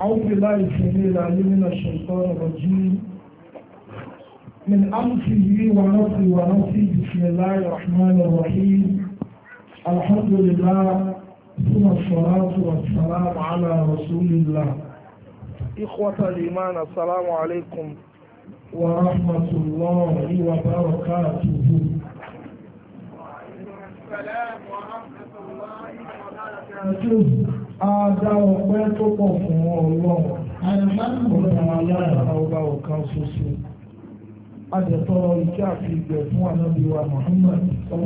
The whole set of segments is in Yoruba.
أعوذ بالله السميع العليم من الشيطان الرجيم من أنفه ونفه ونفه بسم الله الرحمن الرحيم الحمد لله ثم الصلاة والسلام على رسول الله إخوة الإيمان السلام عليكم ورحمة الله وبركاته السلام ورحمة الله وبركاته Adá ọpẹ́ tó pọ̀ fún ọlọ́run. Ọlọ́run alára ọba ọ̀kan ṣoṣo. Adẹ̀tọ́rọ ìkẹ́ àti ìgbẹ̀ fún ànábì wa Muhammad. Ìkẹ́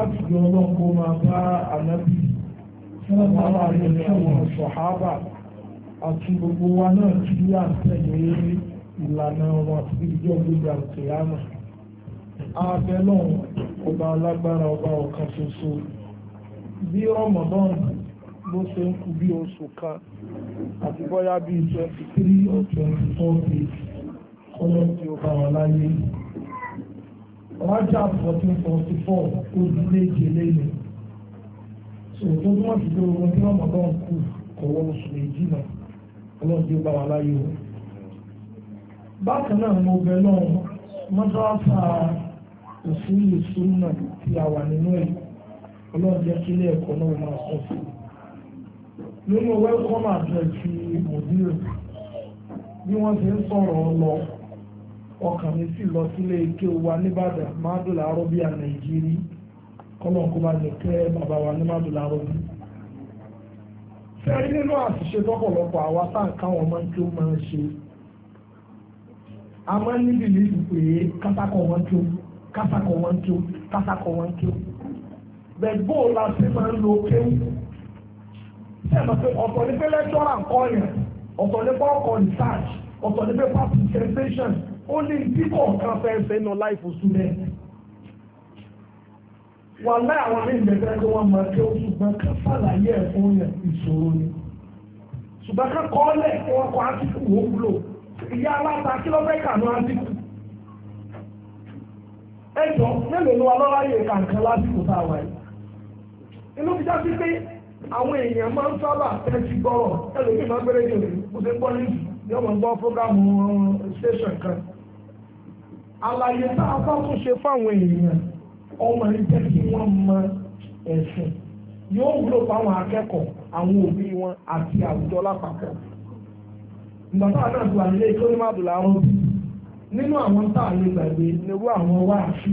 àti ìgbẹ̀ ọlọ́run máa bá ànábì fún àwọn àrẹ̀lẹ̀ àwọn àti gbogbo wa náà tí à ń ìlànà wọn àti ìjọ gbogbo àti àmà. Abẹ́ náà ọba alágbára ọba ọka ṣoṣo. bí Ramadan ló ṣe ń kú bí oṣù kan àti bóyá bí twenty three or twenty four days ọlọ́run tí ó bá wọn láyé Rajab fourteen forty four ó di méje lẹ́yìn sọ̀rọ̀ tó tún wọ́n ti dé ogun tí Ramadan kú ọwọ́ oṣù méjì náà ọlọ́run tí ó bá wọn láyé o. bákan náà mo bẹ náà mọ́tò àṣà òṣèlú ìṣúná tí a wà nínú ẹ̀. ọlọ́run jẹ́ kí ilé ẹ̀kọ́ náà máa sọ fún un nínú welcome address ti mòdìrò bí wọ́n ti ń sọ̀rọ̀ lọ ọkàn mi sì lọ sílé ike wa nìbàdàn mádùlá arọ́bíà nàìjíríà kọ́lọ́n kó bá lè bàbá wa ní mádùlá arọ́bí. nínú àṣìṣe tọ́pọ̀lọpọ̀ àwa wọn máa ń kí ó máa ń ṣe a máa ń níbi níbi pé wọn kí ó wọn bẹ̀gbó la sí máa ń lo kéwù sẹ́ẹ̀mọ̀ pé ọ̀tọ̀ ní pé lẹ́tọ́rà kọ́ yẹn ọ̀tọ̀ ní pé ọkọ̀ research ọ̀tọ̀ ní pé past presentation ó ní ìdíkọ̀ kan fẹ́ ṣe nù láìfò sílẹ̀ wà láì àwọn ní ìgbẹ́gbẹ́ tí wọ́n máa kéwù ṣùgbọ́n ká fàlàyé ẹ̀ fún yẹn ìṣòro ni ṣùgbọ́n ká kọ́ lẹ̀ kí wọ́n kọ́ átíkù wó wúlò ìyá aláta kí ló fẹ́ kànú átíkù ẹ̀jọ̀ mélòó ni wọn lọ́ráyè kàǹkan lásìkò tá a wáyé inú ti já sí pé àwọn èèyàn máa ń sábà tẹ́tí gbọ́rọ̀ ẹlòmíì máa gbére jù kó ṣe ń gbọ́ níbi ní ọmọ ń gbọ́ fúrógámù eh, station kan àlàyé tá a bá tún ṣe fáwọn èèyàn ọmọ ní jẹ́ kí wọ́n mọ ẹ̀sìn yóò wúlò fáwọn akẹ́kọ̀ọ́ àwọn òbí wọn àti àwùjọ lápapọ̀ ìgbà táwọn náà ti wà nílé tó ní màdùlá wọn nínú àwọn tá a lè gbàgbé nírú àwọn wáàsí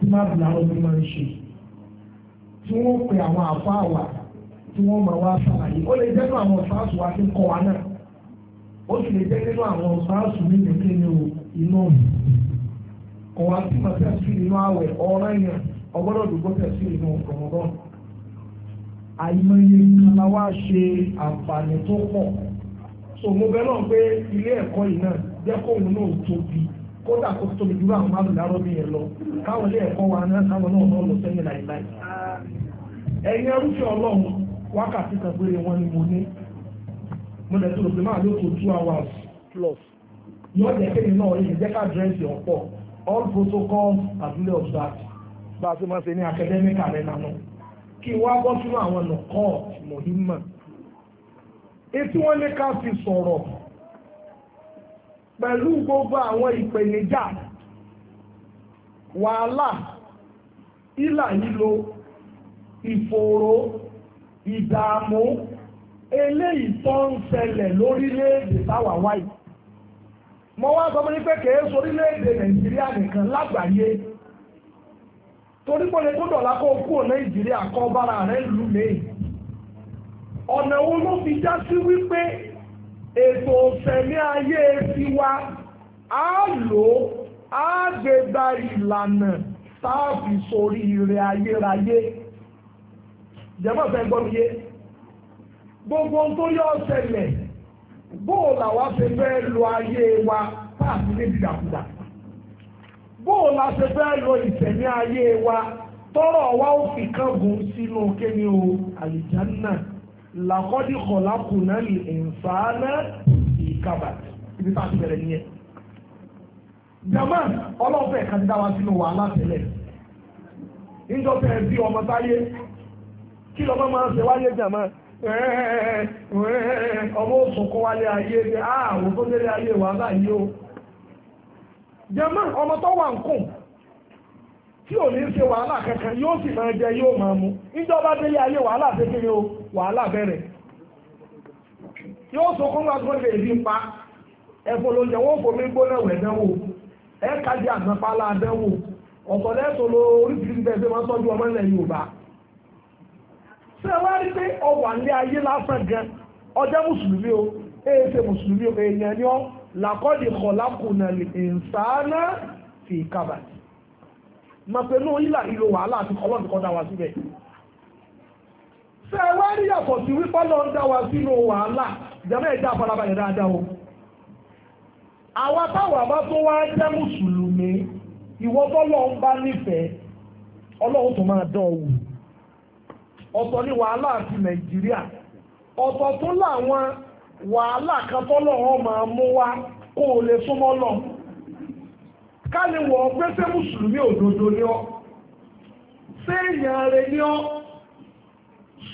tí màdùlá wọn máa ń ṣe yìí tí wọ́n pe àwọn àfáà wa tí wọ́n máa wá ṣàlàyé ó lè jẹ́ nínú àwọn sáàsù wa tí ń kọ́ wa náà ó sì lè jẹ́ nínú àwọn sáàsù mi ní inú kọ̀ wá sí màtí àti inú àwẹ̀ ọ̀rọ̀ yẹn ọgbọ́dọ̀ dùgbò tẹ̀sí inú àìmọye so náà pé ilé ẹ̀kọ́ yìí náà jẹ́ náà kódà kó tóbi dúró àwọn márùn lárọ́ lọ káwọn ilé ẹ̀kọ́ wa náà káwọn náà náà lọ sẹ́yìn láìláì. ẹ̀yin arúfẹ́ ọlọ́run wákàtí kan wọn ni mo ní mo dẹ̀ tó máa ló two hours plus yóò jẹ́ kéèyàn náà yìí jẹ́ ká all protocols abúlé observed bá a ti máa ṣe ní academic arena náà kí wá bọ́ sínú àwọn etí pẹ̀lú gbogbo àwọn ìpèníjà wàhálà ìlà yílo ìfòòró ìdààmú eléyìí tó ń ṣẹlẹ̀ lórílẹ̀-èdè táwa wáyé mo wá sọ pé kèé sórílẹ̀-èdè nàìjíríà nìkan lágbàáyé torí pé kó dọ̀là kó kúrò nàìjíríà kọ́ bára rẹ̀ lù mí ọ̀nà wo ló fi já sí wípé ètò òṣèlú ayé tiwa á lò ó á gbé gba ìlànà táàbì sórí ire ayérayé jẹ́mọ̀ fẹ́ gbọ́ mi yé gbogbo tó yọ ọ̀sẹ̀lẹ̀ bóò làwa ṣe fẹ́ lo ayé wa táàbì ní ìdàkudà bóò la ṣe fẹ́ lo ìṣẹ̀mí ayé wa tọ́rọ̀ wa ó fi kángun sínú kéde o àlìjánnà náà làkọ́dí kọ̀lákùnà lè ìfàánà kaba. ibi tá a ti bẹ̀rẹ̀ nìyẹn. jama ọlọ́fẹ́ kan ti dá wa sínú wàhálà tẹ́lẹ̀ níjọba ẹbí ọmọ táyé kí lọ́mọ máa ń ṣe wáyé jama ọmọ òṣùnkún wálé ayé ní àwọn tó lérè ayé wàhálà yìí o. jama ọmọ tó wà ń kùn tí ò ní ṣe wàhálà kankan yóò sì máa jẹ yóò máa mu níjọba délé ayé wàhálà tẹ́kẹ̀rẹ́ o wàhálà bẹ̀rẹ̀ yóò sọ kọ́ńgbà tó lè rí pa ẹ̀fọ́ ló ń jẹ́ wọ́n fòmí gbóná wẹ̀ dánwò ẹ̀ kájí àgbàpálá dánwò ọ̀pọ̀ lẹ́tọ̀ lo oríṣiríṣi bẹ́ẹ̀ ṣe máa ń tọ́jú ọmọ ilẹ̀ Yorùbá ṣé rí pé ọwà ní ayé lásán gan ọjọ́ mùsùlùmí o èyí mùsùlùmí o èèyàn ni ọ́ làkọ́dì kọ̀lákùnà ìsáná fi kábàtì mọ̀ pẹ̀lú ìlà ìlò wàhálà àti kọ́lọ́ọ̀dì kọ́dà ṣé ẹ rí yàtọ̀ sí wípé lọ ń dá wa sínú wàhálà ìjàmbá ẹ̀dá àfarabalẹ̀ dáadáa o bá tó wá jẹ́ mùsùlùmí ìwọ ń bá nífẹ̀ẹ́ ọlọ́run tó máa dán ọ̀tọ̀ ní wàhálà àti nàìjíríà ọ̀tọ̀ tó láwọn wàhálà kan máa mú wá kó o lè súnmọ́ lọ ká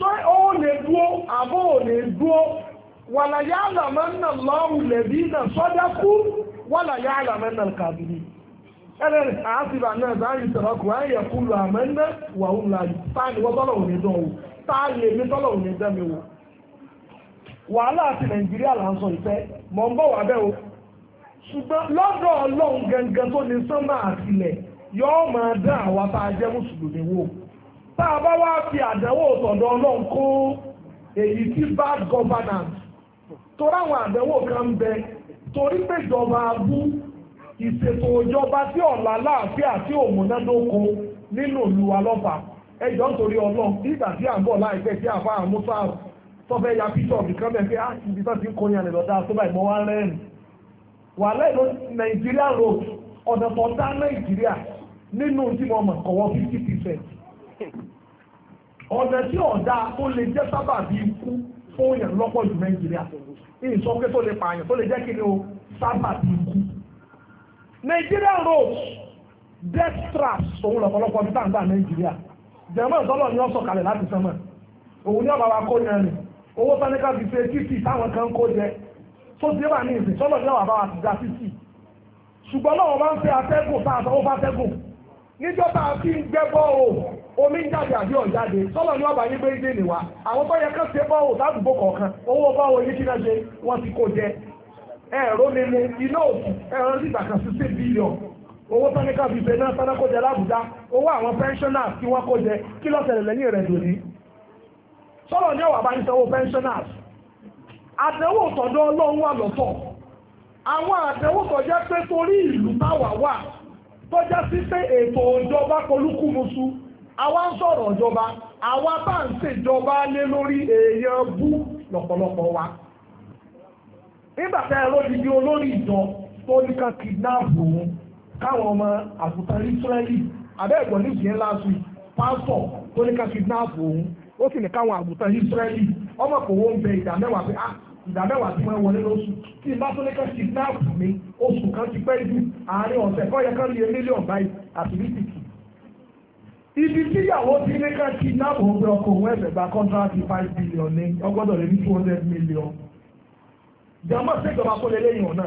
ṣé ó lè dúó àbó ò lè dúó wàlàyé àlàmánà lọ́rùn lẹ̀bí náà sọ́dá kú wàlàyé àlàmánà kàbìrì ẹ̀rẹ̀ àásìbà náà sáàrì sọ̀rọ̀kù ayẹ̀ kú lọ àmánà wàhùn láàyè táàlì wọ́n tọ́lọ̀ òní dán o táàlì èmi tọ́lọ̀ òní dán mi wò wàhálà àti nàìjíríà là ń sọ ìfẹ́ mọ̀ ń bọ̀ wà bẹ́ o ṣùgbọ́n lọ́dọ̀ ọlọ́run gangan tó ní sánmà àtìlẹ̀ yọ́ọ́ máa dá àwa tá a wò tá a bá wá fi ọlọ tọ̀dọ̀ ọlọ́run kó tí bad governance torí àwọn àdánwò kan bẹ torí pé ìjọba abú ìṣètò ìjọba tí ọ̀la láàfíà tí nínú ìlú ẹjọ́ nítorí ọlọ́run tí à ń bọ̀ láìpẹ́ ah, ti ń lọ́dá tó báyìí mọ́ nínú tí mo mọ̀ kọ̀wọ́ fifty percent ọ̀nà tí tó lè jẹ́ sábà bí ikú fún èèyàn lọ́pọ̀ jù nàìjíríà sọ tó lè pààyàn tó lè jẹ́ kí ni o sábà bí ikú. nàìjíríà road death trap òun lọ̀pọ̀lọpọ̀ ní nàìjíríà ni ó sọ kalẹ̀ láti wa kó yẹn rìn owó fi ṣe títì táwọn kan kó jẹ tó ti wà wa ti ga títì ṣùgbọ́n náà wọ́n máa ń fẹ́ atẹ́gùn tá a omi ń jáde àbí ọ̀jáde sọ́lọ̀ ní ọba yín gbé ìdè nìwá àwọn tó yẹ kán ṣe bọ́wọ̀ ládùúgbò kọ̀ọ̀kan owó bọ́wọ̀ yìí kí náà ṣe wọ́n ti kó jẹ ẹ̀rọ mímu iná òkú ẹ̀rọ nígbà kan sí six billion owó tọ́níkà fi ṣe náà sáná kó jẹ lábùdá owó àwọn pensioners tí wọ́n kó jẹ kí ló ṣẹlẹ̀ lẹ́yìn rẹ̀ dòní sọ́lọ̀ bá àwa ń sọ̀rọ̀ ìjọba àwa bá ń ṣèjọba lé lórí èèyàn bú wa nígbà tá ẹ̀rọ di olórí ìjọ tó ní ká kìdínáàbù òun káwọn ọmọ àgùntàn Ísírẹ́lì abẹ́ẹ̀gbọ́n ní ìjìyẹn láti pásọ̀ tó ní ká kìdínáàbù òun ó sì ní káwọn àgùntàn Ísírẹ́lì ọmọ kò wọ́n bẹ ìdá mẹ́wàá pé ah, ìdá mẹ́wàá wọlé lóṣù tí ìbá tó ní ká mi oṣù kan ti ibi tí ìyàwó ti ní ká kí náà òun pé ọkọ òun ẹ̀fẹ̀ gba kọ́ńtráàtì five billion ní ọgbọ́dọ̀ lé ní two hundred million jàmọ́ ṣèjọba kó lé lẹ́yìn ọ̀nà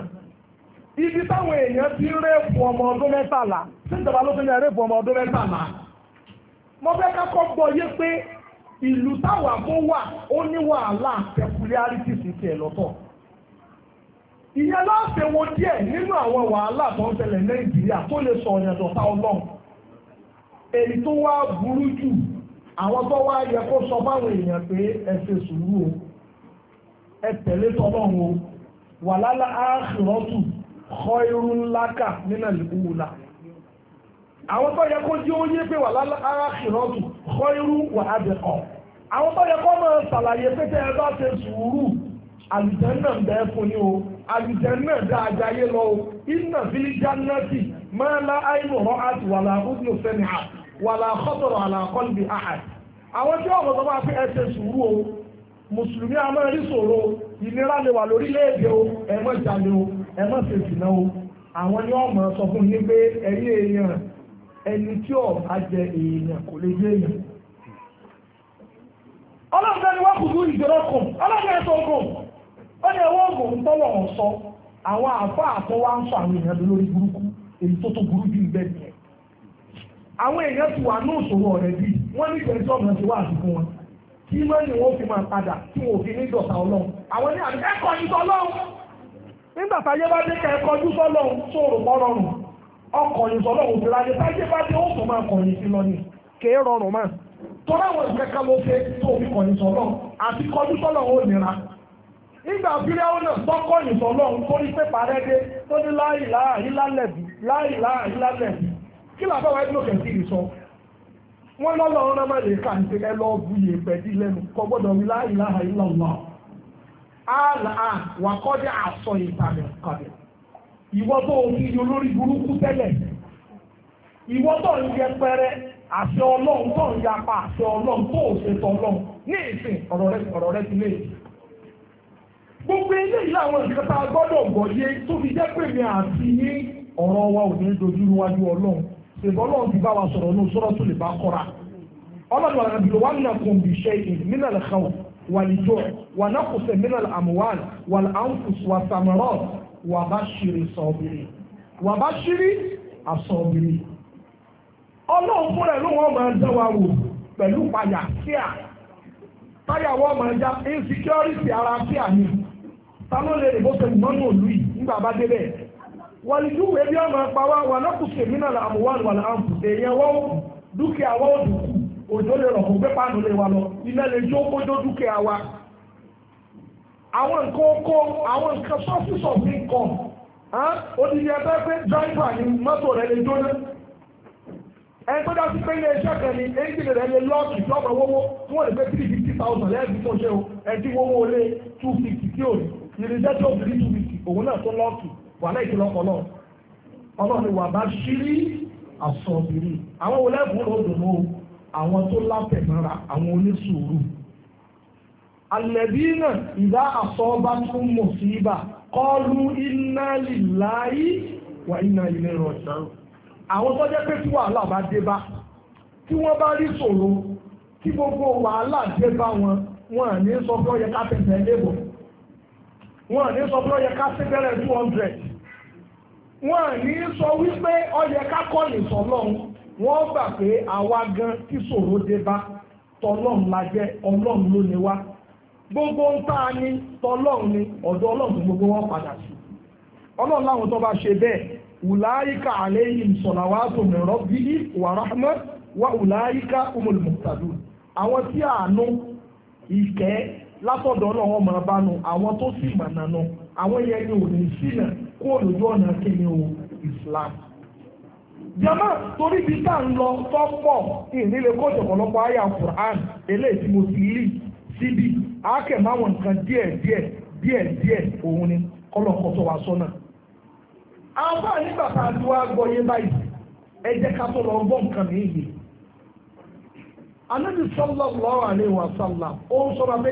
ibi táwọn èèyàn ti ń rẹ́ẹ̀fù ọmọ ọdún mẹ́tàlá ṣèjọba ló fi ń rẹ́ẹ̀fù ọmọ ọdún mẹ́tàlá mo fẹ́ ká kọ́ gbọ́ yé pé ìlú táwa kó wà ó ní wàhálà peculiarities ti ẹ̀ lọ́tọ̀ ìyẹn láti wo díẹ̀ nínú àwọn wàhálà tó ń ṣẹlẹ̀ Nàìjíríà tó lè sọ ọ̀yàn dọ̀tá Ọlọ́run èyí tó wá burú jù àwọn tó wá yẹ kó sọ fáwọn èèyàn pé ẹ ṣe sùúrù o ẹ tẹ̀lé tọ́lọ́run o wà lálá áàṣìrọ́tù kọ́ irú ńlá kà nínà ìwúlà àwọn tó yẹ kó jẹ́ ó yé pé wà lálá áàṣìrọ́tù kọ́ irú wà ábẹ̀kọ́ àwọn tó yẹ kó máa ṣàlàyé pé tẹ́ ẹ bá ṣe sùúrù àlùjẹ́ náà bẹ́ẹ̀ fún ni o àlùjẹ́ náà dá ajayé lọ o iná fílíjà náà sì máa lá àìmọ̀ràn àti wàlà ọdún sẹ́ni àti. wàlà àkọ́tọ̀rọ̀ àlà àkọ́lùbì àhàd àwọn tí ọ̀rọ̀ tó bá fi ẹsẹ̀ sùúrù o mùsùlùmí amẹ́rí sòro lè wà lórí o ẹ̀mọ́ ìjàlè o ẹ̀mọ́ ìfèsìnà o àwọn ni ọmọ sọ fún pé èèyàn ẹni tí bá jẹ èèyàn kò lè jẹ èèyàn. ọlọ́run wọ́n ìjọba ọlọ́run ẹ̀sọ́ ogun ó ní ẹwọ́ ogun ń àwọn ń sọ àwọn èèyàn lórí burúkú èyí tó tó burú jù ń bẹ́ẹ̀ àwọn èèyàn ti wà ní òṣòwò ọ̀rẹ́ bí wọ́n ní ti wá wọn kí ni fi máa padà tí wọ́n fi ní ìjọba ọlọ́run àwọn ní àdúgbò ẹ̀kọ́ ní sọlọ́run nígbà táyé bá dé ojú sọlọ́run sóòrò rọrùn ọkọ̀ ní sọlọ́run láyé táyé bá dé máa ni rọrùn tọ́lá ló tó dé tó ní kí làbá wa ẹgbẹ́ òkè sọ wọ́n lọ́lọ́ ọ̀rọ̀ máa lè kà ní ẹ lọ bu yè pẹ̀dí lẹ́nu kò gbọ́dọ̀ wí àlà wà kọ́jà àsọ ìtàlẹ̀ kàlẹ̀ ìwọ tó fi olórí burúkú ìwọ tó àṣẹ tó gbogbo làwọn gbọ́dọ̀ gbọ́ yé tó fi jẹ́ pèmí àti ọ̀rọ̀ wa ìbọn náà ti bá wa sọ̀rọ̀ ní Suratul Baqara ọlọ́dún àrùn àbílò wà nínú àkùnbí ṣe ìmínà lẹ́kọ̀ọ́ wàlìjọ́ wà náà kò sẹ̀ mínà àmúwàn wà láǹfùs wà sàmúrọ̀ wà bá ṣírí sọ̀bìrì wà bá ṣírí àsọ̀bìrì ọlọ́run fúnra ló wọ́n máa ń dá wa wò pẹ̀lú payà fíà táyà wọ́n máa ń já insecurity ara fíà ni ta ló lè rè bó ṣe mọ́nà òlù yìí nígbà bá débẹ̀ wàlìjú ebi ọmọ àpáwá wà lọ́kùsù èmi náà àmúwá wà láàmù èèyàn wọ́n dúkìá wọ́n dùkú òjò lè rọ̀ fún pé páànù lè wà lọ iná lè jó kójó dúkìá wa àwọn nǹkan oko àwọn nǹkan sources of income odidi ẹgbẹ́ pé driver ni mọ́tò rẹ̀ lè jóná ẹni tó dá sí pé ilé iṣẹ́ kan ní engine rẹ̀ lè lọ́ọ̀kì tí ọmọ owó tí wọ́n lè pé three fifty thousand lẹ́ẹ̀dì tó ṣe o ẹ̀dínwó lé two fifty tí ò ní irinṣẹ́ tó fi rí two fifty òun náà tó lọ́ọ̀kì wà láìkí lọ́pọ̀lọ́ ọlọ́run wà bá ṣírí àsọ̀bìrì àwọn olẹ́bùn lọ́dùnmọ́ àwọn tó lápẹ̀mọ́ra àwọn onísùúrù alẹ́bí náà ìdá àsọ́ọ́bá tún mọ̀ sí ibà kọlu iná lìláyí wà iná ilé rọ̀ṣà àwọn tó jẹ́ pé tí wàhálà bá dé bá tí wọ́n bá rí ṣòro tí gbogbo wàhálà dé bá wọn wọn ní sọ pé ó yẹ ká tẹ̀sẹ̀ lébò wọn ní sọ pé ó yẹ ká sí bẹ̀rẹ̀ two hundred wọ́n ní sọ wípé ọyẹ kákọ́lì sọlọ́run wọ́n gbà pé àwa gan tí ṣòro dé bá tọlọ́run la jẹ́ ọlọ́run ló ní wá gbogbo ń tá a ní tọlọ́run ni ọ̀dọ̀ ọlọ́run gbogbo wọn padà sí ọlọ́run láwọn tó bá ṣe bẹ́ẹ̀ ùláyíká àléyìn sọ̀làwátò mẹ́rọ bí i wàràmọ́ wà ùláyíká umulmùtàdù àwọn tí àánú ìkẹ́ látọ̀dọ̀ ọlọ́run ọmọ bánu àwọn tó sì mọ̀nà nu àwọn yẹn ni ò ní sí náà kú olùjọ́ ọ̀nà kíni o Islam jama torí bí tá ń lọ tọ́pọ̀ ìnílé kóòtù ọ̀pọ̀lọpọ̀ àyà Quran eléyìí mo ti síbi nǹkan díẹ̀ díẹ̀ díẹ̀ díẹ̀ òun ni sọ́nà àwọn a ti gbọ́ yé báyìí ẹ jẹ́ ká tó lọ gbọ́ nǹkan nìyí anabi sallallahu alayhi wa sallam ó pé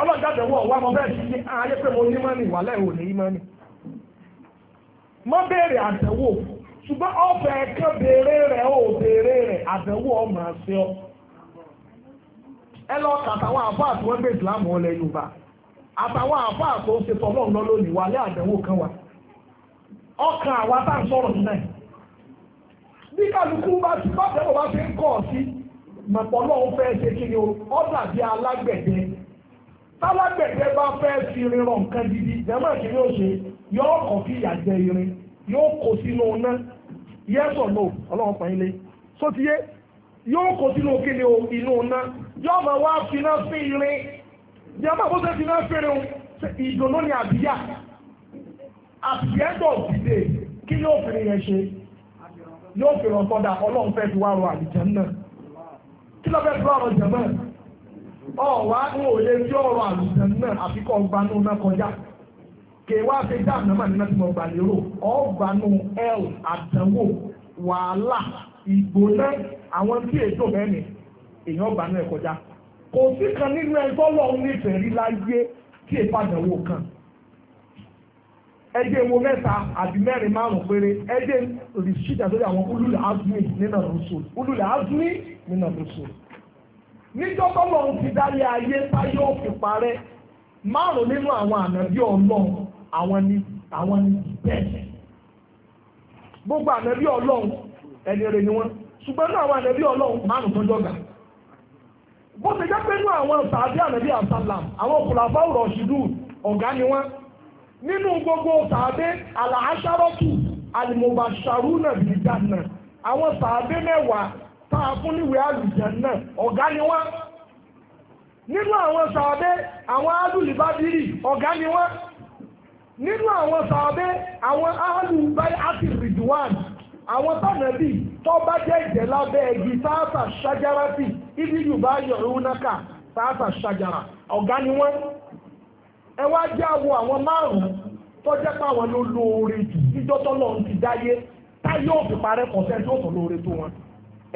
ọlọ́dàdẹ̀wọ̀ wà mọ́ ayé mo wà mọ́ ṣùgbọ́n ọ̀fẹ́ bèèrè rẹ̀ ó bèèrè rẹ̀ ọmọ àṣẹ ọ ẹ lọ kàtàwọn àfáà tí wọ́n gbé ìsìlámù ọlẹ̀ Yorùbá àtàwọn àfáà tó ṣe tọ́lọ́ lónìí wà kan wà ọkàn àwa tá à ń sọ̀rọ̀ sílẹ̀ bí kálukú bá ti bá bá ń kọ̀ sí fẹ́ ṣe kí ni ó tálágbẹ̀dẹ bá fẹ́ fi irin rọ nǹkan gidi jẹ́mọ̀ kí ni ó ṣe yóò kàn fi ìyà jẹ irin yóò kó sínú iná yes or no ọlọ́run pa ilé so ti yé yóò kó sínú kíni inú iná yóò máa wá finá sí irin jẹ́mọ̀ bó ṣe finá sí irin ìdùnnú ni àbíyá àbíyẹ́dọ̀ dìde kí ni òfin yẹn ṣe yóò fi rọ̀ tọ́da ọlọ́run fẹ́ fi wá rọ àlìjẹ́ náà kí ló fẹ́ fi wá rọ jẹ̀mọ́ ọ̀wá ń òye tí ọ̀rọ̀ àlùjẹ̀ náà àfikọ́ gbanú náà kọjá kè wá fi dá àmì nínú tí mo gbà lérò ọ̀gbanú ẹ̀l àdánwò wàhálà ìgbóná àwọn tí èso mẹ́ni èèyàn gbanú ẹ̀ kọjá kò sí kan nínú ẹgbẹ́ ọlọ́run nífẹ̀ẹ́ rí láyé tí èèpá àdánwò kan ẹgbẹ́ wo mẹ́ta àbí mẹ́rin márùn péré ẹgbẹ́ rìsíìtà lórí àwọn ulul azmi nínú rùsùn ulul azmi nínú rùsùn níjọ́ tọ́lọ̀ ń fi dárí ayé táyé òfin parẹ́ márùn nínú àwọn ànábí ọlọ́run àwọn ni àwọn ni bẹ́ẹ̀ gbogbo ànábí ọlọ́run ẹni rẹ̀ ni wọ́n ṣùgbọ́n náà àwọn ànábí ọlọ́run márùn tó jọ̀gà bó ti jẹ́ pé nínú àwọn sàbí ànábí àsálàm àwọn kùlàfà ọ̀rọ̀ ṣìdú ọ̀gá ni wọ́n nínú gbogbo sàbí àlàáṣárọ́tù àlìmọ̀bàṣàrú nàbìlì jàǹnà àwọn sàbí mẹ́wàá tá a fún níwèé àlùjẹ náà ọ̀gá ni wọ́n nínú àwọn sàábé àwọn alùlùbádìrì ọ̀gá ni wọ́n nínú àwọn sàábé àwọn alùbáyé àti àwọn tànàbí tó jẹ́ ìjẹ́ lábẹ́ sáàsà ṣájára ibi yorùbá náà sáàsà ṣájára ọ̀gá ni wọ́n ẹ wá jẹ́ àwọ àwọn márùn-ún pé àwọn ló lóore ti dáyé táyé òfin parẹ́ kọ̀ọ̀tẹ́ tó lóore tó wọn.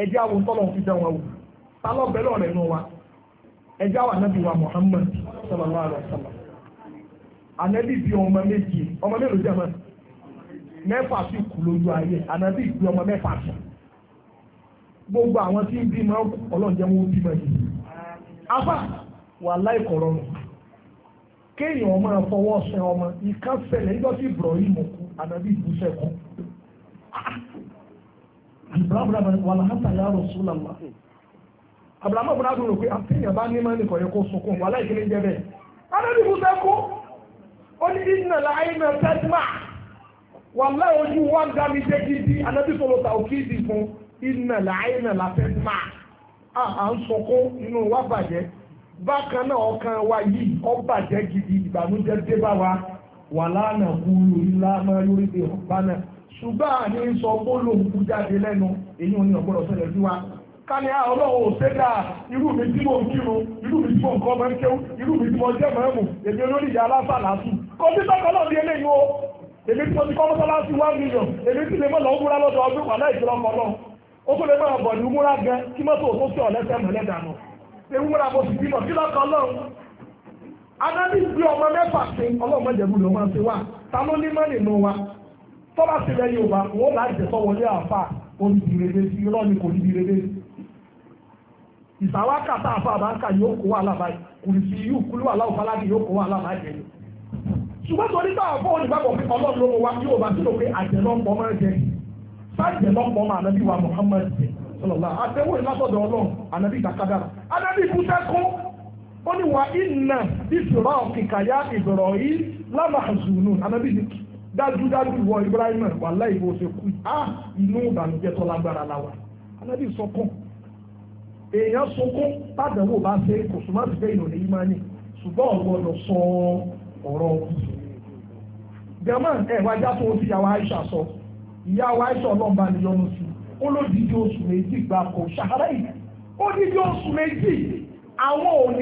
ẹjẹ́ àwọn tọ́lọ̀ fi dá wò ta lọ bẹ̀rẹ̀ ọ̀rẹ́ nù wa ẹjẹ́ àwọn wa Muhammad sallallahu alaihi wasallam anábì bi ọmọ méjì ọmọ mélòó jẹ́ mọ́ mẹ́fà sí kù lójú ayé ọmọ gbogbo àwọn tí ń ọlọ́njẹ́ wọn ó yìí afa wà kéèyàn ọmọ ọmọ nígbà tí Ibrahim kú abdulhamid wàlàhàtà yà Rasulullah abdulhamid bùnà dùn rò pé àtẹ̀yìn bá ní mọ́ni kọ̀yẹ́ kó sunkún wà láì kíni jẹ́ bẹ́ẹ̀ adájú kú sẹ́kù ó ní ìdìnnà láàyè náà tẹ́tìmá wàlá ojú wa ń dámi jẹ́ gidi adájú sọ̀rọ̀ ta òkè ìdì fún ìdìnnà láàyè náà la ń sunkún inú wa bákan náà ọkàn wa yìí ọ bàjẹ́ gidi ìbànújẹ́ dé bá wa wàlá náà kú lórí lámà ṣùgbọ́n àní ń sọ bólú òkú jáde lẹ́nu èyí ò ní ọ̀gbọ́dọ̀ ṣẹlẹ̀ sí wa kálí á ah, ọlọ́run ò ṣẹ́dá irú mi tí mò ń kírun irú mi tí mò ń kọ́ mọ́ ń kéwú irú mi tí mo jẹ́ mọ́ ẹ̀mù èmi olórí ìyá aláfà lásù kọ́mpútà kọ́lọ́ọ̀dì eléyìí o èmi tí mo ti kọ́ mọ́sálásí one million èmi tí lè mọ́ lọ́ọ́ múra lọ́dọ̀ ọdún wà láì jùlọ kọ́ náà ó tó lè máa bọ̀ ní múra gan kí mọ́tò tó sí ọ̀lẹ́sẹ̀ mọ̀lẹ́dà náà ewu múra mo sì bímọ kí lọ́kọ̀ ọlọ́run adájú bí ọmọ mẹ́fà sí ọlọ́run tọ́lá sílẹ̀ yorùbá wọ́n láì tẹ̀sọ́ wọlé àfà onídìrede sí irọ́ ni kò nídìrede ìsàwákà àfà àbáńkà yóò kó wà lábàá kùrì sí yóò kúlú wà láwù fálábì yóò kó wà lábàá jẹ ṣùgbọ́n torí bá àfọ́ pé ọlọ́run ló mọ wá yóò bá sílò pé wa Muhammad sọlọ́lá àtẹwò ìlàsọ̀dọ̀ ọlọ́run dájúdájú wọ Ibrahim wà láì kú á ah, inú ìbànújẹ́ tó lágbára láwa anábì sọkún èèyàn sunkún tàdánwò bá ṣe kò súnmọ́ sí pé yìí máa ní ṣùgbọ́n ọ̀gbọ́dọ̀ sọ ọ̀rọ̀ tó Aisha sọ Aisha ọlọ́mba ni yọnu sí ó oṣù méjì gbà kò ó dídí oṣù méjì àwọn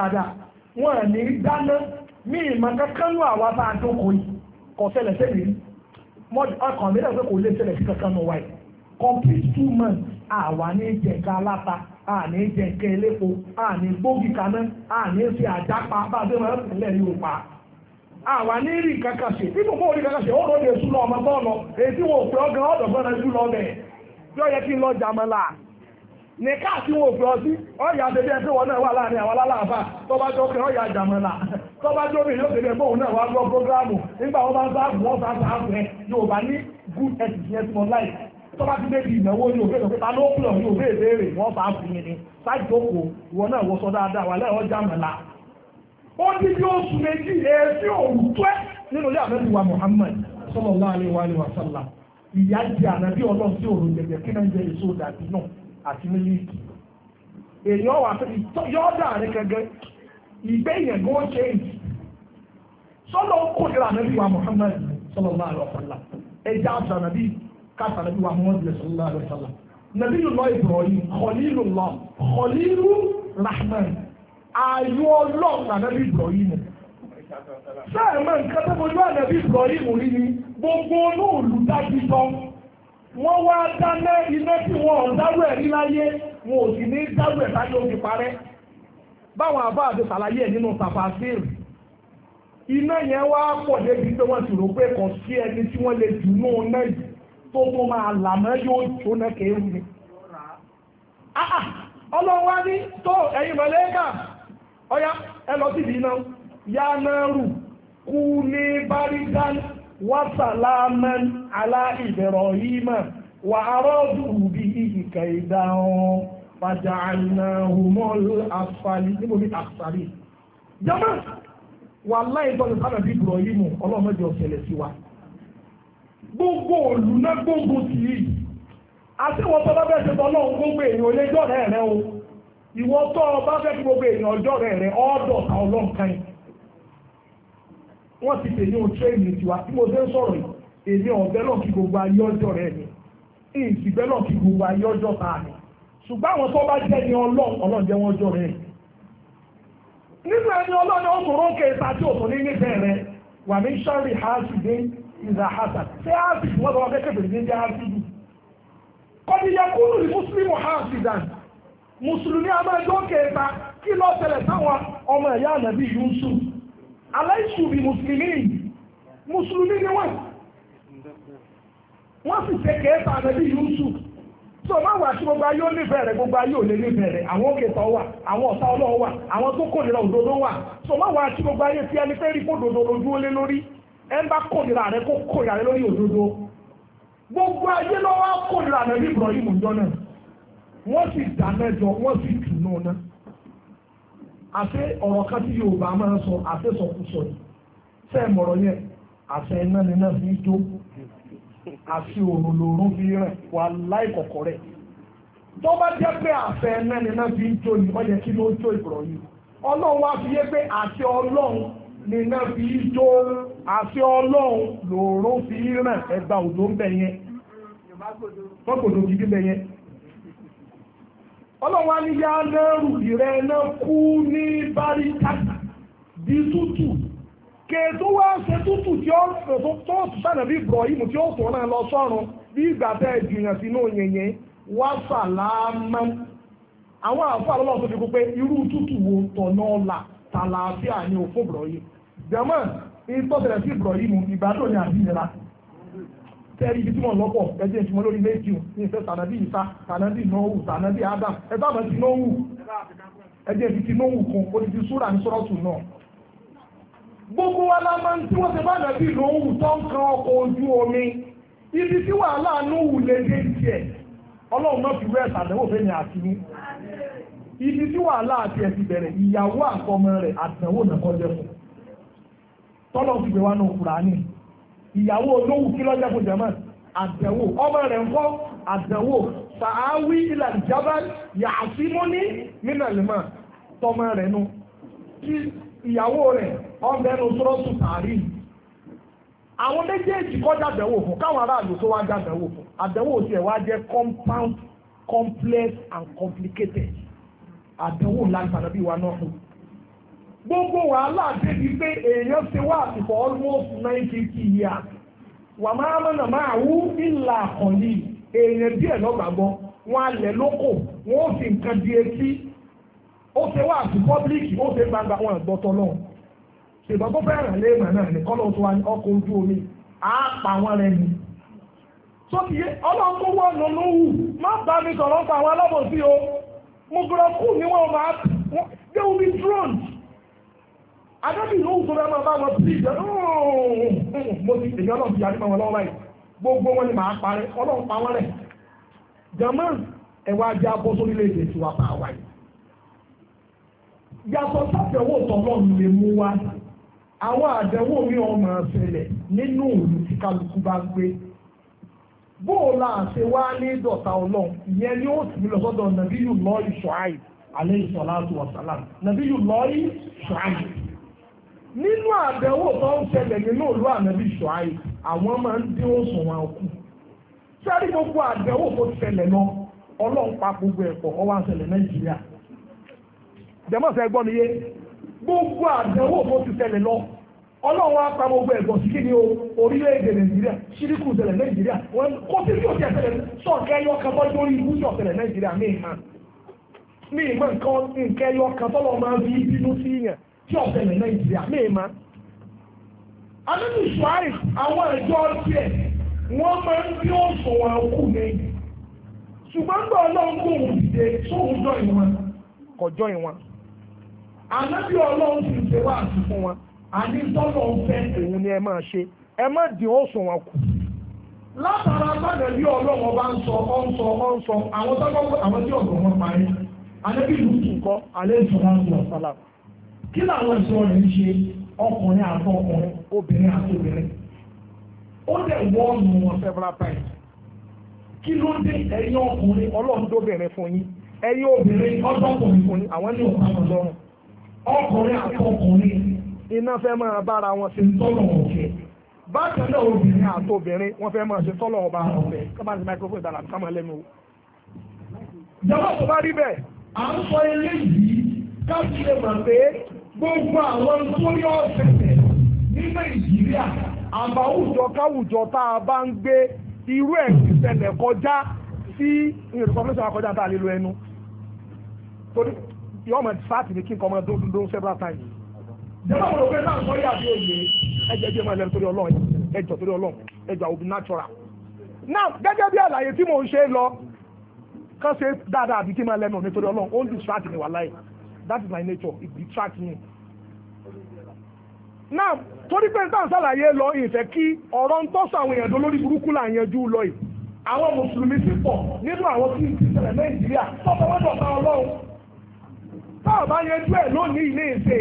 ò wọn ní dáná mí ìmọ̀ kankan nù àwa bá a dóko yìí kò ṣẹlẹ̀ sẹ́mi rí ọkàn mi lẹ́sẹ̀ kò lè sí kankan nù wáyé complete two months àwa ní jẹ̀ka àní jẹ̀ka àní gbógi kaná àní fi a dé wọn lẹ̀ yóò pa àwa ní rí kankan ṣe bí kòkó rí kankan ó lóde lọ ọmọ èyí tí wọn ò ní káàkiri wọn òfin ọdí ọ̀yà bẹ̀bẹ̀ ẹgbẹ́ wọn náà wà láàrin àwọn aláàbà tọ́bá jọ pé ọ̀yà jàmọ̀lá tọ́bá jọ bí yóò bẹ̀bẹ̀ bóun náà wà lọ prógrámù nígbà wọn bá ń sáàbù wọn bá sáàbù ẹ yóò bá ní good ethics yẹn tí mo láì tọ́bá ti dé bí ìnáwó yóò bẹ̀rẹ̀ pé ta ló pìlọ̀ yóò bẹ̀rẹ̀ bẹ̀rẹ̀ wọ́n bá fún mi ni sáìjókòó ìwọ náà wọ sọ dáadáa wà lẹ́wọ̀n jàmọ̀lá ó ní bí oṣù wa Muhammad sallallahu alaihi wa sallam ìyá jẹ ànábì ọlọ́sí òru jẹjẹ kí náà jẹ èso dàbí àti mílíìkì èyí ọ̀wà yọ́ọ̀dà rẹ̀ gẹ́gẹ́ ìgbé yẹn gó ṣe èyí sọ́lọ́ kó ìrà nàbí wa Muhammad sallallahu alaihi wasallam ẹja àti nàbí káàtà nàbí wa Muhammad sallallahu alaihi wasallam nàbí lọ Ibrahim Khalilullah Khalilu Rahman ayọ̀ ọlọ́ọ̀ nàbí Ibrahim sáà mọ̀ nǹkan tó fojú ànàbí Ibrahim rí ni gbogbo olóòlù dájú tán wọ́n wá dáná iná tí wọ́n ò dárú ẹ̀ rí láyé wọn ò sì ní dárú ẹ̀ táyé òfin parẹ́ báwọn àbá àti sàlàyé ẹ̀ nínú sàfàṣìr iná yẹn wá pọ̀ débi pé wọ́n ti rò pé kàn sí ẹni tí wọ́n lè dùn náà náà yìí tó tó máa làmọ́ yóò jóná kéwù ni. ọlọ́wọ́ ní tó ẹ̀yin mọ̀lẹ́kà ọ̀yá ẹ lọ síbi iná yánnárù kú ní bárídánù wàsàlámán aláìbẹ̀rọ̀ yìí mà wà arọ́dùrù bí ìkà ìdá wọn pàjá àìnà hùmọ́lù àfàlì níbòmí àfàlì. jọ́mọ́ wà láìpẹ́ sábà bí ìbùrọ̀ yìí mú ọlọ́mọdé ọ̀sẹ̀lẹ̀ sí wa. gbogbo olùná gbogbo sí i àti ìwọ tó bá ṣe tọ́ gbogbo èèyàn olójọ́ rẹ̀ rẹ̀ o ìwọ bá fẹ́ gbogbo èèyàn ọjọ́ rẹ̀ ọ́dọ̀ ta wọ́n ti tèmi ò tírẹ́ẹ̀nì tiwa tí mo ṣe ń sọ̀rọ̀ èmi ọ̀bẹ náà kí gbogbo ayé ọjọ́ rẹ ni ìsìgbẹ́ náà kí gbogbo ayé ọjọ́ ta ni ṣùgbọ́n àwọn tó bá jẹ́ ni ọlọ́run ọlọ́run jẹ́ wọ́n rẹ nínú ẹni ó tí ní rẹ ní sọ́ọ̀rì hásìdé ṣé wọ́n ní aláìsùbí mùsùlùmí mùsùlùmí ni wọ́n wọ́n sì ṣe kẹta àbẹ̀bí Yusuf tó má wà sí gbogbo ayé ó nífẹ̀ẹ́ rẹ̀ gbogbo ayé ò lè nífẹ̀ẹ́ rẹ̀ àwọn òkèta wà àwọn ọ̀tá ọlọ́wọ́ wà àwọn tó kórìíra òdodo wà tó má wà sí gbogbo ayé tí ẹni fẹ́ rí kó dodo lójú ó lé lórí ẹ ń bá kórìíra rẹ̀ kó kórìíra rẹ̀ lórí òdodo gbogbo ayé lọ́wọ́ kórìíra rẹ̀ ní Ibrahim jọ náà wọ́n sì dá mẹ́jọ wọ́n sì tù náà àti ọ̀rọ̀ kan tí Yorùbá máa ń sọ àti sọkúsọ yìí tẹ́ ẹ̀ mọ̀rọ̀ yẹn àti fi jó àti òrùn fi rẹ̀ wà láì kọ̀kọ̀ rẹ̀ tó jẹ́ pé fi jó ni wọ́n yẹ kí fi yé pé àti Ọlọ́run fi jó àti Ọlọ́run fi rẹ̀ ẹgbà òdò ń bẹ̀ ọlọ́wọ́ anìyà yá lẹ́rù ìrẹ́ ẹ̀nà kú ní báríkàtà di tútù kètò wá ṣe tútù tí ó tó tó sànà bí Ibrahim tí ó sọ̀rọ̀ náà lọ sọ́run bí ìgbà tẹ́ ẹ jùyàn sínú yẹnyẹ wá sàlámà àwọn àfọ fi kú pé irú tútù wo tàlàáfíà tẹ́rí ibi tí wọ́n lọ́pọ̀ ẹgbẹ́ ìṣúná lórí méjì ní ìfẹ́ sànàbí ìsa sànàbí sànàbí adam ẹgbẹ́ àmọ́ ti nọ́wù ẹgbẹ́ ti kan súrà ní sọ́rọ́tù náà. gbogbo wa la máa ń tí wọ́n ti ojú omi ibi tí wàhálà lè dé tiẹ̀ ọlọ́run náà fi rẹ́ẹ̀sì àdánwò àti ibi tí wàhálà àti bẹ̀rẹ̀ ìyàwó àkọ́mọ rẹ̀ àdánwò fún ìyàwó olówù kí lọ́jà kò jẹ̀mọ́ àdẹ̀wò ọmọ rẹ̀ ń kọ́ àdẹ̀wò sàáwí ilà ìjábá yàtìmọ́ní mínàlímà tọmọ rẹ̀ nu kí ìyàwó rẹ̀ ọmọ ẹnu sọ́rọ́sù tààrí àwọn méjèèjì kọ́ jàdẹ̀wò fún káwọn aráàlú tó wá jàdẹ̀wò fún àdẹ̀wò tiẹ̀ wá jẹ́ compound complex and complicated àdẹ̀wò láǹfààní bí wa náà fún un. gbogbo wàhálà débi pé èèyàn ti wà for almost ninety years wà máa mọ̀nà máa wú ìlà àkànlì èèyàn díẹ̀ lọ́gbàgbọ́ wọn alẹ̀ lóko wọn ò sì nǹkan di etí ó ṣe wà sí pọ́blíkì ó gbangba wọn àgbọ̀tọ̀ náà náà ní kọ́lọ́ omi wọn ọlọ́nkó nù má bá mi sọ̀rọ̀ pa àwọn alábòsí o mo ni wọ́n máa adábì ló ń sọ bẹ́ẹ̀ máa bá wọn bí ìjọ mo ti èyí ọlọ́run ti yàrá wọn lọ́wọ́ báyìí gbogbo wọn ni màá parẹ́ ọlọ́run pa wọn rẹ̀ jọ̀mọ́ ẹ̀wà ajá bọ́ sórílẹ̀-èdè tiwa bá wa yìí yàtọ̀ sáfẹ̀wò tọ́lọ́run lè mú wa àwọn àdẹ̀wò mi ọmọ ṣẹlẹ̀ nínú òòlù tí kálukú bá gbé bóòlà àṣẹ wá ní dọ̀tà ọlọ́run ìyẹn ni ó sì lọ sọ́dọ̀ nàbíyù lọ́ọ̀yì ṣọ́áì alẹ́ ìṣọ̀lá àti wàsálà nàbíyù lọ́ọ̀yì ṣọ́áì nínú àdánwò tó ń ṣẹlẹ̀ nínú ìlú ànábì ṣùáì àwọn máa ń dín òsùn wọn kù sẹ́rí gbogbo àdánwò tó lọ gbogbo ọwọ́ àṣẹlẹ̀ nàìjíríà jẹ́mọ̀sẹ̀ mi yé gbogbo tó ti ṣẹlẹ̀ lọ ọlọ́run á pa gbogbo ẹ̀pọ̀ sí kí ni o orílẹ̀-èdè nàìjíríà ṣíríkù ṣẹlẹ̀ nàìjíríà wọn kò sí yóò ṣe ṣẹlẹ̀ tí ọ̀sẹ̀lẹ̀ nàìjíríà méèmá. alẹ́nu suwari àwọn ẹ̀jọ́ tiẹ̀ wọ́n máa ń bí òṣùwọ̀n kù lẹ́yìn ṣùgbọ́n gbọ́ ọlọ́run kò wù dìde sóhun jọ ìwọn kọjọ́ ìwọn. ànábì ọlọ́run ti ṣe wá àti fún wọn àní tọ́lọ̀ ń fẹ́ òun ni ẹ máa ṣe ẹ má dín òṣùwọ̀n kù. látara gbàdé bí ọlọ́run bá ń sọ ọ́ ń sọ ọ́ ń sọ àwọn tọ́gbọ́n àwọn tí ọ̀dọ́ wọn parí alẹ́bí ìlú kìkọ́ alẹ́ ìṣọ̀lá ń sọ̀rọ̀ sálà kí làwọn ìṣòro rẹ̀ ń ṣe ọkùnrin àti ọkùnrin obìnrin àti obìnrin ó dẹ̀ wọ́ọ̀nù wọn several times kí ló dé ẹ̀yin ọkùnrin ọlọ́run dóbìnrin fún yín ẹ̀yin obìnrin ọdọ́kùnrin fún yín àwọn ní ọ̀pá ọlọ́run ọkùnrin àti ọkùnrin iná fẹ́ máa bára wọn ṣe tọ́lọ̀ ọ̀fẹ́ bákan náà obìnrin àti obìnrin wọ́n fẹ́ máa ṣe tọ́lọ̀ ọba ọ̀fẹ́ kábàáṣe microphone ìdàlà àti sámọ̀ ẹlẹ́nu. jọ̀wọ́ tó bá rí bẹ́ẹ̀ à ń sọ eléyìí ká fi lè mọ̀ pé gbogbo àwọn tó yọ ọ̀sẹ̀sẹ̀ ní nàìjíríà àbáwùjọ káwùjọ tá a bá ń gbé irú ẹ̀ ìṣẹ̀lẹ̀ kọjá sí ìrìnkọ́fẹ́sọ̀ àkọjá tá a lè lo ẹnu torí yọ ọmọ fáàtì ní kí n kọ́ ọmọ dún dún several times. jẹ́wọ́n mo rò pé náà sọ́yà bí èyí ẹjẹ́ bí ẹ máa lẹ́nu torí ọlọ́run ẹjọ́ torí ọlọ́run ẹjọ́ àwọn natural. now gẹ́gẹ́ bí àlàyé tí mò ń ṣe lọ kán ṣe dáadáa àbí kí n máa lẹ́nu nítorí ọlọ́run ó ń dùn fáàtì ní wàhálà yìí that is my nature it detracts me. now torí pé nǹkan ṣàlàyé lọ ìfẹ́ kí ọ̀rọ̀ ń tọ́sọ àwọn èèyàn tó lórí burúkú là ń yanjú lọ yìí àwọn mùsùlùmí ti pọ̀ nínú àwọn tí ìṣẹ̀lẹ̀ nàìjíríà tọ́pọ̀ wọ́n dọ̀ta ọlọ́run táà bá yanjú ẹ̀ lónìí ilé ìṣe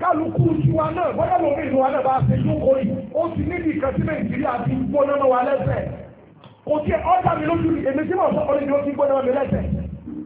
kálukú tiwa náà bọ́dọ̀ lómi ìlú wa náà bá ṣe lóko yìí ó ti níbi ìkan tí nàìjíríà ti ń gbóná wa lẹ́sẹ̀ kò tiẹ̀ ọ́dà mi lójú èmi tí mo sọ ọ́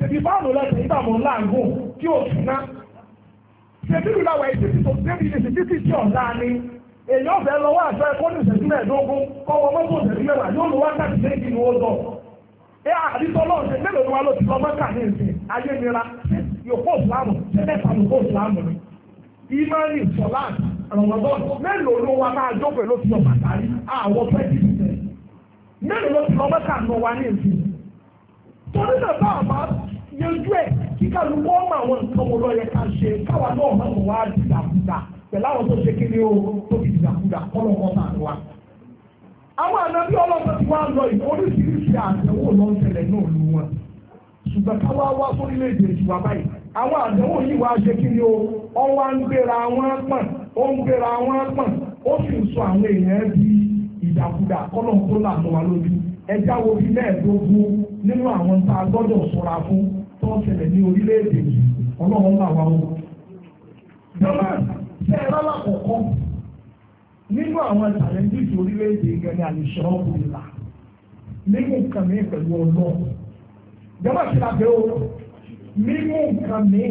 ṣèbí fáànù lẹ́sẹ̀ nígbà mọ̀ láàgùn tí ò tún ná ṣèbí ìlú àwọn ìṣèṣì tó débi ìṣèṣì tí tí ọ̀la ni èyí ọ̀fẹ́ lọ́wọ́ àṣọ ẹ̀kọ́ ní ìṣèṣì mẹ́ẹ̀ẹ́dógún kọ́wọ́ mọ́tò ìṣèṣì mẹ́wàá yóò lo wákàtí méjì ní ọ̀dọ̀ ẹ àdìsọ́ náà ṣe mélòó ni wọn ló ti lọ mọ́kà ní ìsìn ayé nira yòókù ìsìlámù ṣe mẹ́ta yòókù ìsìlámù ni ìmọ̀ọ́nì ìṣọ̀lá rọ̀mọ́dọ́n mélòó ló wa máa jókòó ló ti lọ pàtàkì àwọn twenty percent mélòó ló ti lọ mọ́kà ní wa ní ìsìn torí náà bá àbá yanjú ẹ̀ kí kálukú ọmọ àwọn nǹkan wo lọ yẹ ká ṣe káwa náà wá dìdàkudà pẹ̀lú àwọn tó ṣe kéde o tó fi àwọn ànábí ọlọ́pàá ti wá lọ yìí oríṣiríṣi àdánwò ló ń ṣẹlẹ̀ náà lu wọn ṣùgbọ́n wá báyìí àwọn yìí tó ń ṣẹlẹ̀ ní orílẹ̀-èdè yìí ọlọ́run máa wá wọn. jọ́mọ̀ ṣe é lọ́la kọ̀ọ̀kan nínú àwọn challenges orílẹ̀-èdè yìí ni àlùṣe ọ̀gbìn ìlà nínú nǹkan mi pẹ̀lú ọlọ́run. jọ́mọ̀ ṣe la bẹ́ o nínú nǹkan mi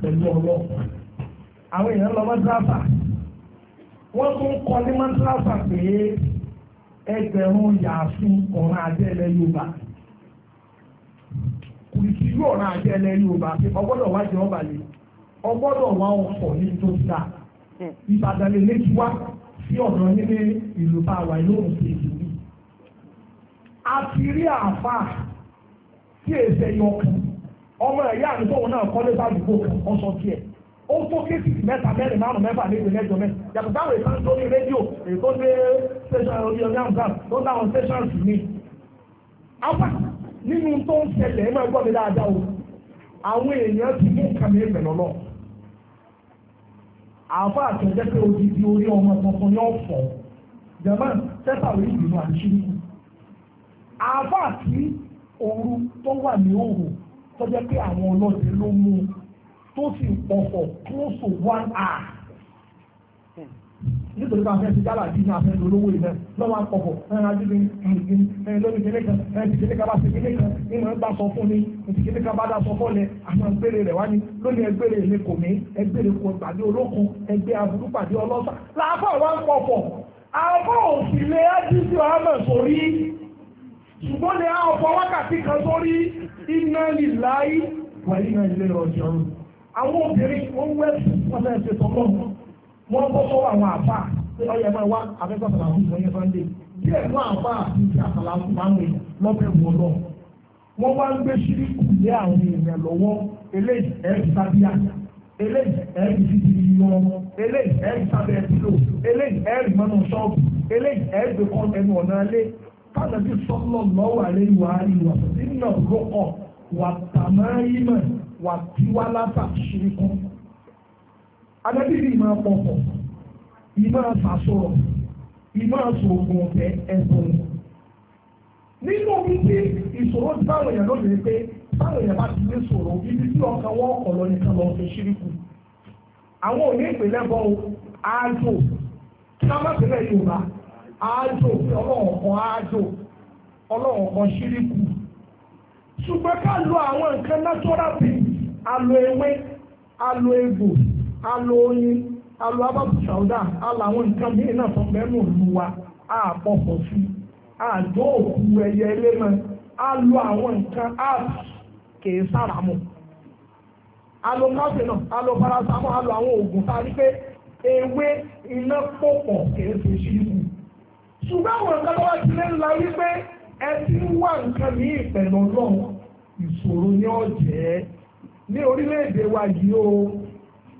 pẹ̀lú ọlọ́run. àwọn èèyàn lọ mọ́tíráfà wọ́n tún kọ ní mọ́tíráfà pé ẹgbẹ̀rún yàáfin ọ̀ràn àjẹ́ ilẹ̀ kùrìkì irú ọ̀ràn àjẹ́ ẹlẹ́rìí ọba ọgbọ́dọ̀ wá jẹ́ ọba lè ọgbọ́dọ̀ wá ọkọ̀ níbi tó ti dà hmm. Ìbàdàn lè létí wá sí ọ̀dọ̀ nílé ìlú bá wà yóò ń pè é a ti rí àáfàá tí èsè yọ kan ọmọ ẹ̀yà àdúgbò náà kọ́lé sádùúgbò kan ọ̀sọ̀ tiẹ̀ ó tó kéèkì mẹ́ta mẹ́rin márùn mẹ́fà méje mẹ́jọ mẹ́ yàtọ̀ táwọn èèyàn ń lórí rédíò èyí tó dé station orí ọ̀nà àmì tó dáwọn station sí mi nínú tó ń ṣẹlẹ̀ ẹ máa gbọ́ mi dáadáa o àwọn èèyàn ti mú nǹkan mi ìfẹ̀ lọ́lọ́ àtẹ̀jẹ́ pé odidi orí ọmọ tuntun yóò fọ̀ jẹ̀mọ́ tẹ́tà orí ìdùnnú àṣírí àbá àti ooru tó wà ní òòrùn tó pé àwọn ọlọ́dẹ ló mú tó sì pọ̀fọ̀ close to one hour nítorí pé afẹ́ ti dára àbí ní afẹ́ lólówó ilẹ̀ lọ́wọ́ àpọ̀pọ̀ ẹ̀rọ ajínigbé ẹ̀yìn lórí kele kan ẹ̀yìn ti kele kan bá ti kele kan nínú ẹgbà sọ fún mi ti kele kan bá dá sọ fún mi àwọn ẹgbẹ́rẹ́ rẹ̀ wá ní ẹgbẹ́rẹ́ mi kò mí ẹgbẹ́rẹ́ kò pàdé olókun ẹgbẹ́ aburú pàdé ọlọ́sà làbọ̀ wá ń pọ̀pọ̀ àbọ̀ òsìlẹ̀ ajínigbé ọmọ sórí ṣùgbọ́n lè àwọn obìnrin wọ́n bọ́ sọ́wọ́ àwọn àbá pé ọyẹ máa wá abẹ́sọ̀ sàlàkù fún yẹn sunday díẹ̀ mú àbá àti ìṣe àsàlàkù máa ń rìn lọ́bẹ̀ wọ̀ lọ. wọ́n wá ń gbé síríkù lé àwọn èèyàn lọ́wọ́ eléyìí ẹ̀ẹ́dì sábíà eléyìí ẹ̀ẹ́dì títí yọ eléyìí ẹ̀ẹ́dì sábẹ́ ẹ̀dìlò eléyìí ẹ̀ẹ́dì mọ́nà ṣọ́ọ̀bù eléyìí ẹ̀ẹ́dì kọ́ ẹnu ọ̀nà alẹ́ kánàbí sọ́nà lọ́wọ́ alẹ́ ìwà ìwà sínú ọ̀rọ̀ ọ̀ wà tàmáyímọ̀ wà tiwálátà adébíyì máa pọ̀pọ̀ ìmọ̀ àfàsọ̀rọ̀ ìmọ̀ àsòògùn ọ̀tẹ̀ ẹ̀sùn. nínú omi tí ìṣòro ti báwọn èèyàn lónìí pé báwọn èèyàn bá ti ní sòrò ibi tí ọkàn wọn kọ̀ lọ nìkan lọ fi ṣíríkù. àwọn òní ìpínlẹ̀ bọ́ ààjò sábàpínlẹ̀ Yorùbá ààjò ọlọ́run kan ààjò ọlọ́run kan ṣíríkù. ṣùgbọ́n ká lo àwọn nǹkan natural things alo ewé alo egbò alo oyin alo abábù ṣàwùdà alo àwọn nǹkan míì náà tó mẹ́nu òlu wa àpọ̀pọ̀ sí àjọ òkú ẹyẹ ẹlẹ́mọ alo àwọn nǹkan apps kìí sáràmù alo kọ́sìnà alo paracetamol alo àwọn oògùn tá a rí pé ewé iná pòpọ̀ kìí ṣe sí ikú ṣùgbọ́n àwọn nǹkan lọ́wọ́ ti lé ńlá wípé ẹ ti ń wá nǹkan míì pẹ̀lú ọlọ́run ìṣòro ni ó jẹ́ ní orílẹ̀-èdè wa yìí o.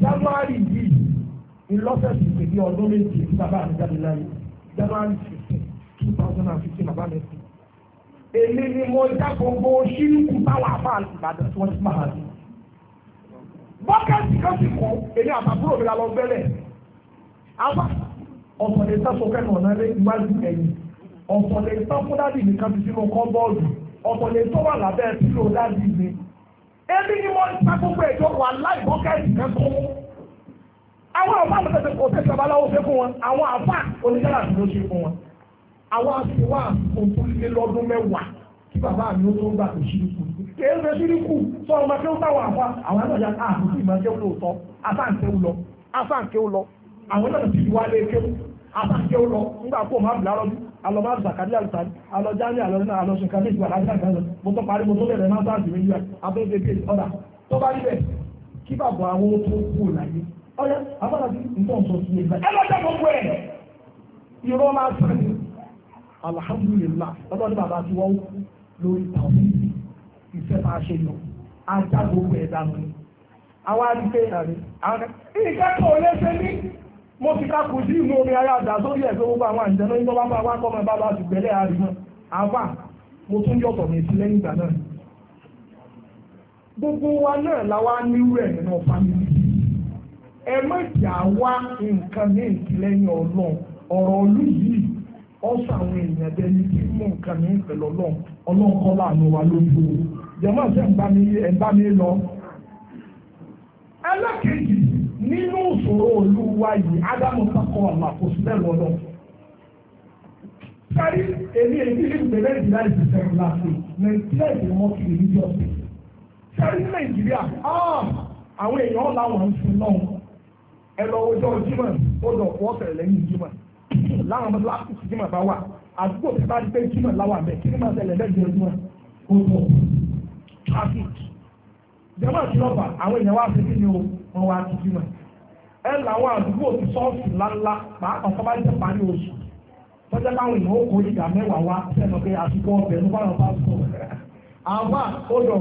january yìí ìlọ́sẹ̀ sì pè ọdún méje láyé january fifteen two thousand and fifteen èmi ni mo já gbogbo ṣírìkù táwọn afáàlì ìbàdàn tí wọ́n ti máa rí. bọ́kẹ́tì kan ti kú èmi àtàkùrọ̀ mi la lọ bẹ́lẹ̀. àbá ọ̀sán lè kẹ́kọ̀ọ́ náà lé ebi ni wọ́n ń ta gbogbo ètò wà láì bọ́kẹ́tì kan tó mú àwọn àfa àtẹ̀tẹ̀ kò tẹ̀ babaláwo ṣe fún wọn àwọn àfa oníṣẹ́lá ti ló ṣe fún wọn àwọn àfiwá òtúlé lọ́dún mẹ́wàá kí bàbá mi ó tó ń gbà kò ṣírí kù kèé ṣe ṣírí kù sọ ọmọ kí ó táwọn àfa àwọn àtàjà káàkiri ah, sí ìmọ̀ kéwù lóòótọ́ afáǹkéwù lọ afáǹkéwù lọ àwọn náà ti wá lé kéwù afáǹkéwù lọ nígbà kó o má bìlá lọ́dún alọ́mọ àtàkàdé àlùfáàdì alọ́jáde alọ́rìnà alọ́sùn kàbíyèsí wà láti àgbà lọ mo tó parí mo tó bẹ̀rẹ̀ máa bá àdìmí yíyá abẹ́gbẹ́ bíi ọ̀dà tó bá níbẹ̀ kí bàbá àwọn owó tó kú láyé ọ̀yá abọ́dà ti nǹkan sọ sí ẹgbẹ́ ẹ lọ́jọ́ gbogbo ẹ̀ irọ́ máa sàn ní alhamdulillah ọlọ́ ní bàbá ti wọ́n lórí tàwọn ìfẹ́ máa ṣe lọ ajá gbogbo ẹ̀ dànù àwọn àdìgbé àrẹ àwọn ìkẹ́kọ̀ọ́ lẹ́sẹ̀ ní mo ti ká kù sí inú omi ara àdá sórí ẹ̀fẹ́ gbogbo àwọn àjẹ́ náà nígbà bá wá kọ́mọ bá bá ti gbẹ̀lẹ́ àfà mo tún mi sí lẹ́yìn gbogbo wa náà la wá nírú ẹ̀ nínú fámìlì ẹ má jà wá nǹkan ní ìtìlẹ́yìn ọlọ́run ọ̀rọ̀ ọlú yìí ọ̀sọ̀ àwọn èèyàn mú nǹkan ní nínú ìṣòro òlu wa yìí ádámù kakọ àmà kò sí bẹ́ẹ̀ lọ́dọ̀ kárí èmi èmi ní ìgbẹ́lẹ́ ìdílá ìṣẹ̀ṣẹ̀ ńláṣẹ nàìjíríà ìṣẹ̀lẹ̀ wọn kì í ní jọ́sìn kárí nàìjíríà àwọn èèyàn làwọn ń sin náà ẹ lọ ọjọ́ jimá ó dọ̀ fọ́ ọ̀sẹ̀ lẹ́yìn jimá láwọn ọmọdé lásìkò jimá bá wà àdúgbò tí bá gbé jimá láwà bẹ́ẹ̀ kí ni máa tẹ̀lé bẹ́ẹ̀ jẹ́ jimá ó tọ̀ traffic jẹ́mọ̀ àti lọ́ba àwọn èèyàn wá sí kí ni o. wọ́n wá ti jùmọ̀ ẹ làwọn àdúgbò ti sọ́ọ̀sì ńláńlá pàápàá bá jẹ́ parí oṣù tọ́jà báwọn ìgbà mẹ́wàá wá sẹ́nu pé àsìkò ọ̀bẹ̀ ló bá lọ bá a àwọn àbáláyé àwọn náà máa àwọn o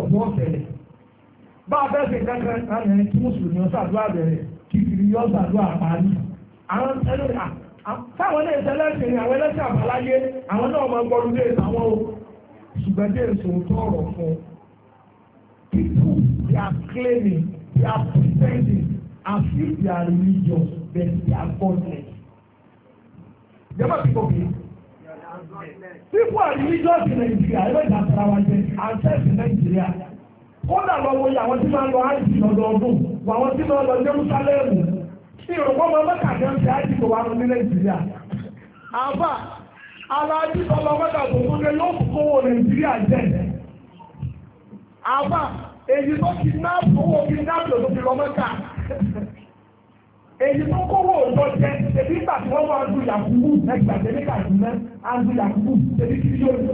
ṣùgbọ́n ọ̀rọ̀ fún people They are pretending as if they are religious, but they are godless. You people People are religious in Nigeria, and church Nigeria. lọ àwọn tí máa lọ àìsí àwọn tí lọ Ní ìrọ̀pọ̀ máa mẹ́ta jẹun ti àìsí tó wà ní Nàìjíríà. Àbá, ara lọ èyí tó ti ná owó fi ná àpò tó fi lọ mọ́ta èyí tó kówó òǹtọ́ jẹ́ èyí gbà tí wọ́n wá ń lu yàkúbù ẹgbàgbẹ́ ní kàdúná á ń lu yàkúbù èyí tí yóò lò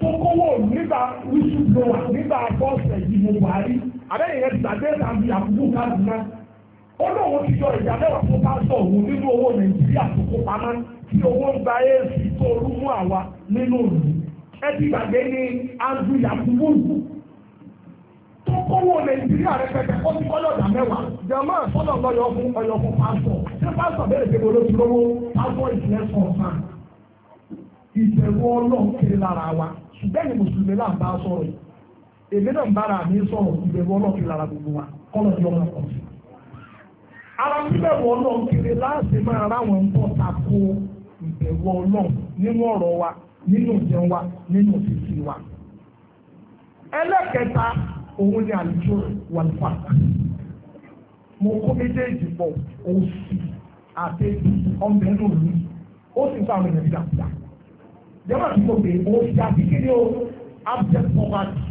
tó kówó nígbà wíṣù lówà nígbà bọ́ọ̀sẹ̀ yìí mo wà rí àbẹ́yẹ̀ yẹn gbàgbé ta lu yàkúbù kàdúná ó lóun ti yọ ìjà mẹ́wàá tó bá sọ òun nínú owó nàìjíríà tó kó pamọ́ tí owó ń gba èèfì tó rú mú àwa nínú òòlù ẹ ti gbàgbé ní andrew yakubu tó kówó nàìjíríà rẹpẹtẹ ó ti kọ́lé ọ̀dà mẹ́wàá jama sọ́dọ̀ lọ yọ fún ọyọ fún pásọ̀ ṣé pásọ̀ bẹ́ẹ̀ ṣe gbọdọ̀ lówó pásọ̀ ìṣẹ́ wa ṣùgbọ́n ní mùsùlùmí là ń bá sọ̀rọ̀ èmi náà ń bára mi sọ̀rọ̀ gbogbo wa kọ́lọ̀ ọmọ kan sí. ara kiri láti máa ráwọn ń bọ̀ wa nínú ìjẹun wa nínú wa. ẹlẹ́kẹta òun ni àlùjọ wàlùfà mo kó méjèèjì pọ̀ òsì àti ọmọbẹ lòlù ó sì fún àwọn ènìyàn dàgbà jẹ́wọ́n àti mo pè é òsì àti kíni o abject poverty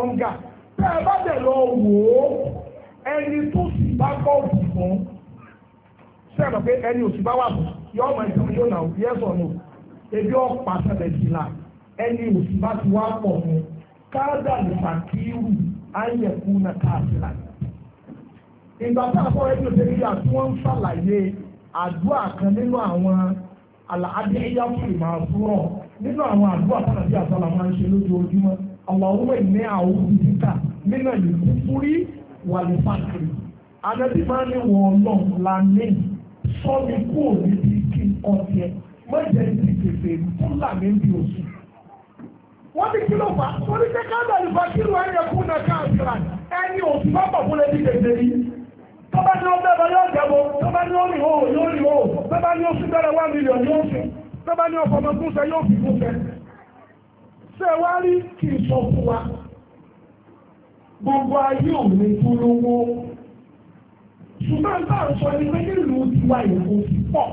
ọ̀ǹgà tẹ́ ẹ bá dẹ̀ lọ wò ó ẹni tó sì bá gbọ́ òkú fún sẹ́ẹ̀mọ̀ pé ẹni òsì bá wà fún yọ ọmọ ìjọba yóò nà ó yẹ́sọ̀ nù ebi ọ̀pá sẹ̀lẹ̀ sí la ẹni òsì bá ti wá pọ̀ fún. káàdà lùfàkìrù ayẹ̀kú na káàfìlà la tá a fọ́ ẹgbẹ́ òṣèlú yà tí wọ́n àdúrà kan nínú àwọn àlàádé yàtọ̀ máa fúrọ̀ nínú àwọn àdúrà kan àti àtàlà máa ń ṣe lójoojúmọ́ Allahumma inni a'udhu bika nínú kúkúrí wà àdàbí máa ní wọn kúrò níbi kí n ti tètè kúlà mi wọ́n ní kí ló fà torí pé káńdà ìfà kí ló ẹ̀yẹ kú náà káàkiri ẹni òtún bá pọ̀ fún ẹbí tètè rí tó bá ní ọgbẹ́ ẹ̀rọ yóò tó bá ní òòrùn yóò rí òòrùn tó bá ní wá mílíọ̀n yóò gbogbo ayé ṣùgbọ́n bá sọ ní tiwa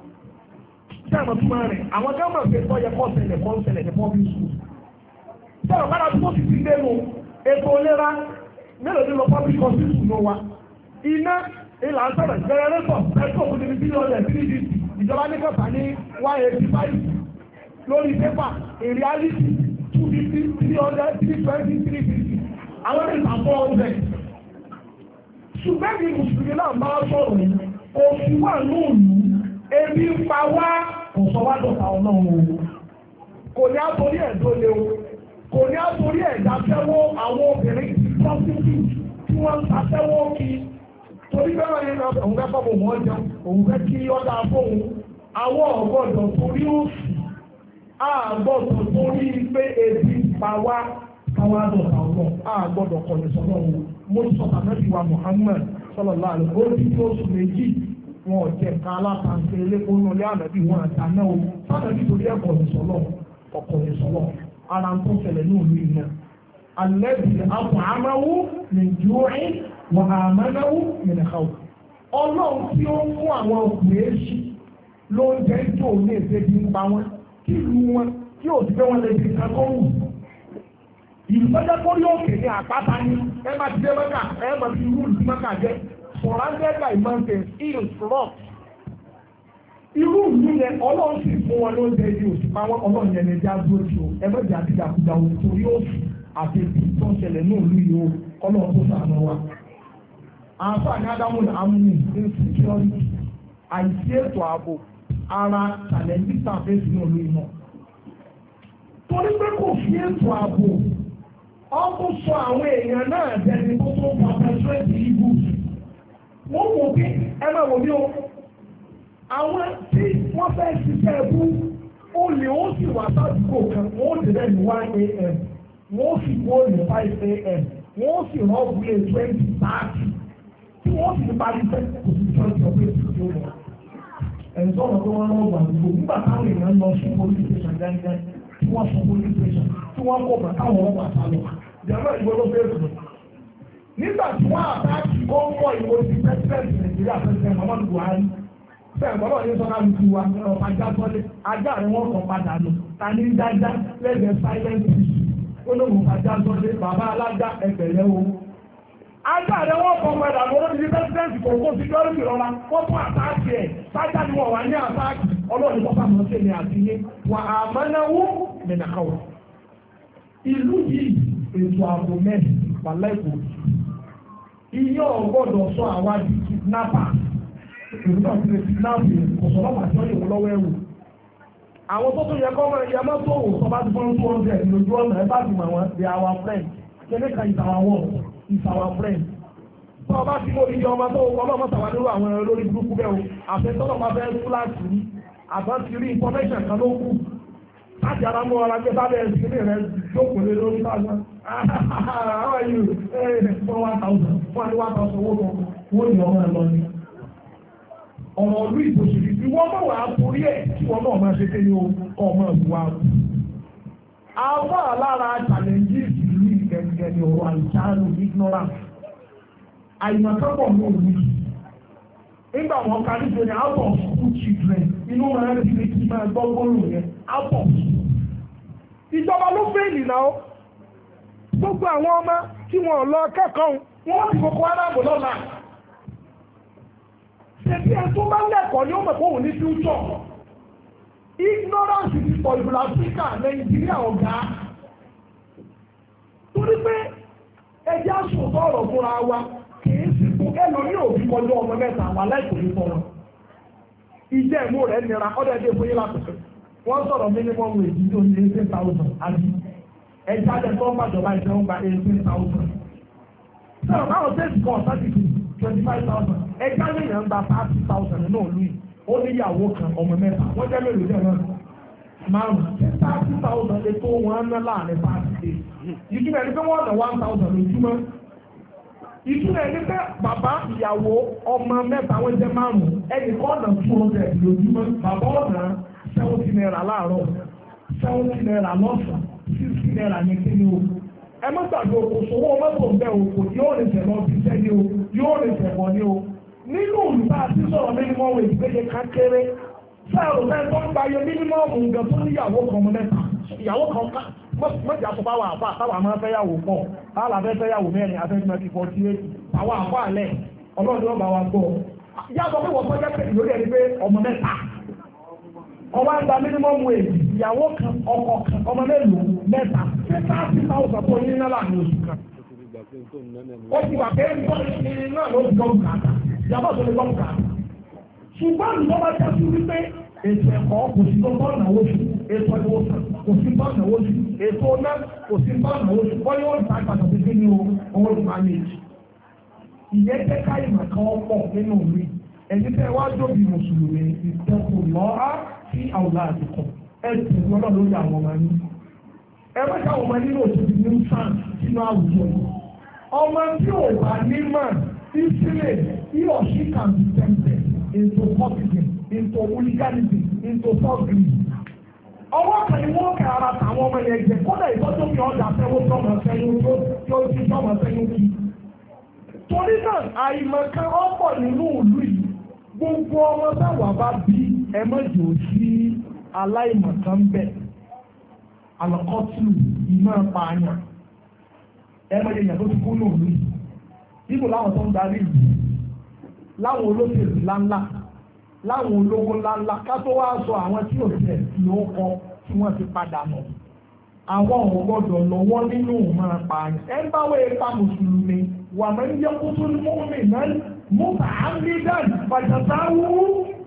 tí àwọn tó máa rìn àwọn tó máa fẹ́ tọ́ yẹ kọ́ ṣẹlẹ̀ kọ́ ṣẹlẹ̀ ní public school tí àwọn bára tó ti ti dénú ètò ìlera mélòó ní lọ public school ló wa iná ìlà sọ̀rọ̀ jẹrẹrẹtọ̀ pẹ̀tọ́ òkú níbi bílíọ̀nù rẹ̀ sí níbi ìjọba ní kẹfà ní one eighty five lórí pépà in reality two fifty three hundred three twenty three fifty àwọn ìlà four hundred ṣùgbọ́n ní mùsùlùmí náà máa sọ̀rọ̀ òfin wà lóòlù ebi ń pa wá kò sọ wá dọ̀tà ọlọ́run o kò ní àtòrí ẹ̀ dólé o kò ní àtòrí ẹ̀ dáfẹ́wọ́ àwọn obìnrin ti pọ́sítì tí wọ́n ń tafẹ́wọ́ kí torí bẹ́ẹ̀ wọ́n yẹn òun fẹ́ kọ́bù wọ́n jẹun òun fẹ́ kí ọ̀dà fóun àwọn ọ̀gbọ́dọ̀ torí ó sì àgbọ̀dọ̀ torí pé ebi pa wá káwá dọ̀tà ọlọ́run àgbọ̀dọ̀ kọ̀lẹ̀sọ̀lọ́run mo sọ tàbí wa Muhammad sọlọ́lá àlùkò tí ó sùn méjì wọn ò jẹ nǹkan alábàáṣe eléko nù lé ànábì wọn àtàná o sànàbí torí ẹ̀kọ́ ní sọ́lọ́ ọkọ̀ ní sọ́lọ́ ara ń tó ṣẹlẹ̀ ní òlu iná alẹ́bí àwọn amáwó lè ju ẹ́ wọ́n àmánáwó mìnàkáwó ọlọ́run tí ó mú àwọn ọkùnrin èṣù ló ń jẹ́ tó ní èdè bí ń pa wọn kí ìlú wọn tí ò sí pé wọ́n lè fi kankan wù ìlú fẹ́jẹ́ surrounded by mountains hills rocks irú ìlú yẹn sì fún wọn ló ń ní oṣù pàwọn ọlọ́run yẹn lè já dúró sí o ẹgbẹ́ ìjà àti ìjàkújà òun torí oṣù àti ibi tó ń náà lù tó ara tàlẹ́ǹtì sàfẹ́sì náà lù yìí náà. torí pé kò fi ètò ààbò sọ àwọn èèyàn náà tó wọ́n wò bí ẹ máa wò bí o àwọn tí wọ́n fẹ́ ṣiṣẹ́ ẹbú ó lè ó sì wà sádùúgbò kan wọ́n ó dé ní one a.m. wọ́n ó sì kó ní five a.m. wọ́n ó sì rán wúlé twenty thirty tí wọ́n sì parí fẹ́ kò sí twenty ọ̀pẹ́ tó lọ. ẹ̀sọ́ ọ̀rọ̀ tó wọ́n rán wà lóko nígbà táwọn èèyàn lọ sí police station gángan tí wọ́n sọ police station tí wọ́n kọ̀ bàtà wọn wà sálọ. ìjàmbá ìgbọ́dọ̀ fẹ́ẹ́ sọ̀rọ̀ nígbà tí wọ́n àtàkì ó ń wọ ìwò ti pẹ́sidẹ́ntì nàìjíríà pẹ́sidẹ́ntì Muhammadu Buhari bẹ́ẹ̀ gbọ́dọ̀ ní sọ́nà lùkù wa ọ̀pá jábọ́lé ajá rẹ̀ wọ́n kàn padà lọ ta ní dájá lẹ́gbẹ̀ẹ́ silent olóhùn ajábọ́lé bàbá alájá ẹgbẹ̀rẹ́ o. ajá rẹ̀ wọ́n kàn padà lọ lórí pẹ́sidẹ́ntì kò kó sí lọ́rùkì lọ́la wọ́n fún àtàkì ẹ̀ sájà ni wọ́n wà ní àtàkì ọlọ́run kọ́kà mọ́ sí ẹ̀mí àti ilé wà àmọ́náwó mẹ́nàkàwọ̀ ìlú yìí ètò ààbò mẹ́rin wà láìpò iye ọ̀gbọ́dọ̀ sọ àwa di kidnapper ìlú náà ti lè kidnapper kò sọ lọ́pàá tí wọ́n yẹ̀ wọ́n lọ́wọ́ ẹ̀rù àwọn tó tún yẹ kọ́ mọ̀ ìyá mọ́tò wò sọ bá ti fọ́n two hundred lójú ọ̀nà ẹ bá ti mọ̀ wọn they are our friend kéde kan is our world is our friend tó o bá ti mọ iye ọmọ tó ọmọ ọmọ tàwa nínú àwọn olórí burúkú bẹ́ẹ̀ o àfẹ́sọ́nà máa fẹ́ fúláàtì rí àbọ̀tì information láti ara mú ọ̀rọ̀ ajé sábẹ́ ẹ̀sìn rẹ̀ jókòó lé lórí sáà how are you fún one thousand fún àti one thousand owó kan wọ́n ní ọmọ ẹ̀ lọ ní. ọ̀rọ̀ ọ̀lú ìbòsìlì tí wọ́n mọ̀ wá torí ẹ̀ tí wọ́n náà máa ṣe pé ní ọmọ ìwà rẹ̀. àwọn alára challenges ìlú ìgbẹ̀ngẹ̀ ni ọ̀rọ̀ àìsàn ignorance àìmọ̀tọ́pọ̀ ní òní nígbà wọn kárí ṣe ni out of school children inú máa ń rí ní kí máa gbọ́ gbọ́rò yẹn out of school ìjọba ló fẹ́ẹ̀lì náà gbogbo àwọn ọmọ tí wọn lọ kẹ́kọ̀ọ́ wọn ti kókó aráàbò lọ́la ṣèbí ẹ tó bá lẹ́kọ̀ọ́ ni ó mọ̀ pé òun ní fíútsọ̀ ignorance ti pọ̀ ìlú Áfíríkà Nàìjíríà ọ̀gá torí pé ẹjẹ́ àṣùkọ́ ọ̀rọ̀ fúnra wa kìí sì fún ẹlòmí òbí kọjú ọmọ mẹ́ta wà láìpẹ́ fún wọn ìjẹ́ ìmú rẹ̀ nira ọ̀dọ̀ ẹ̀dẹ́ fún yín lápẹ̀ẹ́ wọ́n sọ̀rọ̀ minimum wage ní oní eighteen thousand àbí ẹja lẹ tó ń bá jọba ìjọ ń gba eighteen thousand sọ̀rọ̀ báwọn sẹ́ẹ̀sì kan ọ̀sátìkì twenty five thousand ẹja lè yàn gba thirty thousand náà lùi ó ní ìyàwó kan ọmọ mẹ́ta wọ́n jẹ́ mélòó jẹ́ náà márùn thirty thousand lè tó wọn ná láàrin thirty days ìtumọ̀ ẹni pé wọ́n ná one thousand lójúmọ́ ìtumọ̀ ẹni pé bàbá ìyàwó ọmọ mẹ́ta wọ́n jẹ́ márùn-ún ẹnì kan ná two hundred lójúmọ́ bàbá ọ̀nà seventy naira láàárọ̀ seventy naira lọ́sàn-án naira ní kíni o ẹ má gbàgbé o kò sówó ń bẹ o kò yóò lè o yóò lè tẹ̀wọ́ ni o nínú olùbá àti sọ̀rọ̀ mínímọ́ wo ìgbéye tó ń nǹkan tó níyàwó kan mẹ́ta ìyàwó kan ká tó bá wà máa pọ̀ fẹ́ mẹ́rin ti fọ́ sí èyí ọwọ́ ń gba minimum wage ìyàwó kan ọkọ kan ọmọ mélòó mẹ́ta thirty thousand tó yín náà láàrin oṣù kan. ó ti wà pé ń bọ́ ìrìn náà ló ti gbọ́n kàtà ìyàwó tó lè gbọ́n kàtà. ṣùgbọ́n ìjọba bá já sí wípé ètò ẹ̀kọ́ kò sí gbọ́n bọ́ọ̀nà oṣù ètò ìwòsàn kò sí bọ́ọ̀nà oṣù ètò ọ̀nà kò sí bọ́ọ̀nà oṣù wọ́n yóò ta àgbàdo títí ní owó manage. ìyẹn jẹ́ ká ìmọ̀ kan pọ̀ nínú mi ẹ̀yin tẹ́ wá jóbi mùsùlùmí ìtẹ́kùn lọ́ọ́ sí àwòrán àtìkọ ẹ sì ń lọ́nà lórí àwọn ọmọ yín ẹ bá káwọn ọmọ yín lòdì ní sàn sínú àwùjọ ọmọ tí ò bá nímọ̀ ìsílẹ̀ he or she can be tempted into poverty into hooliganism into sorcery ọwọ́ kan ni wọ́n kà ara tàwọn ọmọ yẹn jẹ kódà ìtọ́jú mi ọjà fẹ́wọ́ tọ́mọ fẹ́yìn tó tó ti tọ́mọ fẹ́yìn kí. torí náà àìmọ̀kan ọ̀pọ̀ nínú ìlú yìí gbogbo ọmọ táwa bá bí ẹ má jò sí aláìmọ̀kan bẹ̀ alọ́kọ́tù iná pààyàn ẹ má jẹ ìyàtọ̀ tó kú náà lóyún níbo láwọn tó ń darí ìlú láwọn olóṣèlú ńláńlá láwọn olówó ńláńlá ká tó wá sọ àwọn tí òṣìṣẹ́ tí ó kọ tí wọ́n ti padà mọ̀ àwọn ò gbọ́dọ̀ lọ́wọ́ nínú máa pààyàn ẹ bá wọ ipa mùsùlùmí wà mọ́mí náà mú àmì dáàbò pàjáwó.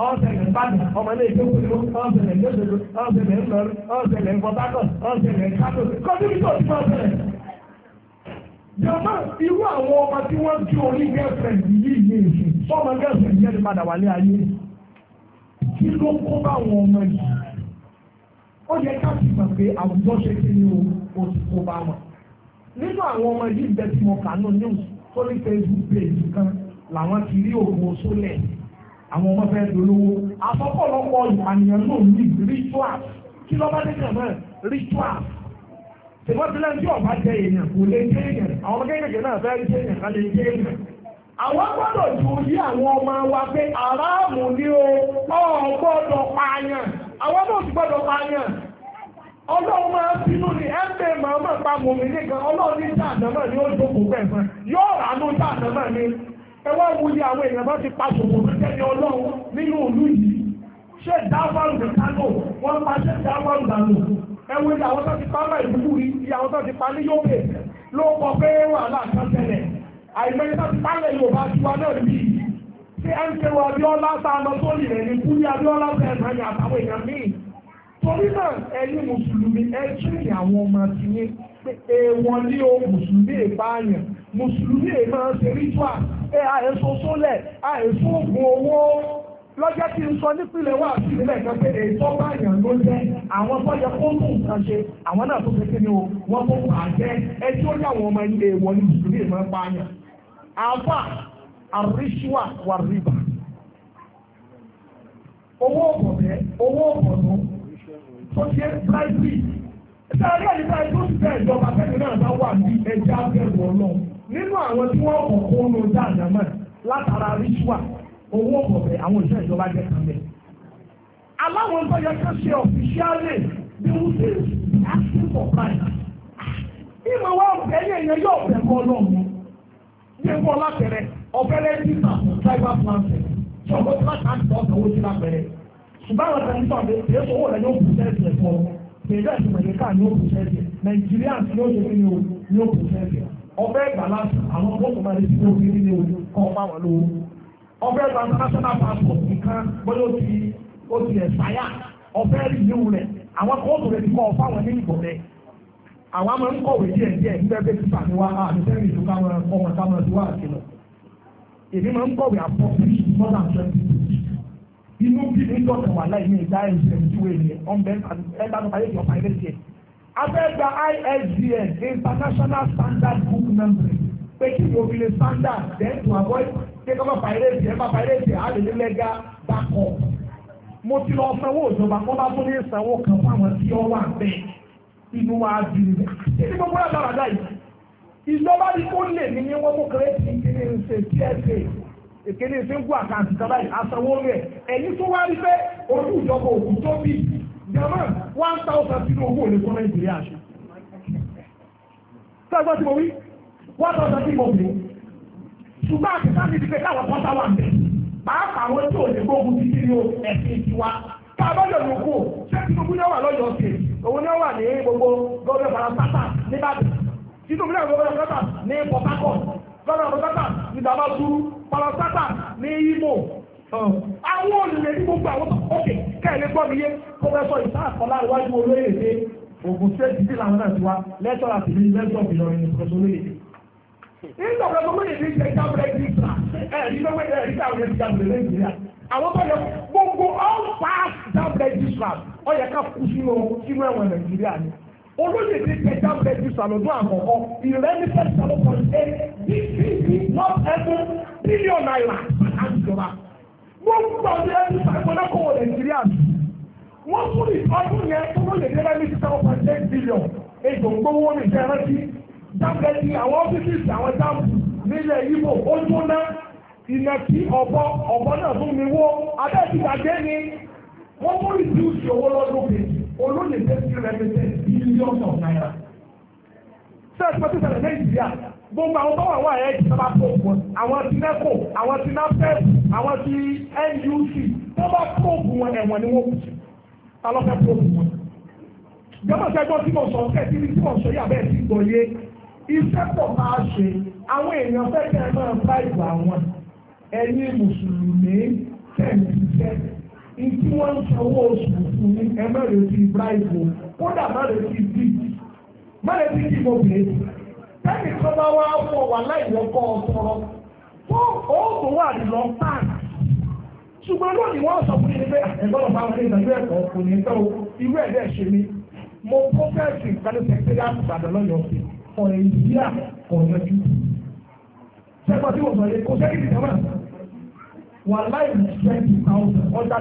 ọ̀sẹ̀lẹ̀ ìbàdàn ọmọlé ìjókòó ọ̀sẹ̀lẹ̀ ìjókòó ọ̀sẹ̀lẹ̀ ńlọrin ọ̀sẹ̀lẹ̀ ìfọ̀bákọ̀ ọ̀sẹ̀lẹ̀ ìkátó kọ́síbítò ti máa bẹ̀rẹ̀. jọ̀mọ́ irú àwọn ọmọ tí wọ́n ju orí gẹ́fẹ̀rẹ̀ǹd yìí ní èsì sọ́mọ gẹ́fẹ̀rẹ̀ǹd yẹn ti padà ayé kí ló kó bá àwọn ọmọ yìí ó yẹ ká sì mọ̀ pé àwùjọ ṣe kí ni o ti kó bá wọn nínú àwọn ọmọ yìí bẹ tí mo kà ní news sórí Facebook page kan làwọn àwọn ọmọ fẹ́ dolówó àtọ́pọ̀lọpọ̀ ìpànìyàn náà ní ritual kí ló bá dé jẹ̀ mọ́ ritual tẹ̀gbọ́nbílẹ̀ tí ọba jẹ èèyàn kò lè jẹ èèyàn àwọn ọmọ kékeré náà fẹ́ jẹ èèyàn ká lè jẹ èèyàn àwọn gbọ́dọ̀ ju yí àwọn ọmọ wa pé aráàmù ni o ọ̀ gbọ́dọ̀ pààyàn àwọn ọmọ òsì gbọ́dọ̀ pààyàn ọlọ́run máa ń bínú ni ẹgbẹ́ màmá pa mòmí nìkan ọlọ́run ní sáà náà ní ó jókòó bẹ́ẹ̀ fún yóò ránú sáà náà ní ẹwọ́ wo yí àwọn èèyàn bá ti pa ṣòwò lójẹ́ ní ọlọ́run nínú òlú yìí ṣé dáfàrù wọ́n pa ṣé dáfàrù dànù ẹwọ́ yí àwọn tó ti pa rí àwọn pa ní yókè ló kọ pé tó ti yóò bá náà ṣé wọ lọ sórí rẹ̀ ní kúlí àtàwọn èèyàn míì torí náà ẹ mùsùlùmí è máa ṣe ritual ẹ àìsọ sólẹ̀ àìsọ ògùn owó lọ́jọ́ tí ń sọ nípìnlẹ̀ wà sí ilé ẹ̀kan pé èso bá yàn ló jẹ́ àwọn bọ́jọ kó ń tún nǹkan ṣe àwọn náà tó fẹ́ kí ni o wọ́n tó wà jẹ́ ẹ tí ó ní àwọn ọmọ ilé wọn ní mùsùlùmí è máa pààyàn àfà àríṣíwà wà rìbà owó ọ̀bọ̀dẹ́ owó ọ̀bọ̀dún tó ṣe bribery ẹ̀sẹ̀ àríyànjú báyìí tó ti bẹ́ẹ̀ ìjọba fẹ́mi náà bá wà ní ẹja bẹ̀rù ọlọ́run nínú àwọn tí wọ́n kò kó látara ríṣùà owó ọ̀bẹ àwọn òṣìṣẹ́ ìjọba jẹ́ kan bẹ́ẹ̀. aláwọn tó yẹ ká ṣe ọ̀fíṣíálì bí wọ́n ti asking for price. ìmọ̀ wa ọ̀fẹ́ yẹn yẹn yóò fẹ́ kọ́ yẹn kọ́ látẹ̀rẹ̀ fún planting tí tí wọ́n wọ́n ṣùgbọ́n àwọn bẹ́ẹ̀ tí ọbẹ̀ balance àwọn bọ́ọ̀lù máa fi ọba ọbẹ̀ national passport nìkan ti ó ti ẹ̀ ọbẹ̀ rẹ̀ àwọn kóòtù rẹ̀ ti kọ́ ìbọ̀ rẹ̀ àwọn ń kọ̀wé díẹ̀ díẹ̀ bẹ́ẹ̀ ti wá ọmọ ti wá àti abegba ISBN International Standard Book Number pé kí ni standard then to avoid ṣé kọ́ bá ẹ̀ bá pàrẹ́sì á lẹ́gà bákọ̀. mo ti lọ sanwó ìjọba kọ́ bá tún ní sanwó kan fáwọn tí ó wà bẹ́ẹ̀ inú wa ni ah, gbogbo yàrá dáadáa yìí ìjọba ni lè ní wọ́n ṣe tsa ìkíni ṣe ń gún àkáǹtì kan báyìí jama one thousand sínú owó òní fún nàìjíríà ṣe sọ́gbọ́n tí mo wí one thousand tí mo wí ṣùgbọ́n àti sáà ní ti pé káwọn pọ́tà wà ń bẹ̀ pàápàá àwọn tí ò lè gbógun títí ní ẹ̀sìn tiwa káàbọ̀dọ̀ ló kù ṣé tinubu náà wà lọ́yọ̀ọ́ sí òun náà wà ní gbogbo gọ́ọ̀mẹ̀ farasátà nìbàdàn tinubu náà gọ́ọ̀mẹ̀ farasátà ní port harcourt gọ́ọ̀mẹ̀ farasátà ní damaturu farasátà ní imo àwọn olùlé ní gbogbo àwọn òkè kẹ́ẹ̀lé gbọ́ mi yé kó fẹ́ sọ ìta àkọlá iwájú olóyèdè ògùn sẹ́ẹ̀tì sí làwọn náà ti wá lẹ́tọ̀ àti ní lẹ́tọ̀ ìlọrin ní pẹ̀lú olóyèdè. nígbà pẹ̀lú olóyèdè jẹ́ jábẹ́rẹ́ ẹ̀rí lọ́wọ́dẹ̀ ẹ̀rí táwọn ẹ̀rí jábẹ́rẹ́ nàìjíríà àwọn tó yẹ gbogbo all pass jábẹ́rẹ́ disram ó yẹ ká kú sínú sínú ẹ̀wọ̀n nàìjíríà ni olóyèdè jẹ́ jábẹ́rẹ́ disram lọ́dún àkọ́kọ́ ìrẹ́ni fẹ́ẹ́ sọ́lọ́kọ̀ọ́ ṣe bíbí not even billion naira àjọba wọ́n gbà ní ẹni pàtàkọ́lọ́kọ̀ nàìjíríà wọ́n fún ọdún yẹn tó wọ́n lè dé bá ní six thousand and ten billion ètò gbówó ní ìfẹ́ rántí dábẹ́tì àwọn ọ́fíìsì àwọn dáàbò nílẹ̀ Ìgbò ó jóná ìnà tí ọ̀bọ ọ̀bọ náà tún mi wó abẹ́ẹ̀tì gbàgbé ni wọ́n mú ìdíwùsì owó lọ́dún mi olóyè tẹ́sí rẹ̀ mi tẹ́ bílíọ̀nù náírà. sẹ́ẹ̀tì pàtó sẹ̀rẹ̀ nàìjíríà gbogbo àwọn tó wà wà ẹ̀ ti sábà kó wọn àwọn ti nẹ́kò àwọn ti nafẹ́ àwọn ti nuc tó bá kóògùn wọn ẹ̀wọ̀n ni wọ́n kù ta ló fẹ́ kóògùn wọn. gbọ́dọ̀ sẹ́gbọ́n tí mo sọ kẹ́ẹ̀tì tí mo sọ yà bẹ́ẹ̀ ti gbọ́ yé iṣẹ́ pọ̀ máa ṣe àwọn èèyàn fẹ́ kẹ́ ẹ máa bá ìwà wọn ẹ̀yin mùsùlùmí tẹ̀síṣẹ́ ìtí wọ́n ń sanwó oṣù fún mi ẹ má retí bíráìbù kódà má retí bíi má retí kí mo Tẹ́lì kan bá wá wọ̀ wà láìwọ́kọ́ ọ̀tọ̀rọ̀. Ó tó wà ní lọ páàkì. Ṣùgbọ́n lónìí wọ́n sọ fún mi pé ẹ̀gbọ́n bá wọn ní ìdájọ́ ẹ̀kọ́ kò ní tẹ́ o, irú ẹ̀ bẹ́ẹ̀ ṣe ni. Mo kó fẹ́ẹ̀sì ìgbàlẹ̀ sẹ́kítẹ́rì àgbàdo lọ́yọ̀ sí for a year for yanjú. Ṣẹ́gbọ́n tí mo sọ yẹ kó sẹ́kítì kan náà. Wà láì ní twenty thousand ọjà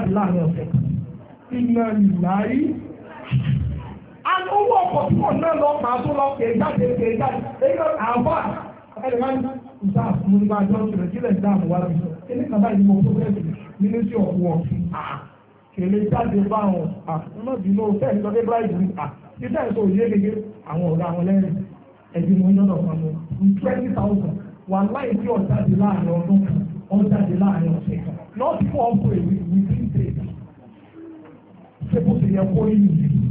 alówó ọkọ̀ tí wọ́n náà lọ máa tó lọ kè jáde kè jáde èyí lọ àbá ẹni máa ń gbà mú ní máa jọ sílẹ̀ sílẹ̀ dáàmú wá bí ẹni kàbá yìí mo tó bẹ́ẹ̀ bí mínísítì ọ̀wọ́ kèlè jáde bá wọn àmọ́ bí mo fẹ́ẹ̀ sọ dé báyìí ní à títẹ̀ tó yé gẹ́gẹ́ àwọn ọ̀rọ̀ àwọn lẹ́yìn ẹ̀dín mo yán lọ́kàn mọ́ ní twenty thousand wà láì tí ọ̀n jáde láàrin ọdún kan ọ̀n jáde láàrin ọ̀sẹ̀ kan not for a week within days ṣé bó ṣe yẹ kó yìí nìyí.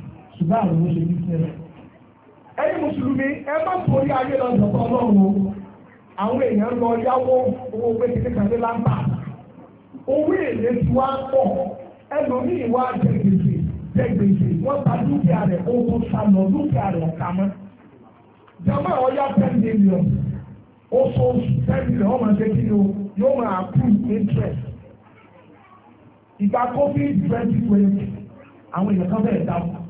ṣùgbọ́n àwọn oṣù ní sílẹ̀. ẹ̀yin mùsùlùmí ẹ má torí ayé lọ sọ̀tọ̀ ọlọ́run àwọn èèyàn lọ yáwó owó pé kékeré lé lámbà owó èlé tí wàá pọ̀ ẹlòmíì wá jẹgbèsè jẹgbèsè wọ́n ta dúkìá rẹ̀ owó sálọ dúkìá rẹ̀ ọ̀kà mọ́ jama ọ̀yá ten million oṣooṣù ten million ọmọ ẹgbẹ́ kí ni o yóò máa kú interest ìgbà covid twenty twenty àwọn èèyàn kan bẹ̀rẹ̀ dáhùn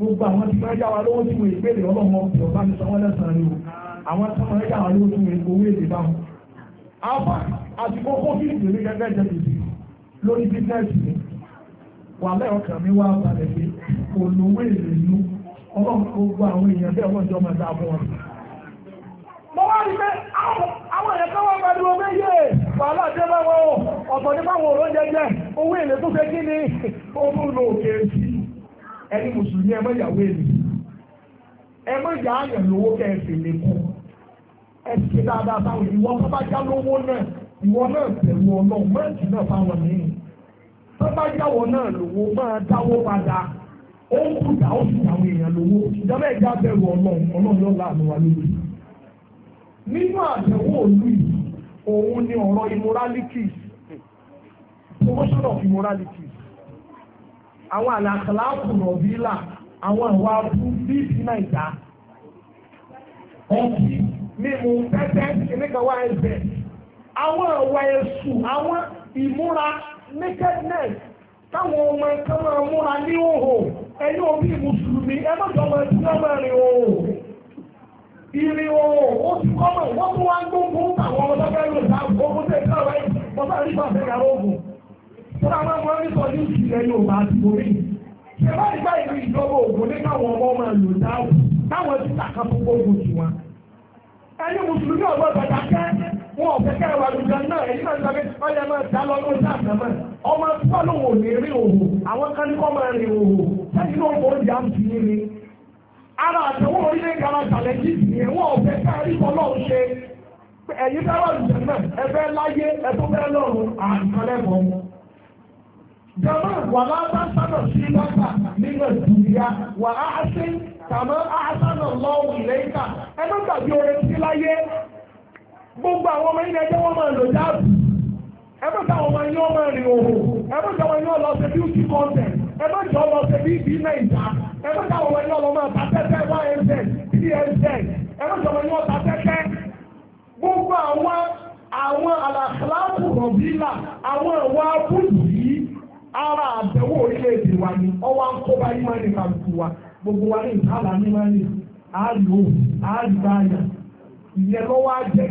gbogbo àwọn tí máa jáwa lówó tí mo lè gbé lè ọlọ́mọ ọ̀bá mi sanwó lẹ́sàn-án ni o àwọn tí máa jáwa lówó tí mo lè gbowó èdè bá wọn. àwọn àsìkò covid lè rí gẹ́gẹ́ jẹ́ bèbè lórí bísíǹsì mi wà lẹ́ ọkàn mi wá balẹ̀ pé kò lówó èdè nú ọlọ́run gbogbo àwọn èèyàn bẹ́ẹ̀ wọ́n jọ máa dá fún wọn. mo wá rí pé àwọn èèyàn kan wá pariwo pé yé wàhálà dé báwọn ọ̀tọ̀ ní báwọn òróúnjẹ jẹ owó èlé tó fẹ́ kí ni ó mú lò kèrè sí ẹni mùsùlùmí ẹ má yàwó ẹ má yà á yàn lówó kẹsì ẹ sì dáadáa sáwọn ìwọ tó bá já lówó náà ìwọ náà náà fáwọn mìíràn bá náà lówó máa padà ó ń kú dà ó sì èèyàn lówó ìjọba bẹ̀rù yóò láàánú wa àwọn a kùnà bílà àwọn ìwà abú bíi ti nàìjà ọ̀kì mímu tẹ́tẹ́ ìníkàwá ẹ̀bẹ̀ àwọn ìwà èṣù àwọn ìmúra nakedness táwọn ọmọ ẹ̀ka máa múra ní òhò ẹni òbí mùsùlùmí ẹ má jọ ọmọ òhò ìrìn òhò ó ti kọ́ mọ̀ wọ́n tún wá ń táwọn ọmọ tó fún àwọn ọmọ nípa ní ìjìnlẹ̀ Yorùbá àti bomi ṣe bá ìgbà ìlú ìjọba ògùn ní káwọn ọmọ máa lò dáwò táwọn ti tàkà fún gbogbo jù wọn. ẹni mùsùlùmí ọ̀gbọ́n bàtà kẹ́ wọn ọ̀fẹ́ kẹ́ wà lùdà náà ẹni náà sọ pé ọ̀yẹ́ máa dá lọ ló dá wò lè rí àwọn kan ní kọ́ máa rí ara àtẹwọ́ orílẹ̀ gara Jọ̀mọ́ wàlá bá sábà sí bàtà nínú ìdúnyà wà á sí kàmọ́ àásánà lọ́wọ́ ìlẹ́yìnká. Ẹ má gbàgbé orin sí láyé. Gbogbo àwọn ọmọ yín ẹjẹ́ wọ́n máa lò jáàbù. Ẹ má gbà àwọn ọmọ yín ọmọ rìn òhò. Ẹ má gbà àwọn yín ọlọ ṣe beauty contest. Ẹ má jọ ọlọ ṣe bí ìbí Nàìjà. Ẹ má gbà àwọn ọmọ yín ọlọ máa ta tẹ́tẹ́ YMZ, PMZ. Ẹ má jọ ọmọ yín ọta tẹ́tẹ́. Gbogbo àwọn àwọn àlàkàlà àbùrọ̀bílà àwọn ìwà abúlù yìí ara àbẹ̀wò orílẹ̀-èdè wa ni ọwọ́ ń kó ka ntụwa wa gbogbo wa ní ìtàlà nímánì àlò àgbáyà ìyẹn lọ́wọ́ á kí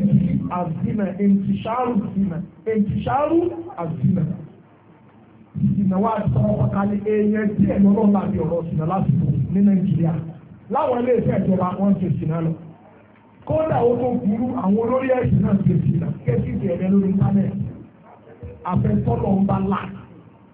àzìnà èntìṣàrù zìnà èntìṣàrù àzìnà ìsìnà wa sọ̀rọ̀ pàkàlẹ̀ èèyàn díẹ̀ lọ́nà láti ọ̀rọ̀ ìsìnà lásìkò ní Nàìjíríà láwọn ilé ìfẹ́ ìjọba wọn ti lọ kódà burú àwọn olórí ẹ̀sìn náà ti kẹ́sì ẹ̀rẹ́ lórí pánẹ́ẹ̀ àfẹ́sọ́nà ń bá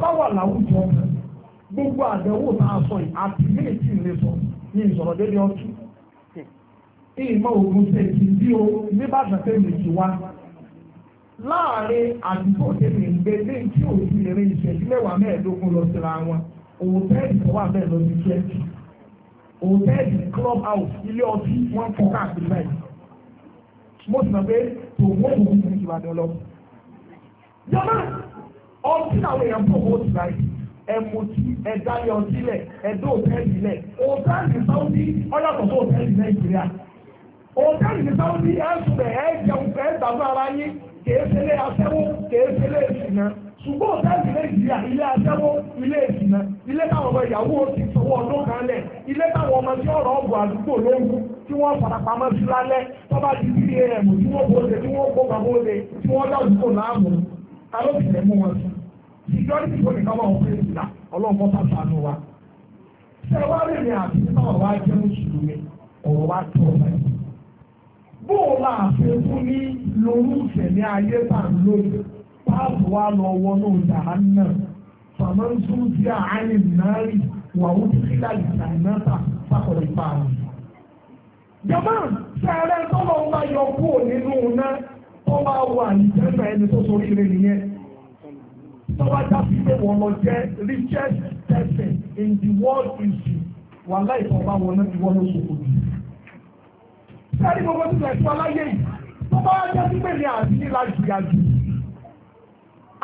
bá wà láwùjọ gbogbo àdánwò tá a sọ yìí àti ilé ìtì ilé sọ ní ìsọ̀rọ̀ débi ọtún ìmọ̀ ògùn ṣe ti bí o níbàdàn tẹ̀ lè ti wá láàrin àdúgbò tèmi ń ní tí òsì eré ìṣẹ́jú mẹ́wàá mẹ́ẹ̀ẹ́dógún lọ síra wọn òtẹ́ẹ̀lì tó wà bẹ́ẹ̀ lọ sí twenty hòtẹ́ẹ̀lì club house ilé ọtí wọ́n fọ́ káàkiri báyìí mo sì mọ̀ pé tòun ó wù ú Ìbàdàn lọ. jọba ọtí àwọn èèyàn tó wọ́n ti ra yìí ẹ̀mọ̀tì ẹ̀dáyọ̀ sílẹ̀ ẹ̀dọ́ òtẹ́ẹ̀lì lẹ̀ òtẹ́ẹ̀lì sáwọ́dí ọ̀yàtọ̀ tó òtẹ́ẹ̀lì nàìjíríà òtẹ́ẹ̀lì ara yín ìsìnà ṣùgbọ́n nàìjíríà ilé ilé ìsìnà ilé táwọn ọmọ ìyàwó ti sọwọ́ ọdún kan lẹ̀ ilé táwọn ọmọ tí ọ̀rọ̀ àdúgbò lóhùn tí wọ́n sí lálẹ́ tọ́ba ti bí alóbìnrin mú wọn sùn security kò ní ká wọn fún èsì náà ọlọ́run bọ́ bàbá àánú wa ṣé wàá rí ìrìn àti nípa ọ̀rọ̀ ajé mùsùlùmí ọ̀rọ̀ wa tó ọ̀rọ̀ ẹ̀ bóòlù àfikún ní lórí ìṣẹ̀lẹ̀ ayé bá ń lóye páàpù wa lọ wọnú jahannam fàmọ́nsún sí àárín náírì wàhùn sílá ìdánáta sákòlì pààrọ̀. jọ̀mọ́ sẹ́rẹ̀ tọ́lọ́ ń bá yọ kúrò nínú náà tó máa wà ní jẹ́nà ẹni tó sọ kiri nìyẹn tọ́wọ́ dábí pé wọ́n lọ jẹ́ richest person in the world history wà láì fọ́ bá wọn náà ìwọ́n ló sọ kò jù. sẹ́ni gbogbo ti tẹ̀sí aláyé yìí tó bá wá jẹ́ sí pé ní àti ní láti ga jù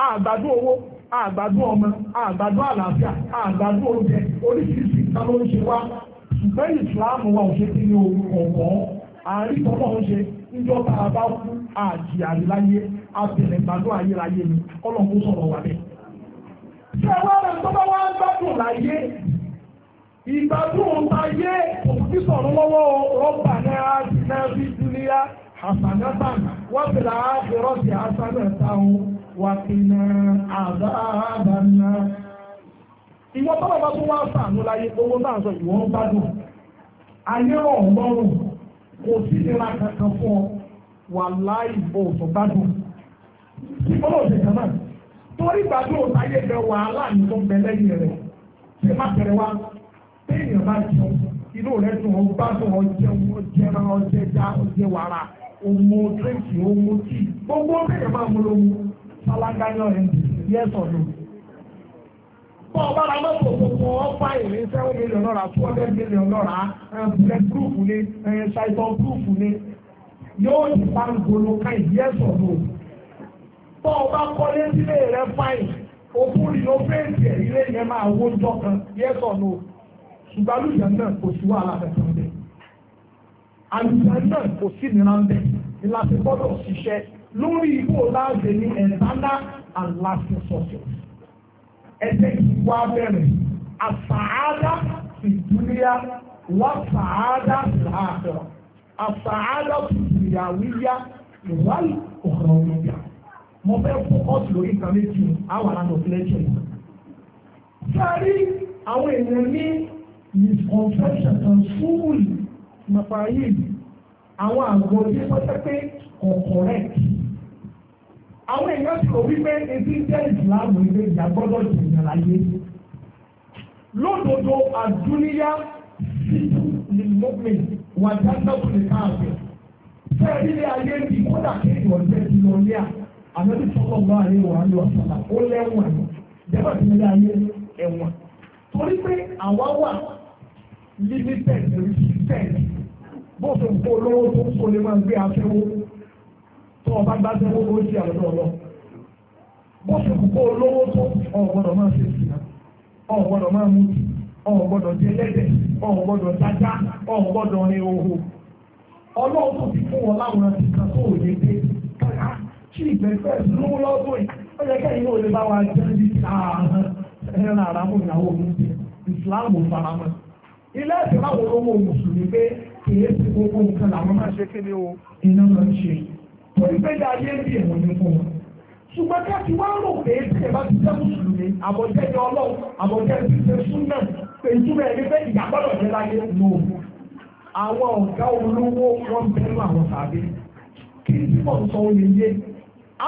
àgbàdo owó àgbàdo ọmọ àgbàdo àlàáfíà àgbàdo oúnjẹ oríṣiríṣi ìta ló ń ṣe wá ṣùgbọ́n ìsìláàmù wa ò ṣe kí ni òun ọ̀gbọ́n àárín tọ́lọ́ ń ṣe Ndị ọba fún àjì àríláyé abẹ̀rẹ̀ sọrọ dị. bá wá ń gbádùn láyé ìgbádùn ti náà fi dúníyà hasanatan wọ́n fi là á fi rọ́ọ̀sì hasanatan wà ọba àdáàbànà. ìwọ́n tọ́lọ̀ bá tún n'azọ sàánú láyé owó náà kò sí nira kankan fún ọ wà láì bò tó gbádùn kí bọ́lọ̀ ṣe kan náà torí gbádùn òtáyé bẹ wàhálà ní tó ń bẹ lẹ́yìn rẹ̀ ṣe má tẹ̀lé wa téèyàn bá jẹun inú rẹ̀ dùn ó gbádùn ọjẹun ọjẹran ọjẹja ọjẹwàrà ọmọ tírèkì ọmọ tíì gbogbo téèyàn máa mú lóhun sálágá ẹ̀ yẹ́sọ̀ lóhun. Bọ́ ọba ra mọ́tò gbogbo ọ̀pá ìrìn seven million lọ́ra two hundred million lọ́ra ẹ̀ proof ni ẹ̀ ṣàìsàn proof ni yóò ti pa gbolo ká ìyẹ́sọ̀ lò. Bọ́ ọba kọ́lé sílé rẹ̀ fáìn òkú rí ló fèsì ẹ̀ ilé yẹn máa wó jọ kan yẹ́sọ̀ lò. Ṣùgbọ́n alùpùpù náà kò sí wàhálà bẹ̀rẹ̀ kan bẹ̀. Alùpùpù náà kò sí nira ń bẹ̀ ni láti gbọ́dọ̀ ṣiṣẹ́ lórí ipò láàbẹ̀ ní ẹ̀ńtánná and lasting success ẹsẹ̀ ìwà bẹ̀rẹ̀ àfàádá ìdúnyà wà fàádá làákọ̀ àfàádá ìyàwíyá ìwáyé ọ̀rọ̀ òyìnbá mo fẹ́ fọ́kọ́sì lórí kan méjì àwọn àlànà òfìlẹ́jẹ̀ yìí. sáré àwọn èèyàn ní misconception kan súwùlì nípa yìí àwọn àgọ́ ilé wọ́n jẹ́ pé kọ̀ọ̀kọ̀rẹ́ẹ̀tì àwọn èèyàn ti rò wípé etí jẹ́ ìsìláàmù ilé ìyá gbọ́dọ̀ jìnnà láyé lódodo àdúníyá títú ní mọ́mí wà dáńdáwó lè káàbẹ̀ fẹ́ẹ́ nílé ayé ń bì kódà kéèyàn jẹ́ ti lọ ní à àmọ́bí sọ́kọ̀ bá àlẹ́ wà ní ọ̀sán ó lẹ́wọ̀n ni jẹ́bà ti nílé ayé ẹ̀wọ̀n torí pé àwa wà limited restricted bó ṣe ń kó olówó tó ń kó lè máa gbé afẹ́wó. ọba gbá sí owó orí àlọ́dọ̀ ọlọ. bó ṣe kú kó olówó tó ọ̀gbọ́dọ̀ máa ṣe sí ọ̀gbọ́dọ̀ máa mú ọ̀gbọ́dọ̀ jẹ lẹ́dẹ̀ ọ̀gbọ́dọ̀ dájá ọ̀gbọ́dọ̀ ní ọlọ́run tó ti fún wọn láwọn kan tó ò lè dé ìgbẹ́fẹ́ lówó lọ́dún yìí ó yẹ kẹ́yìn lè bá wa jẹ́ ní ààrùn ẹran ìyàwó mi ti ìsìláàmù faramọ́ ilé ẹ̀sìn ni o iná máa ń torí pé ní ayé ń bí èèmọ̀ ní fún wọn. ṣùgbọ́n ká ti wá rò pé tí ẹ bá ti jẹ́ mùsùlùmí àbọ̀jẹ́ ni ọlọ́run àbọ̀jẹ́ ti ṣe sún náà pé ìtumọ̀ ẹni pé ìgbàgbọ́dọ̀ jẹ́ láyé lò ó. àwọn ọ̀gá olówó wọn bẹ̀rù àwọn tàbí kí n tí mò ń sọ oyè yé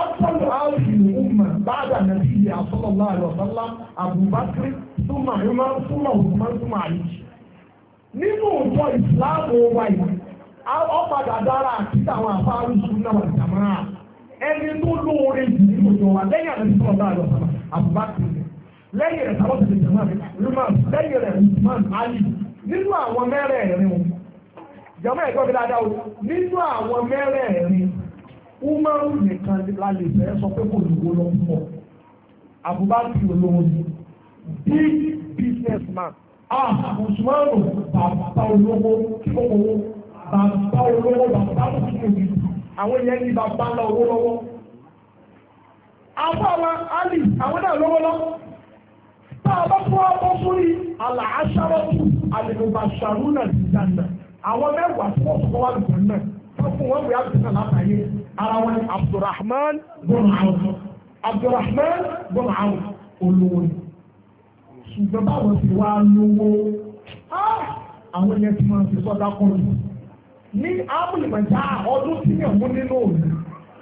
afọlù áwùjì ní umma báàdà nàbí yìí asọlọlá àlọsọlá Abubakar súnmọ ìmọ súnmọ òkùnmọ súnmọ àyè nínú ọjọ́ ìsìláàmù wa ọ̀padà dára àti àwọn àfáàrí ìṣúná wà jàmáà ẹni tó lóore jù nínú ìjọ wa lẹ́yìn àti ìṣúná ọ̀dà àlọ́ sàmà àbúbá kiri lẹ́yìn rẹ̀ sábà tẹ̀lé jàmáà rẹ̀ rúmán lẹ́yìn rẹ̀ rúmán alì nínú àwọn mẹ́rẹ̀ẹ̀rin o jàmáà ẹ̀kọ́ mi dáadáa o nínú àwọn mẹ́rẹ̀ẹ̀rin umaru nìkan la lè fẹ́ sọ pé kò lówó lọ pọ̀ àbúbá kiri olóore big business man ah usmanu bàbá olówó kí ó mọ bàbá olówó bàbá òkùnkùn àwọn yẹn ní bàbá lọ owó lọ́wọ́ àwọn àwọn alì àwọn náà lọ́wọ́ lọ́wọ́ tá a bá fún ọmọ sórí àlàáṣárọ́tù àlèmọ̀bàṣàrú náà ti dànù àwọn mẹ́wàá tí wọ́n fún wa lùkọ́ náà tó fún wọn wíwá ti sàn látàyè ara wọn ni Abdulrahman bọ́n àwọn Abdulrahman bọ́n àwọn olówó ni ṣùgbọ́n báwọn ti wá lówó àwọn yẹn ti máa ń fi sọ́dá kọ́ lù. ní ábùlùmọ̀já ọdún tí yàn mú nínú òní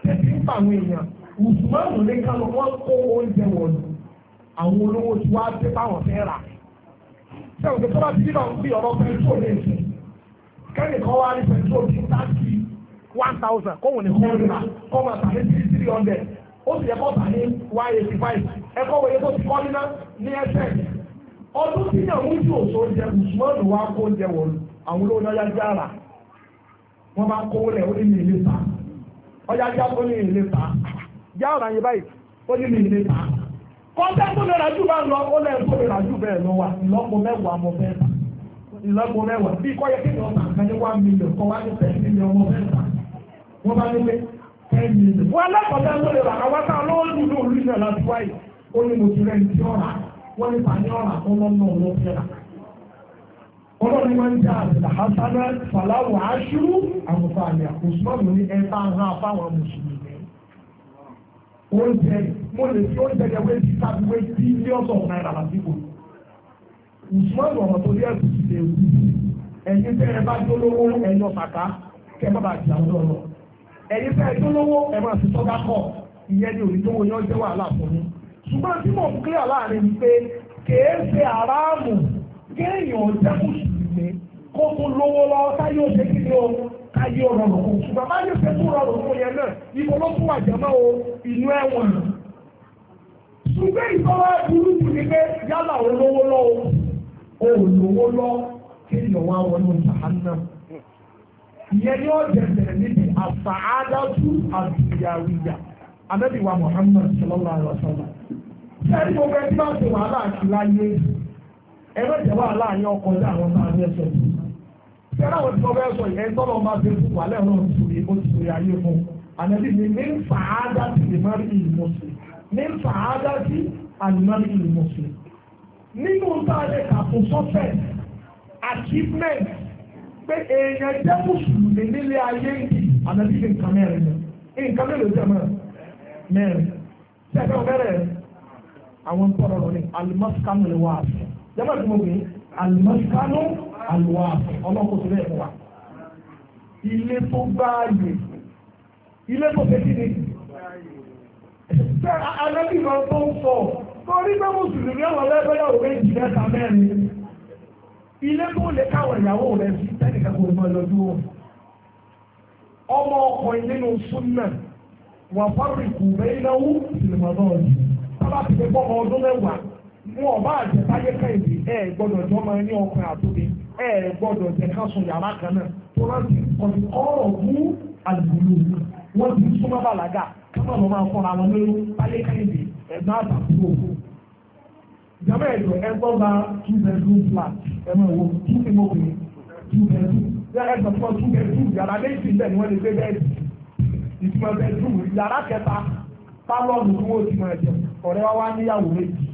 tẹ́tí ń pa àwọn èèyàn Usman ní kánú wọ́n kó oúnjẹ àwọn olówó tí wàá dé fẹ́ rà sẹ́wọ̀n tó ti dídọ̀ ń fi ọ̀rọ̀ pẹ̀tró lè fi kẹ́nìkan wá ní pẹ̀tró tí one thousand ní three hundred ó sì yẹ tà ní one wọ́n bá ń kówó lẹ̀ ó ní mi ìlé ta ọjà já ó ní ìlé ta já ọ̀rọ̀ yẹn báyìí ó ní mi ìlé ta kọ́ńtà tó lè ràjú bá lọ ó lè tó lè ràjú bẹ́ẹ̀ lọ wa ìlọ́po mẹ́wàá mo fẹ́ ta ìlọ́po mẹ́wàá bí kọ́ yẹ kí ni ọ̀tà kan ní wá mílíọ̀n kọ́ wá ní ten mílíọ̀n mo fẹ́ ta wọ́n bá nílé ten mílíọ̀n wọ́n alákọ̀ọ́dá tó lè rà àwọn táwọn lọ́wọ́ lùdú òlùsẹ̀ láti wáyé ó ní mo ti rẹ̀ ní ọ̀rà wọ́n ní rà ọlọ́run máa ń já àtàhásánà fàláwù aṣírú àwòfà àmì àkóṣùmọ́ọ̀mù ní ẹ̀ka ahọ́n afáwọn mùsùlùmí. oúnjẹ mo lè fi oúnjẹ yẹn wé ti tàbí wé tí ilé ọ̀sọ̀ náírà lásìkò. mùsùlùmí ọ̀rọ̀ tó ní ẹ̀kú ti lè wù ẹ̀yin tẹ́ ẹ bá dólówó ẹ̀yin ọ̀sàká kẹ́ ẹ má bàa jà ọ́dọ̀ lọ. ẹ̀yin tẹ́ ẹ dólówó ẹ máa ti sọ́gá kọ̀ ìyẹn ni òrìjọ́wọ́ yẹn jẹ́ wàhálà fún mi. ṣùgbọ́n tí mò ń kéèyàn jẹ́kùsù ìgbé kó tó lówó lọ́wọ́ táyé òṣè kí ni o káyé ọ̀rọ̀ lòkùn ṣùgbọ́n bá yóò fẹ́ tó rọrùn fún yẹn náà ibo ló tún wà jẹ́mọ́ o inú ẹ̀wọ̀n ṣùgbọ́n ìtọ́wá burú jù ní pé yálà olówó lọ o olówó lọ kéèyàn wá wọnú jàhánà ìyẹn ni ó jẹ̀jẹ̀ níbi àfàádátú àdìyàwìyà anábìwà Muhammad sallallahu alaihi wa sallam sẹ́ni mo fẹ́ tí bá ṣe wàhálà àti ẹ̀rọ ìjẹ̀wà láàrin ọkọ̀ ilé àwọn ọmọ achievement pé èèyàn jẹ́ mùsùlùmí nílé ayé yìí ànàbí ni nǹkan mẹ́rin ni. Nǹkan mẹ́rin jẹ́ mẹ́rin. Ṣé ẹgbẹ́ ọ̀bẹ̀rẹ̀ àwọn ń tọrọ lọ ní alimọ́sí kámẹ́lì wá àṣẹ jẹ́bà tí mo gbé alimọ́sánú àlùwà ọlọ́kùn tó lè wà ilé tó gbáàyè ilé tó fẹ́kí ni alábì kan tó ń sọ torí pé mùsùlùmí àwọn ọlọ́ẹ̀bẹ́lẹ̀ òwe jì mẹ́ta mẹ́rin ilé tó lè káwọn ìyàwó rẹ̀ sí tẹ́nìkan kò mọ lọ́dún wọn ọmọ ọkùnrin nínú súnmọ̀ wà fábíríkù bẹ́ẹ̀ náwó sinimá náà yìí tábà ti fi pọ́ ọmọ ọdún mẹ́wàá wọn ọba àjẹsáyé kẹ́hìndé ẹ gbọ́dọ̀ jọ máa ní ọkùnrin àtúndé ẹ gbọ́dọ̀ jẹ ká sùn yàrá kan náà tó láti kọ̀dí ọ̀rọ̀ mú àlùbùlù wọn ti súnmọ́ bàlágà káwọn ọmọ máa fọ́ra wọn lórí sáyé kẹ́hìndé ẹ̀gbọ́n àtàkùrò jàmbá ẹ̀dọ̀ ẹgbọ́n bá two bedroom flat ẹ máa wo two single bed two bedroom yàrá ẹ̀dọ̀ fún two bedroom yàrá méjì bẹ́ẹ̀ ni wọ́n lè gbé bẹ́ẹ̀dì ìtumọ̀ bedroom yàrá kẹta pálọ̀nù tí wọ́n ti máa jẹ ọ̀rẹ́ wa wá níyàwó méjì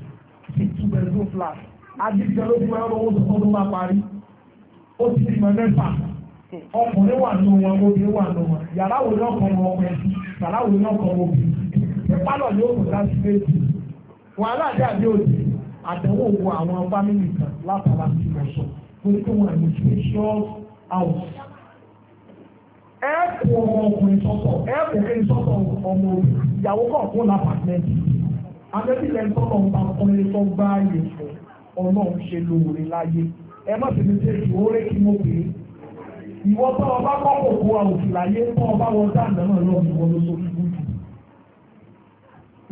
sí two bedroom flat adíjẹ ló fún ẹrọ owó tuntun ló máa parí ó ti dìmọ̀ mẹ́fà ọkùnrin wà nù wọn obìnrin wà nù wọn yàrá wo náà kọ́ wọn ọkùnrin sí yàrá wo náà kọ́ wọn obìnrin sí ìpálọ̀ ni ó kò dá sí méjì wàhálà àti àdé òdì àtẹ̀wò wo àwọn fámìlì kan látara ti lọ sọ torí pé wọn àmì sí ṣọ́ọ̀s house. ẹ kú ọmọ ọkùnrin sọ́tọ̀ ẹ kú kí n sọ́tọ̀ ọmọ ìyàwó kọ̀ọ̀kan lápàtẹ́ẹ̀tì abẹ́bílẹ̀ tọ́lọ̀ ń bá kọ́lé tó gbá ààyè fún ọlọ́run ṣe lóore láyé ẹ má sì ní ṣe ìwóré kí mo pè é ìwọ tó ọba kọ́ kòkó àwòsì láyé tó ọba wọ dáadáa náà lọ ìwọ ló sọ fún jù.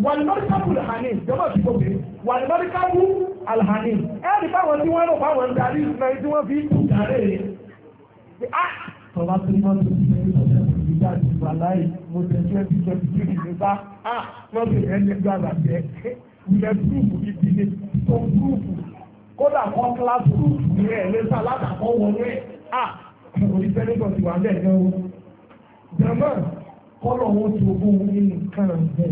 wàlúmọ́ríkàbù alhanin jọba ti gbòkè wàlúmọ́ríkàbù alhanin ẹ ní báwọn tí wọ́n rò báwọn ń darí ìsúná tí wọ́n fi ń dùn kárẹ̀ rẹ̀. tọ́lá tó ń bá tó ń bá tó ń bá ìjà ti bàláì mo tẹ̀ twenty twenty three ní bá a wọ́n fi ẹni gbàgbà jẹ́ ilẹ̀ gúrùpù ibi ní tó gúrùpù kódà kan kíláàsì gúrùpù ní ẹ̀ lẹ́sà látàkọ́ wọlé a òní sẹ́nẹ́tọ̀ ti wà lẹ́ẹ̀ náà jẹ́mọ́ kọ́lọ̀ wọn ti ogún nínú kan rẹ̀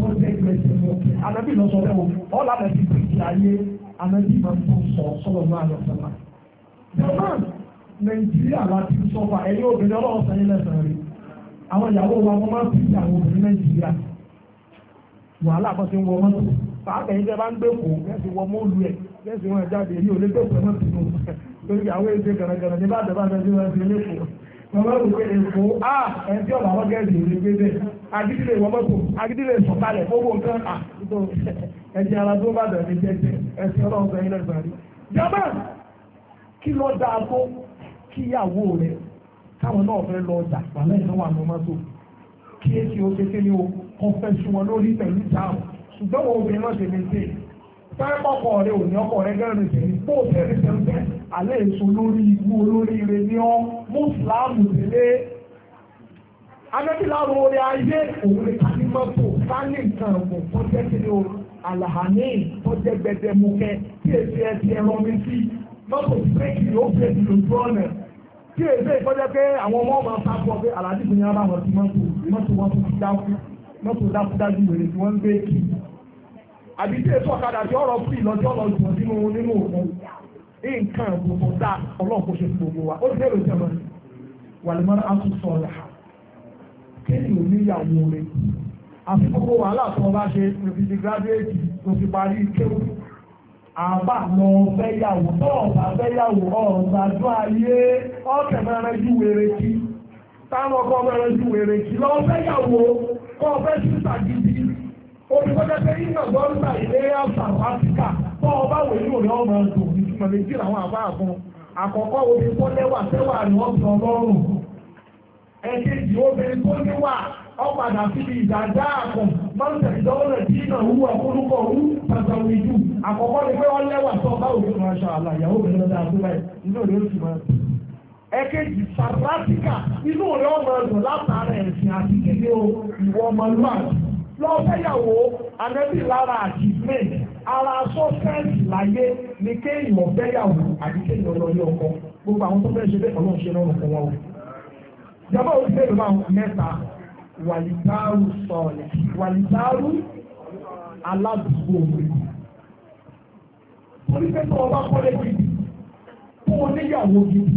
wọ́n tẹ́ gbèsè mọ́ ànábì lọ sọ lẹ́wọ̀ ọ̀làmẹ́sì pèsè ayé ànábì máa ń tó sọ sọ́lọ́ náà lọ́sọ̀lá jẹ́mọ́ nàìjíríà láti sọ́fà ẹ̀yìn obìnrin ọlọ́run sẹ́yìn lẹ́sàn-án rí àwọn ìyàwó wa wọ́n máa ń fi àwọn obìnrin nàìjíríà wàhálà kan ti ń wọ mọ́tò pàápàá yìí tẹ́ bá ń gbé kó kẹ́sì wọ mọ́ọ̀lù ẹ̀ kẹ́sì wọn jáde èyí ò lè gbé pẹ̀lú tìǹbù lórí àwọn èdè gànàgànà ní bá dàbà bẹ́ẹ̀ wọ́n fi lẹ́kọ̀ọ́ mọ̀mọ́ rò pé èkó á ẹni tí ọ̀bà wọn gẹ̀ẹ́sì ò lè gbé bẹ́ẹ̀ agídílé wọ mọ́tò agídílé sọ̀kalẹ̀ gbogbo nǹkan à ẹ̀jẹ̀ ara tó bá dàbí jẹ́jẹ́ ẹ̀sìn ọlọ́run sọ kíyàwó rẹ̀ káwọn náà fẹ́ lọ ọjà ìpàlẹ́ ìnáwó àwọn mọ́tò kí é kí o ṣe kí ni o kọ́ fẹ́ sun wọn lórí pẹ̀lú ìjáàmù ṣùgbọ́n wọn obìnrin náà ṣe lè ṣe fẹ́ kọ́kọ́ rẹ̀ ò ní ọkọ̀ rẹ̀ gẹ́rẹ́ rẹ̀ tẹ̀lé bó tẹ̀lé tẹ̀lé alẹ́ èso lórí igbó olórí rẹ̀ ní ọ́ mùsùlùmù tẹ̀lé anábìláàrú orí ayé òun lè ká mọ́tò sáni nǹkan ọ̀gbọ̀n tó jẹ́ kí ni o àlàhàní tó jẹ́ gbẹdẹmukẹ kí èsì ẹ ti ẹ lọ sí lọ́pọ̀ méjì ló ń pèsè lójú ọ̀nà tí èdè ìkọjá pé àwọn ọmọ ọmọ ọmọ sọ pé aláàjì fún yàrá àwọn tí mọ́tò mọ́tò wọn tó dákú mọ́tò dákú dájú wèrè tí wọ́n ń gbé kì í. àbí tí èso ọ̀kadà tí ọ̀rọ̀ fún ìlọ́jọ́ lọ jù nínú nínú òkun nǹkan gbogbo dá ọlọ́ọ̀kọ́ ṣe gbogbo wa ó ti lérò jẹ́ wọn. wàlúmọ́rán á tún sọ ọ̀la kéènì ò níyàwó rẹ̀ àfikún wàhálà tó wọn bá ṣe òfin ti àbá lọ fẹ́yàwó tọ́ọ̀bá fẹ́yàwó ọ̀gbàjú ayé ọ̀kẹ̀ mẹ́rẹ́ ju wèrè kí táwọn ọkọ̀ mẹ́rẹ́ ju wèrè kí lọ fẹ́yàwó kọ́ fẹ́ sísà gidi olùkọ́jẹ́ pé ìgbàgbọ́ ń gbà ilé South Africa tọ́ ọba wèé ní òní ọmọ ẹ̀dùn ìtumọ̀ méjì làwọn àbá àbọn àkọ́kọ́ obìnrin tó lẹ́wà tẹ́wà ni wọ́n sọ lọ́rùn ẹ̀kejì obìnrin tó níwà ọ̀padà síbi ìdájá àkọ́kọ́ máa ń tẹ̀síwọ́n rẹ̀ tí náà wú àkólúkọ̀ wú pàtàkì ìlú àkọ́kọ́ ni pé wọ́n lẹ́wà tó bá òfin máa ṣe àlà ìyàwó mi lọ́dà tó báyìí inú rẹ̀ ó sì máa dùn. ẹ̀kejì sàrásìkà inú rẹ̀ ó máa dùn látara ẹ̀sìn àti kíni o ìwọ ọmọlúwàbí lọ́fẹ́yàwó anẹ́bí lára achievement ara sọ́fẹ́ẹ̀sì láyé ni kéèyàn ọ̀fẹ́yàwó àti kéèyàn ọlọ́yẹ ọkọ gbogbo àwọn tó fẹ́ ṣe bẹ́ẹ̀ ọlọ́run ṣe lọ́rùn fún wọn o. ìjọba òfin mẹ́ta wàlìtárù sọ̀rọ̀ wàlìtárù aládùúgbò rẹ̀. Torí pé tó o bá kọ́lé gidi, tó o ní ìyàwó gidi,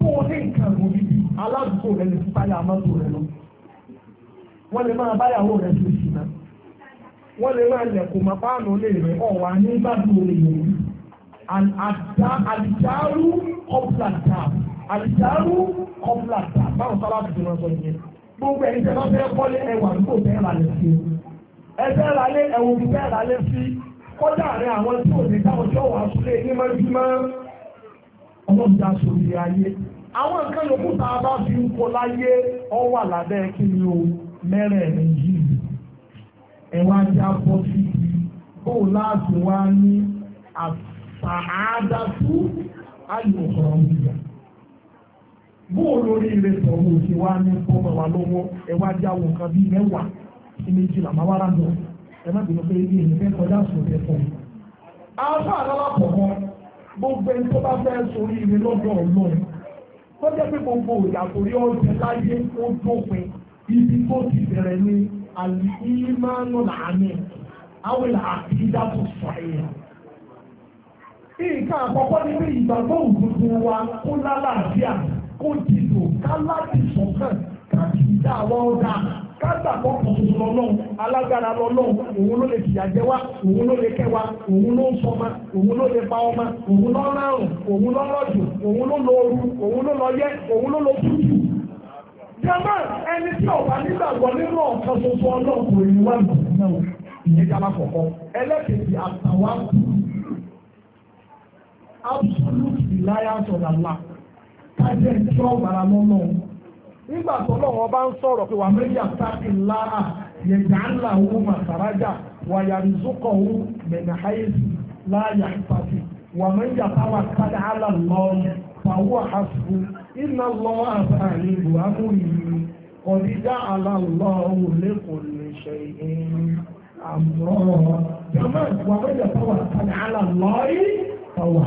tó o ní nǹkan ìwò gidi, aládùúgbò rẹ̀ lè fi táyà amátò rẹ̀ lọ. Wọ́n lè máa báyàwó rẹ̀ tó sì náà. Wọ́n lè máa lẹ̀kùn máa páànù lè rẹ̀ ọ̀wà ní gbàdúrà rẹ̀ yẹn. Àlìjárú kọ́pùlà tà. Àlìjárú kọ́pùlà tà. Báwo sábà tuntun náà sọ ìyẹn? gbogbo ẹ̀yin tẹ́ bá fẹ́ kọ́lé ẹwà nígbò fẹ́ ra lè sí ẹ fẹ́ ra lé ẹ̀wọ̀n ti fẹ́ ra lé sí kọjá rẹ àwọn tí ò ní táwọn tí ó wà sílé ní mọ́júmọ́ ọlọ́run dá sórí ayé àwọn nǹkan yòókù tá a bá fi ń kọ láyé ọ wà lábẹ́ kí ni o mẹ́rẹ̀ẹ̀rin yìí ẹ̀wọ̀n ajá bọ́ sí i bóò láti wá ní àṣà ayò ọ̀rọ̀ ìyá. bóòlù oríire sọ̀rọ̀ òsì wa ní fọ́mọ̀ wa lọ́wọ́ ẹwà jẹ́ àwọn nǹkan bíi mẹ́wàá sí méjìlá máa wára lọ ẹ má bínú pé ebi fẹ́ kọjá fún mi. gbogbo ẹni tó bá fẹ́ lọ́dọ̀ ọlọ́run tó jẹ́ ibi tó ti bẹ̀rẹ̀ àwọn àkìdá tó nǹkan àkọ́kọ́ ni pé ìgbàgbọ́ kó dìbò ká láti sọ̀kan ká kì í dá àwọn ọ̀dà ká gbàgbọ́ kòtòkò alágbára òun ló lè òun ló lè òun ló ń sọmọ òun ló lè pa ọmọ òun ló òun ló òun ló lọ òun ló lọ yẹ òun ló lọ tútù. jama ẹni tí ọba nígbàgbọ́ nínú ọ̀kan ṣoṣo wà kájẹ́ tí ó bára mọ́nà nígbà tó lọ́wọ́ bá ń sọ̀rọ̀ pé wà mẹ́rin àtàkì lára yẹ̀dá ńlá owó màsàrájà wà yàrí zókọ̀ owó mẹ̀nà àyèsí láàyè àtàkì wà mẹ́rin àtàwà kájẹ́ àlà lọ́ọ̀yẹ pàwọ́ àṣù iná lọ àtàrí ìlú ọ̀dídá àlà lè ṣe ìhìn àmúrọ̀ wà kájẹ́ àlà pàwọ́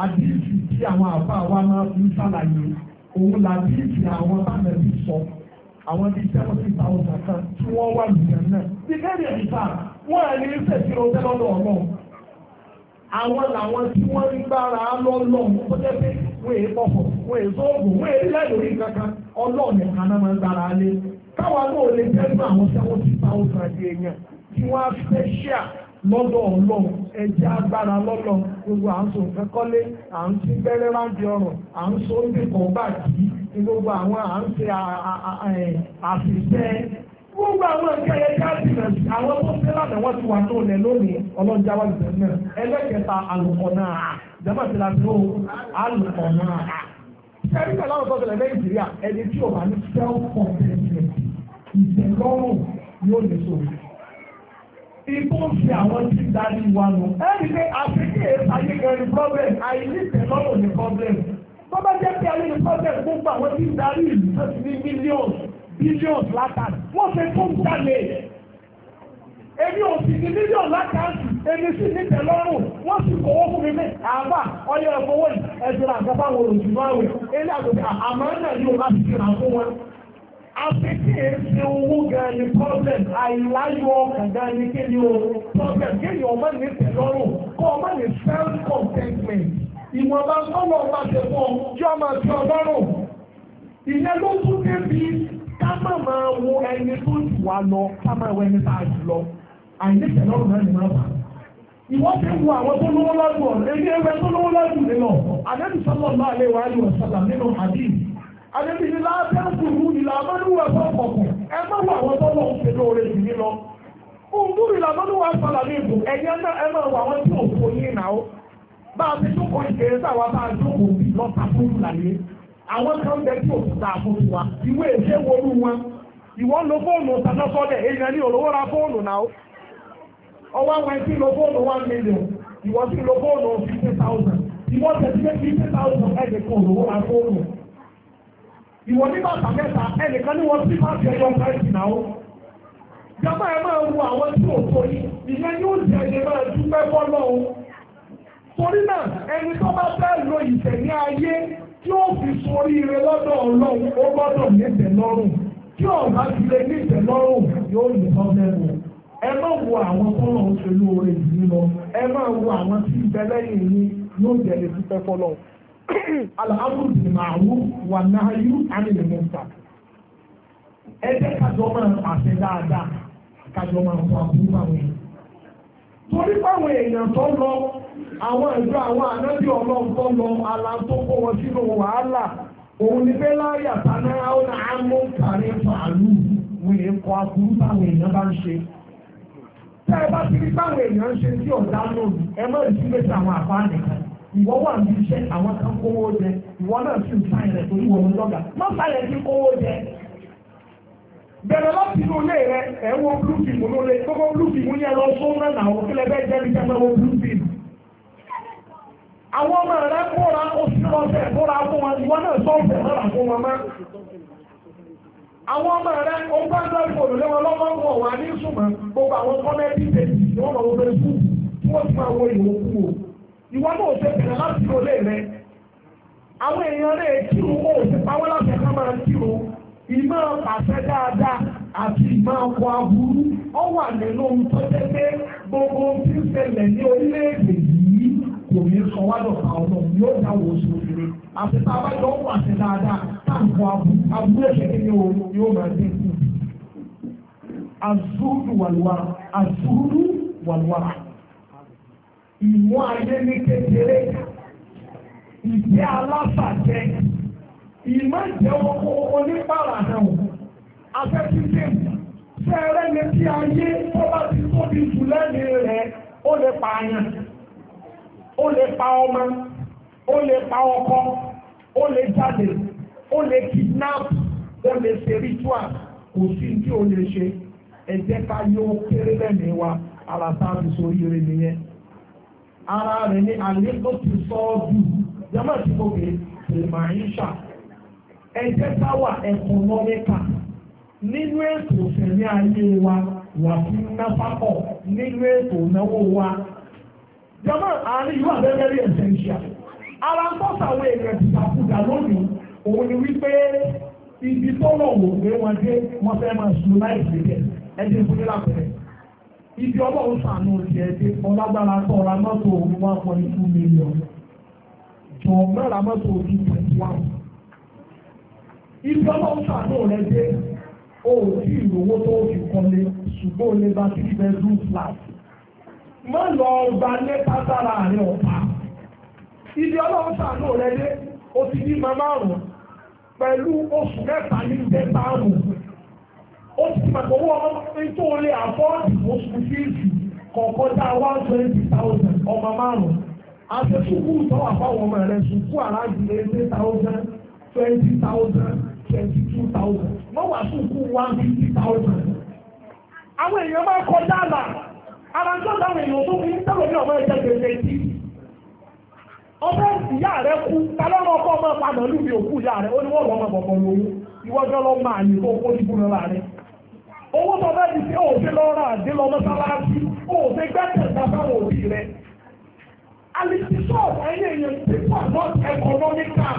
àdíìsì tí àwọn àbá wa máa fi ń ṣàlàyé òun làdíìsì àwọn bánàbí sọ àwọn bíi seventy thousand kan tí wọ́n wà lùyàn náà bí kẹ́rì ẹ̀ nípa wọ́n ẹ̀ ní sẹ̀sì ló tẹ́lọ́ lọ ọ̀nà àwọn làwọn tí wọ́n ń gbára lọ́lọ́ ó jẹ́ pé wọ́n èé pọ̀pọ̀ wọ́n èé sóògùn wọ́n èé lẹ́lórí kankan ọlọ́ọ̀nì kan náà máa ń gbára lé káwa náà lè jẹ́ nínú àwọn seventy thousand èèyàn tí wọ́n á fẹ́ ṣíà lọ́dọ̀ ọlọ́run ẹjẹ́ agbára lọ́lọ́ gbogbo à ń so nǹkan kọ́lé à ń sí gbẹ́rẹ́ ráńdì ọ̀rọ̀ à ń so ní kò bá jì í gbogbo àwọn à ń ṣe àṣìṣe gbogbo àwọn ẹ̀ka ẹ̀ka àwọn tó ṣe lánàá wọ́n ti wà tó lẹ̀ lónìí ọlọ́jà wà lùdẹ̀ náà ẹlẹ́kẹta náà jẹ́mọ̀ ti náà. pẹ̀lú àwọn tọ́jú ibú ń fi àwọn tí darí wa nù. ẹnì pé àfikún ayé kan ní problem àìní ìtẹ́lọ́rùn ní problem. tó bá jẹ́ pé ayé ní problem gbogbo àwọn tí darí ìlú tó ti ní millions billions látàrí wọ́n fi fún jalè. èmi ò sì ní million látàrí èmi sì ní ìtẹ́lọ́rùn wọ́n sì kọ́wọ́ fún mi mẹ́ àbá ọyọ ẹ̀fọ́wọ́ ẹ̀sìn àgbàfáwọn olùsùnmáwẹ̀ eléyàtọ̀ àmọ́ náà yóò láti fi ràn fún wọn. Afẹ́kí èsì owó gan ni problem, àìláyọ̀ ọkàn gan ni kí ni o problem, kéèyàn ọmọ ní tẹ̀lọ́rùn, kọ́ ọmọ ní self-contentment. Ìwọ̀nba sọ́nà ọba tẹ̀fọ́ kí ọmọ ti ọlọ́rùn. Ìyẹn ló tún débi ká má máa wo ẹni tó jù wá lọ, ká máa wo ẹni tá a jù lọ. Àìní tẹ̀lọ́rùn náà ni máa wà ìwọ́n ti wo àwọn tó lówó lọ́dún ọ̀rẹ́ ní ẹgbẹ́ tó lówó lọ́dún nínú àdébìsọ́lọ́ọ̀lá àlẹ́ wàá ní ọ̀sán nínú àdìsí. àdébìyí láàbẹ̀ òkùnkùn ìlà amánúwà sọ̀kọ̀kù ẹ má wà wọ́n tó lọ́n lóore lọ. ní ìbò náà ẹ má wà tí ò yín náà bá a ti sáwà bá a àwọn kan bẹ tí òkúta wa ìwé ìṣe wọlú wọn ìwọ ń lo fóònù èèyàn ní olówó ra fóònù náà àwọn ẹtí ìwọ ní bàtà mẹ́ta ẹnìkan ní wọ́n sí máa fi ẹjọ́ pẹ́ẹ́sì náà ó. Ìjọba ẹ máa wo àwọn tí ò tó yìí, ìyẹn ní ó jẹ ẹni máa dúpẹ́ bọ́lọ́ o. Torí náà, ẹni tó bá fẹ́ lo ìtẹ̀ní ayé tí ó fi sórí ire lọ́dọ̀ Ọlọ́run ó gbọ́dọ̀ ní ìtẹ̀lọ́rùn. Tí ọ̀gá ti lè ní ìtẹ̀lọ́rùn yóò lè sọ mẹ́rin. Ẹ máa wo àwọn tọ́lọ̀ ń ṣe lóore yìí lọ. Ẹ máa wo àwọn tí ìbẹ́lẹ́yìn yìí yóò jẹ ẹni dúpẹ́ fọ́lọ́run. alamuru bi dáadáa fọ àbúrú torí báwọn èèyàn tó lọ àwọn àwọn tó lọ ala tó kó wọn sínú wàhálà òun ní láàyè àtàná àwọn kárí fàálù kọ àbúrú báwọn èèyàn bá ń ṣe ẹ bá ti rí báwọn èèyàn ṣe sí ọ̀dà náà ẹ má rí sí ìwọ wà ní iṣẹ́ àwọn kan kówó jẹ ìwọ náà sì ń sáyẹn rẹ̀ torí wọn lọ́gà má sáyẹn sí kówó jẹ. bẹ̀rẹ̀ láti inú ilé rẹ ẹ̀ ń wo blue film lóore gbogbo blue ní fún náà náà jẹ́ blue àwọn ọmọ rẹ kóra oṣù kóra fún wọn ìwọ náà rárá fún wọn mọ́. àwọn ọmọ ìwọ náà ṣe bẹ̀rẹ̀ láti lò lé rẹ àwọn èèyàn rẹ̀ kírun ó ti pawọ́ láti ẹ̀ka máa kírun ìmọ̀ pàṣẹ dáadáa àti ìmọ̀ ọkọ̀ aburú ó wà nínú tó jẹ́ pé gbogbo tí ń ṣẹlẹ̀ ní orílẹ̀-èdè yìí kò ní sọ wá lọ́ta ọ̀nà yóò dá wò sí òṣèré àti tá a bá jọ wà sí dáadáa táǹkọ̀ aburú òṣèré ni o yóò máa dé kù. azúrú wàlúwà azúrú wàlúwà. ìmú ayé ní kékeré ìjẹ́ aláfàjẹ ìmọ̀ jẹ́ onípàrà hàn afẹ́fífẹ́ fẹ́rẹ́ ní tí ayé tó bá ti tóbi jù lẹ́nu rẹ̀ ó lè pa àyàn ó lè pa ọmọ ó lè pa ọkọ ó lè jáde ó lè kidnap ó lè ṣe ritual kò sí tí ó lè ṣe ẹ̀jẹ̀ ká yóò kéré lẹ́nu wa ara sórí ara rẹ̀ ní àlékòtù sọ́ọ̀dù yàmá tí mo gbé ìmọ̀-àyíṣà ẹjẹ́ táwà ẹ̀kọ́nọ́mẹ́kà nínú ètò ìfẹ̀mí ayé wa wà fún náfàkọ̀ nínú ètò ìnáwó wa yàmá àárín yóò abẹ́rẹ́rẹ́ ẹ̀sẹ̀ǹṣà ara ń tọ́sàwọ̀ èèyàn ti sàkúdà lónìí òun ni wípé ibi tó lọ́wọ́ gbé wọn dé wọ́n fẹ́ máa sùn láì sí ẹ̀ ẹ̀ ibi ọlọ́run sànú òsì ẹ̀dẹ́ ọlágbára tọ́ra mọ́tò òun one point two million jọ mẹ́ra mọ́tò òun twenty one ibi ọlọ́run sànú rẹ̀ dé òòtí ìrówó tó fi kọ́lé ṣùgbọ́n olè bá ti fẹ́ rú flat má lọ gba lẹ́tà sára rẹ̀ ọ̀tá ibi ọlọ́run sànú rẹ̀ dé o ti bí màmá rùn pẹ̀lú oṣù mẹ́ta ní ìgbẹ́ márùn-ún. ó ti pẹ̀lú owó ọmọ tó lé àfọ́ọ̀dì oṣù fíìsì kọ̀ọ̀kan tá a wá twenty thousand ọmọ márùn-ún àti sùkúù tó wà fáwọn ọmọ sùkúù thousand twenty thousand twenty two thousand wọ́n one fifty thousand. àwọn èèyàn máa kọjá àlà ara tó dáwọn èèyàn tó fi ń tẹ̀lé ní ọmọ ẹ̀jẹ̀ gbèsè tí ọbẹ̀ ìyá kú ọkọ ọmọ òkú ìyá ó ní wọ́n lọ́mọ owó tó bá di sí òde lọ́rọ̀ àdé lọ mọ́sálásí òde gbẹ́tẹ̀gbà báwọn òbí rẹ̀ alìsísọ́ ọ̀pọ̀ ẹ̀yẹ èèyàn pípọ̀ not economical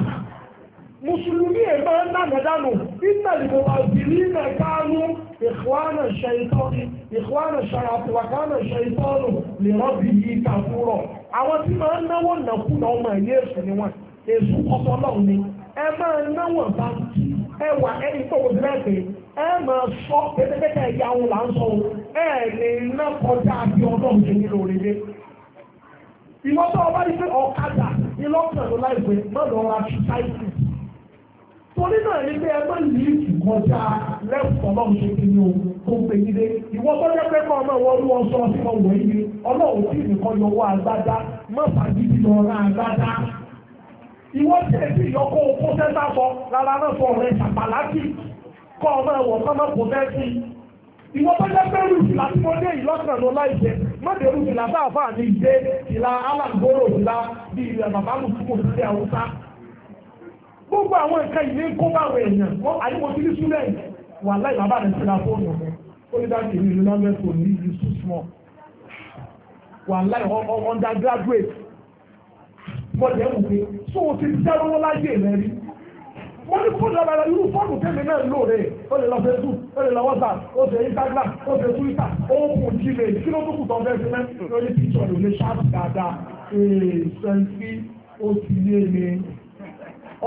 mùsùlùmí ẹ̀ máa ń dànù dànù ìtàlìbò àbìlí ilẹ̀ káánú ìkùwánà ṣẹ̀yìntọ́nù ìkùwánà ṣàyàtìwàkánà ṣẹ̀yìntọ́nù lèrọ́bì yìí kàfúrọ̀ àwọn tí máa ń náwó nàkúnà ọmọ ẹ̀yẹ èṣù ni wọn èṣù ọ̀tọ̀ náà ni ẹ máa náwó bá ẹ wà ẹni tó wọ́n bẹ́ẹ̀ ẹ máa sọ pẹ́tẹ́pẹ́tẹ́ ẹ̀yà òun là ń sọ òun ẹ lè ná kọjá bí ọlọ́run ṣe nílò òrèlé ìwọ́n tó ọba ní pé ọ̀kadà ní lọ́kàn ló láìpẹ́ náà lọ́ ra ṣíṣáìtì torí náà ní pé ẹgbẹ́ yìí ti kọjá lẹ́kọ̀ọ́ ọlọ́run ṣe kí ni o tó ń pè yín dé ìwọ́n tó jẹ́ pé kọ́ ọmọ ìwọ́n ló wọ́n sọ sí ọwọ́ yìí ọlọ́run tí nìkan yọ wọ àgbádá mọ́sàgídí lọ ra àgbádá ìwọ́n tẹ̀ sí ìyọkọ̀ òkú sẹ́ńtà sọ rárá náà sọ ọ̀rẹ́ ṣàpàlátì kọ́ ọmọ ẹ̀wọ̀n kọ́mọ́ kò fẹ́ sí ìwọ bá jẹ́ pé rúfìlà tí mo dé yìí lọ́sàn-án ló láìpẹ́ má dé rúfìlà bá àfáà ní ìdé ìlà alágbóró ìlà bíi ìlà bàbá lùkúkò sí àwùsá gbogbo àwọn nǹkan ìlé kó bá àwọn èèyàn wọn àyíkò sí sílẹ̀ wà láì bàbá rẹ̀ sí láfóònù rẹ̀ ó ní dájú ìlú lọ́mẹ́sọ̀ ní ìlú súnmọ́ wà láì undergraduate mọ̀jẹ̀ wù pé sóò ti dárówó láyé rẹ̀ rí mo ní fóònù ọ̀bàrà irú fóònù tèmi náà lóore ó lè lọ facebook ó lè lọ whatsapp ó lè instagram ó lè twitter ó kù jílè kí ló tún kù tọ́ fẹ́ sílẹ̀ lórí píṣọ̀ ló lè ṣáàpù dáadáa ee sẹ́ńtì ó ti yé mi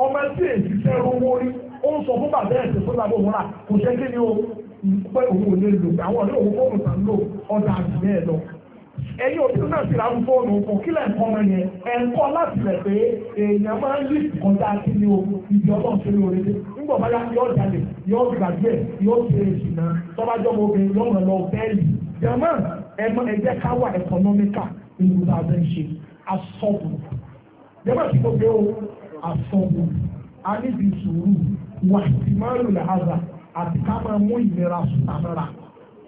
ọmọ tí èyí fẹ́ rówó rí ó ń sọ fún bàbá ẹ̀sìn tó lábọ̀ òun rà kò jẹ́ kí ni o pé òun ò lè lò àwọn ọ̀rẹ́ òun fóònù tàn lò ọ̀dà àtìlẹ́ẹ̀ lọ enye òbí náà sì ra fóònù kò kílẹ̀ nǹkan ọmọ yẹn ẹ̀ńkọ́ láti rẹ̀ pé èèyàn máa ń lè kọjá sí ni o ìdí ọlọ́run ṣe ní orílẹ̀ nígbà bá yá yọ jalè yọ gbàgbé yọ tọ́bajọ́ yọ lọ bẹ́ẹ̀lì ẹ̀mọ́ ẹ̀jẹ̀ ká wà ẹ̀kọ́nọ́míkà ìlú o a níbi sùúrù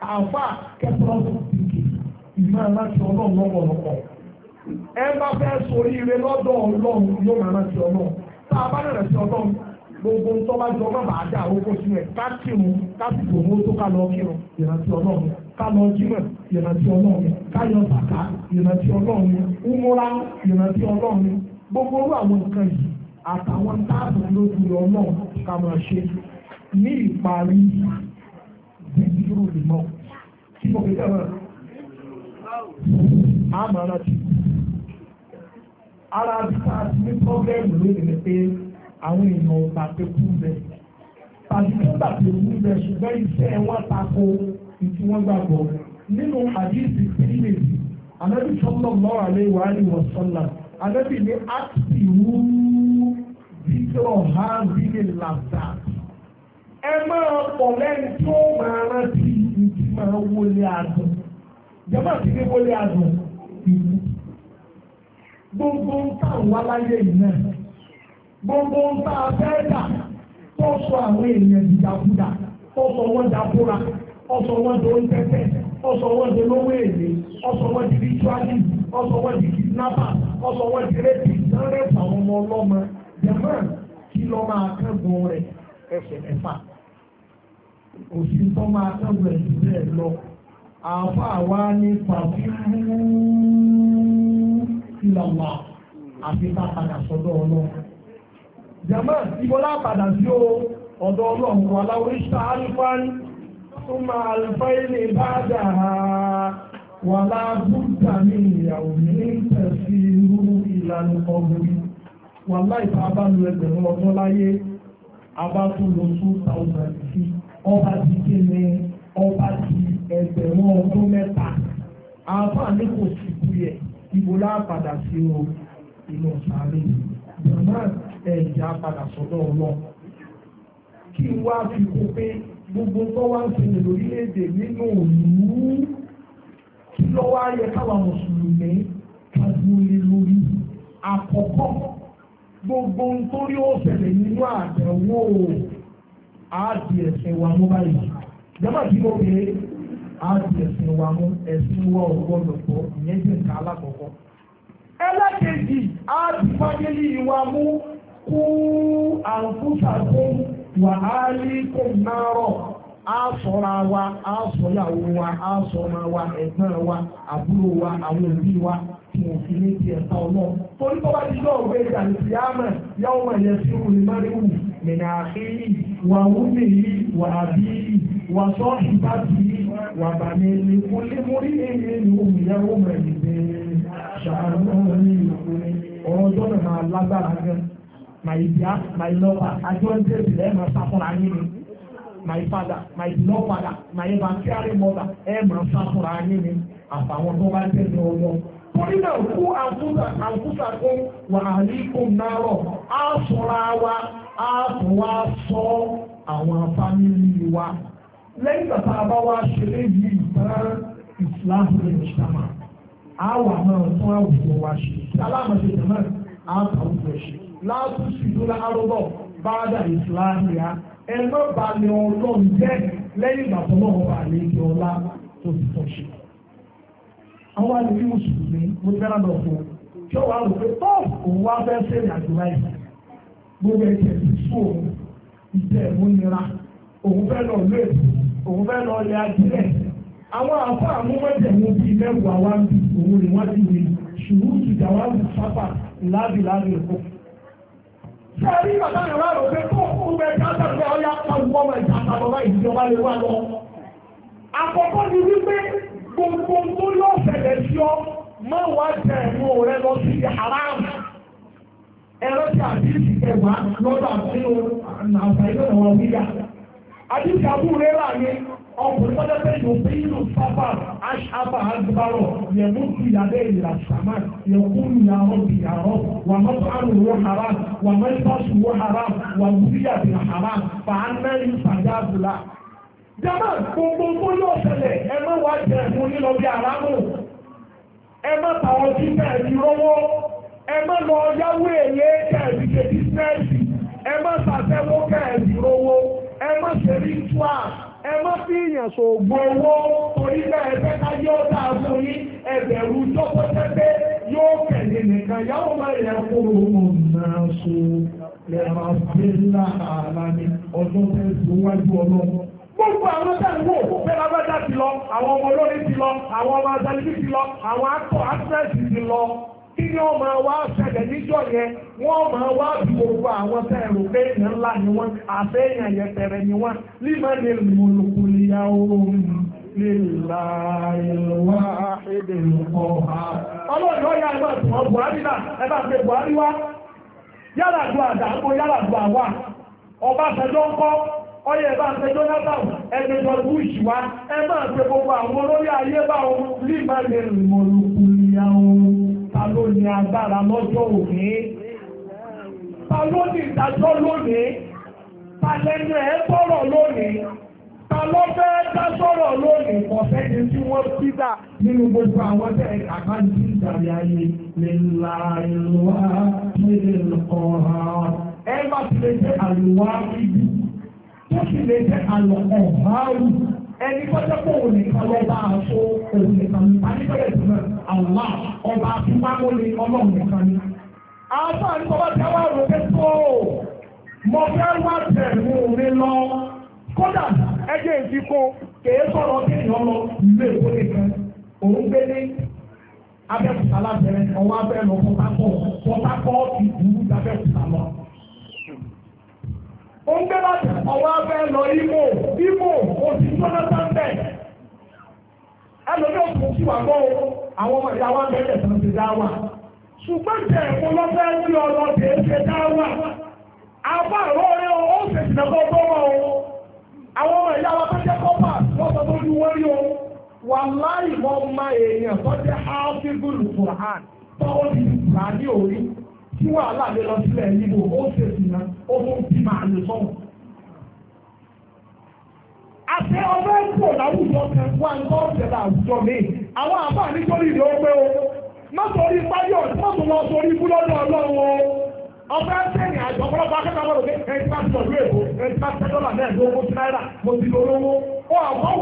àbá kẹsàn-án tó tìkì ìmọ̀ láti ọlọ́run lọ́pọ̀lọpọ̀ ẹ bá fẹ́ sórí ire lọ́dọ̀ ọlọ́run yóò máa rántí ọlọ́run tá a bá rẹ̀ sí ọlọ́run gbogbo tó bá jọ bá bàá dà owó sí ẹ̀ ká kírun ká sì gbòmó tó ká lọ kírun ìrántí ọlọ́run ká lọ jímọ̀ ìrántí ọlọ́run ká yọ bàtà ìrántí ọlọ́run úmúra ìrántí ọlọ́run gbogbo owó àwọn nǹkan yìí àtàwọn táàbù lójú ọlọ́run ká máa ṣe ní ìparí ìdúró lè mọ́ tí mo fi dáwọn àmàrà ti ara bípa ti ní pọ́blẹ́mù lónìí ni pé àwọn èèyàn ọ̀gbà pé kú bẹ tàbí tó gbà pé kú bẹ ṣùgbọ́n iṣẹ́ wọn tako ìtí wọ́n gbàgbọ́ nínú àdìsí pírímẹ̀tì ànábì sọ́lọ́ lọ́wọ́ àlẹ́ ìwà àlẹ́ ìwọ̀sọ́lá ànábì ní àtìwú bíkọ́ ha bílẹ̀ làbdà. ẹ máa pọ̀ tó máa rántí ìdí máa wọlé àdùn jẹ́mọ̀ sí ní wọlé àdùn gbogbo ń tà wá láyé gbogbo ń tà fẹ́ tó sọ àwọn èèyàn dìdàkudà tó sọ wọ́n dàkúra tó sọ wọ́n ń tẹ́tẹ́ tó sọ wọ́n lówó èlé tó sọ wọ́n tó sọ wọ́n tó sọ wọ́n òsì tó máa tọ́jú ẹ̀jú rẹ̀ lọ àfa àwa ní pàfíhù àti ká padà ọlọ́run jama ìbọlá padà sí o ọ̀dọ̀ ọlọ́run wà láwọn iṣẹ́ alifárí tó máa lùfáì ní ìbáàdà wà láàbùdà ní ìyàwó ní tẹ̀sí irú ìlànà ọ̀gbìn wà láì bá bá lu ẹgbẹ̀rún ọdún láyé abá tó ọba ti kí ni ọba ti ẹgbẹ̀rún ọdún mẹ́ta àǹfààní kò sì kú yẹ ìbò láàpadà sí o inú sàárè bàbá ẹ̀jẹ̀ àpadà sọ́dọ̀ ọlọ́ kí n wá fi kó pé gbogbo tó wá ń ṣẹlẹ̀ lórílẹ̀‐èdè nínú òlú kí lọ́wọ́ ayẹ káwa mùsùlùmí kájúlé lórí àkọ́kọ́ gbogbo nítorí ó ṣẹlẹ̀ nínú àdánwò. àádì ẹ̀sìn wa mú báyìí tí mo pè é ẹ̀sìn wa mú ẹ̀sìn wa ò gbọ́dọ̀ pọ̀ ìyẹn jẹ́ nǹkan alákọ̀ọ́kọ́. wa mú kú àǹfùsàkùn wà kò náà rọ̀ wa àásọ̀yàwó wa àásọ̀ra wa ẹ̀gbọ́n wa àbúrò wa àwọn òbí wa tí wọ́n fi ní torí yàwó mọ̀ yẹn من أخيه وأمه وأبيه وصاحبته وبنيه لكل مريء منهم يوم الدين شأنهم ọjọ́ náà máa lágbára gan my dear my lover adúlọ́dé ẹ my sáfúnra yín ni my father my lover my evangelist mother ẹ máa sáfúnra yín ni àtàwọn tó bá tẹ̀lé ọwọ́ torí náà kú àǹkúsà kún wàhálì kún náà rọ̀ á sọ̀rọ̀ wa á tún wá sọ àwọn fámìlì wa lẹ́yìn tàbí a bá wá ṣe léyìí ìtàn ìsìláàmù lè ní sàmà á wà náà tún àwùjọ wa ṣe sálámà ṣe tẹ̀mọ́ á tà àwùjọ ṣe láàbù sídúrà arúgbó báadà ìsìláàmù yá ẹ má balẹ̀ ọlọ́run jẹ́ lẹ́yìn ìgbà tó náà wà lẹ́yìn ọlá tó ti tọ́ ṣe. àwọn àlejò mùsùlùmí mo fẹ́ràn lọ fún un tí ó wà lò pé tó òun wá fẹ́ ṣe ìrìnàjò láì fún òun ìtẹ́ ìmúnira òun fẹ́ lọ lé òun fẹ́ lọ lé ajílẹ̀ àwọn àfọ àmúmọ́jẹ̀mú bíi mẹ́wàá wá ń bì òun rè wọ́n ti wèé ṣùgbọ́n ìjà wá ń sábà lábìlábì ẹ̀kọ́. sẹ́ẹ̀rí bàbá mi wá rò pé kó káàtà pé ìjà ìjọba lè wá lọ. àkọ́kọ́ ni wípé gbogbo ẹ̀rọ tí àdìsí ẹ̀wà lọ́dọ̀ àtúnú àǹfààní ọ̀nà wọn wíyà. àdìsí àbúrò rà ní ọkùnrin tọ́jọ́ pé yóò fi inú pápá aṣáfà àgbàrọ̀ yẹ̀mú ti ìyàdẹ́ ìlà sàmà yẹ̀kú ìyàrọ̀ ìyàrọ̀ wà mọ́tò àlùwọ̀ haram wà mẹ́tàṣù wọ̀ haram wà wúyà bì haram fàánà ní fàdáàbùlà. jama gbogbo yóò ṣẹlẹ̀ ẹ má wá jẹ ẹ̀mú nílọ bí aráàmù ẹ má tàwọn tí bẹ́ẹ̀ ní rọ́wọ́ ẹ má lọ yáwó èyí kẹ̀ẹ̀sì ṣe bísínẹ́sì ẹ má ṣàtẹ́wó kẹ̀ẹ̀sì rówó ẹ má ṣe ritual ẹ má fi ìyàn ṣògbọ́n owó torí bẹ́ẹ̀ fẹ́ ká yọ ọ́dà fún yín ẹ̀bẹ̀rù jọ́pọ̀ tẹ́tẹ́ yóò kẹ̀lé nìkan yàwó máa yẹ kúrò mọ̀ náà so lẹ́ẹ̀mà bílá ààlà ni ọdún tẹ́sí wájú ọlọ́run gbogbo àwọn tẹ́lifò bẹ́ẹ̀ lábẹ́dá ti lọ àwọn ọmọ olórin ti lọ àwọn ọmọ azalibí ti lọ àwọn akọ àtẹ́sì ti lọ kí ni ó máa wá ṣẹlẹ̀ níjọ́ yẹn wọ́n máa wá bí gbogbo àwọn tẹ́ ẹ̀rù pé èèyàn ńlá ni wọ́n àfẹ́yàn yẹn tẹ̀rẹ̀ ni wọ́n límọ̀ ní lùmùlùkù ní àwọn ọyẹ ẹ̀bá ṣe jonathan ẹgbẹ̀jọ bush wá ẹ máa pe gbogbo àwọn olórí ayé báwọn límọ̀ ní lùmùlùkù ní àwọn ta ló ní agbára lọ́jọ́ òní ta ló ní ìdájọ́ lónìí ta lẹ́nu ẹ̀ sọ̀rọ̀ lónìí ta ló fẹ́ dá sọ̀rọ̀ lónìí ọ̀fẹ́ ni tí wọ́n ti dà nínú gbogbo àwọn tẹ̀ kàkà ní ìdàrí ayé nílà ìlúwa nílẹ̀ ọ̀hán ẹ má ti lè jẹ́ àlùwá ibi tó sì lè jẹ́ àlọ́ ọ̀hán ẹni kọjá pé òun nìkan lọ bá aṣọ òun nìkan ní anígbẹ̀rẹ̀ tó náà àwòrán ọba àtúmámọ́lé ọlọ́run nìkan ní. àwọn àti ọba tí a wá rò pé tó mọ fẹ́ wá tẹ̀mú mi lọ kódà ẹjẹ́ ìfikó kèé sọ̀rọ̀ kéèyàn lọ ìlú èkó nìkan òun gbé ní abẹ́kùsà lábẹ́rẹ́ ọwọ́ abẹ́rẹ́ lọ pọ́tákọ́ọ̀tì ìlú abẹ́kùsà lọ. ó ń gbé lọ Imo Imo oṣù tọ́lá sáńbẹ̀ ẹlòmíràn kò wà gbọ́ àwọn ọmọ ìyá wa tó ti dá wà ṣùgbọ́n ìjẹ́ ẹ̀kọ́ lọ́fẹ́ rí ọlọ́dẹ ṣe dá wà ó fèsì àwọn ọmọ ìyá wa o mọ́ ma èèyàn ó di ní tí wàhálà lè lọ sílẹ̀ níbo ó ṣe ó tó ń bímọ lè sọ́wọ́. àti kan wà mi àwọn àbá nítorí ọgbẹ́ o mọ́tòrí páyọ̀ mọ́tò lọ sórí ikú lọ́dọ̀ ọlọ́run o ọgbẹ́ sẹ́yìn àjọ ọ̀pọ̀lọpọ̀ akẹ́kọ̀ọ́ ẹni tí wọ́n ti sọ̀rọ̀ èkó ẹni tí wọ́n ti náà ló náírà mo ti lọ́wọ́ ó àwọn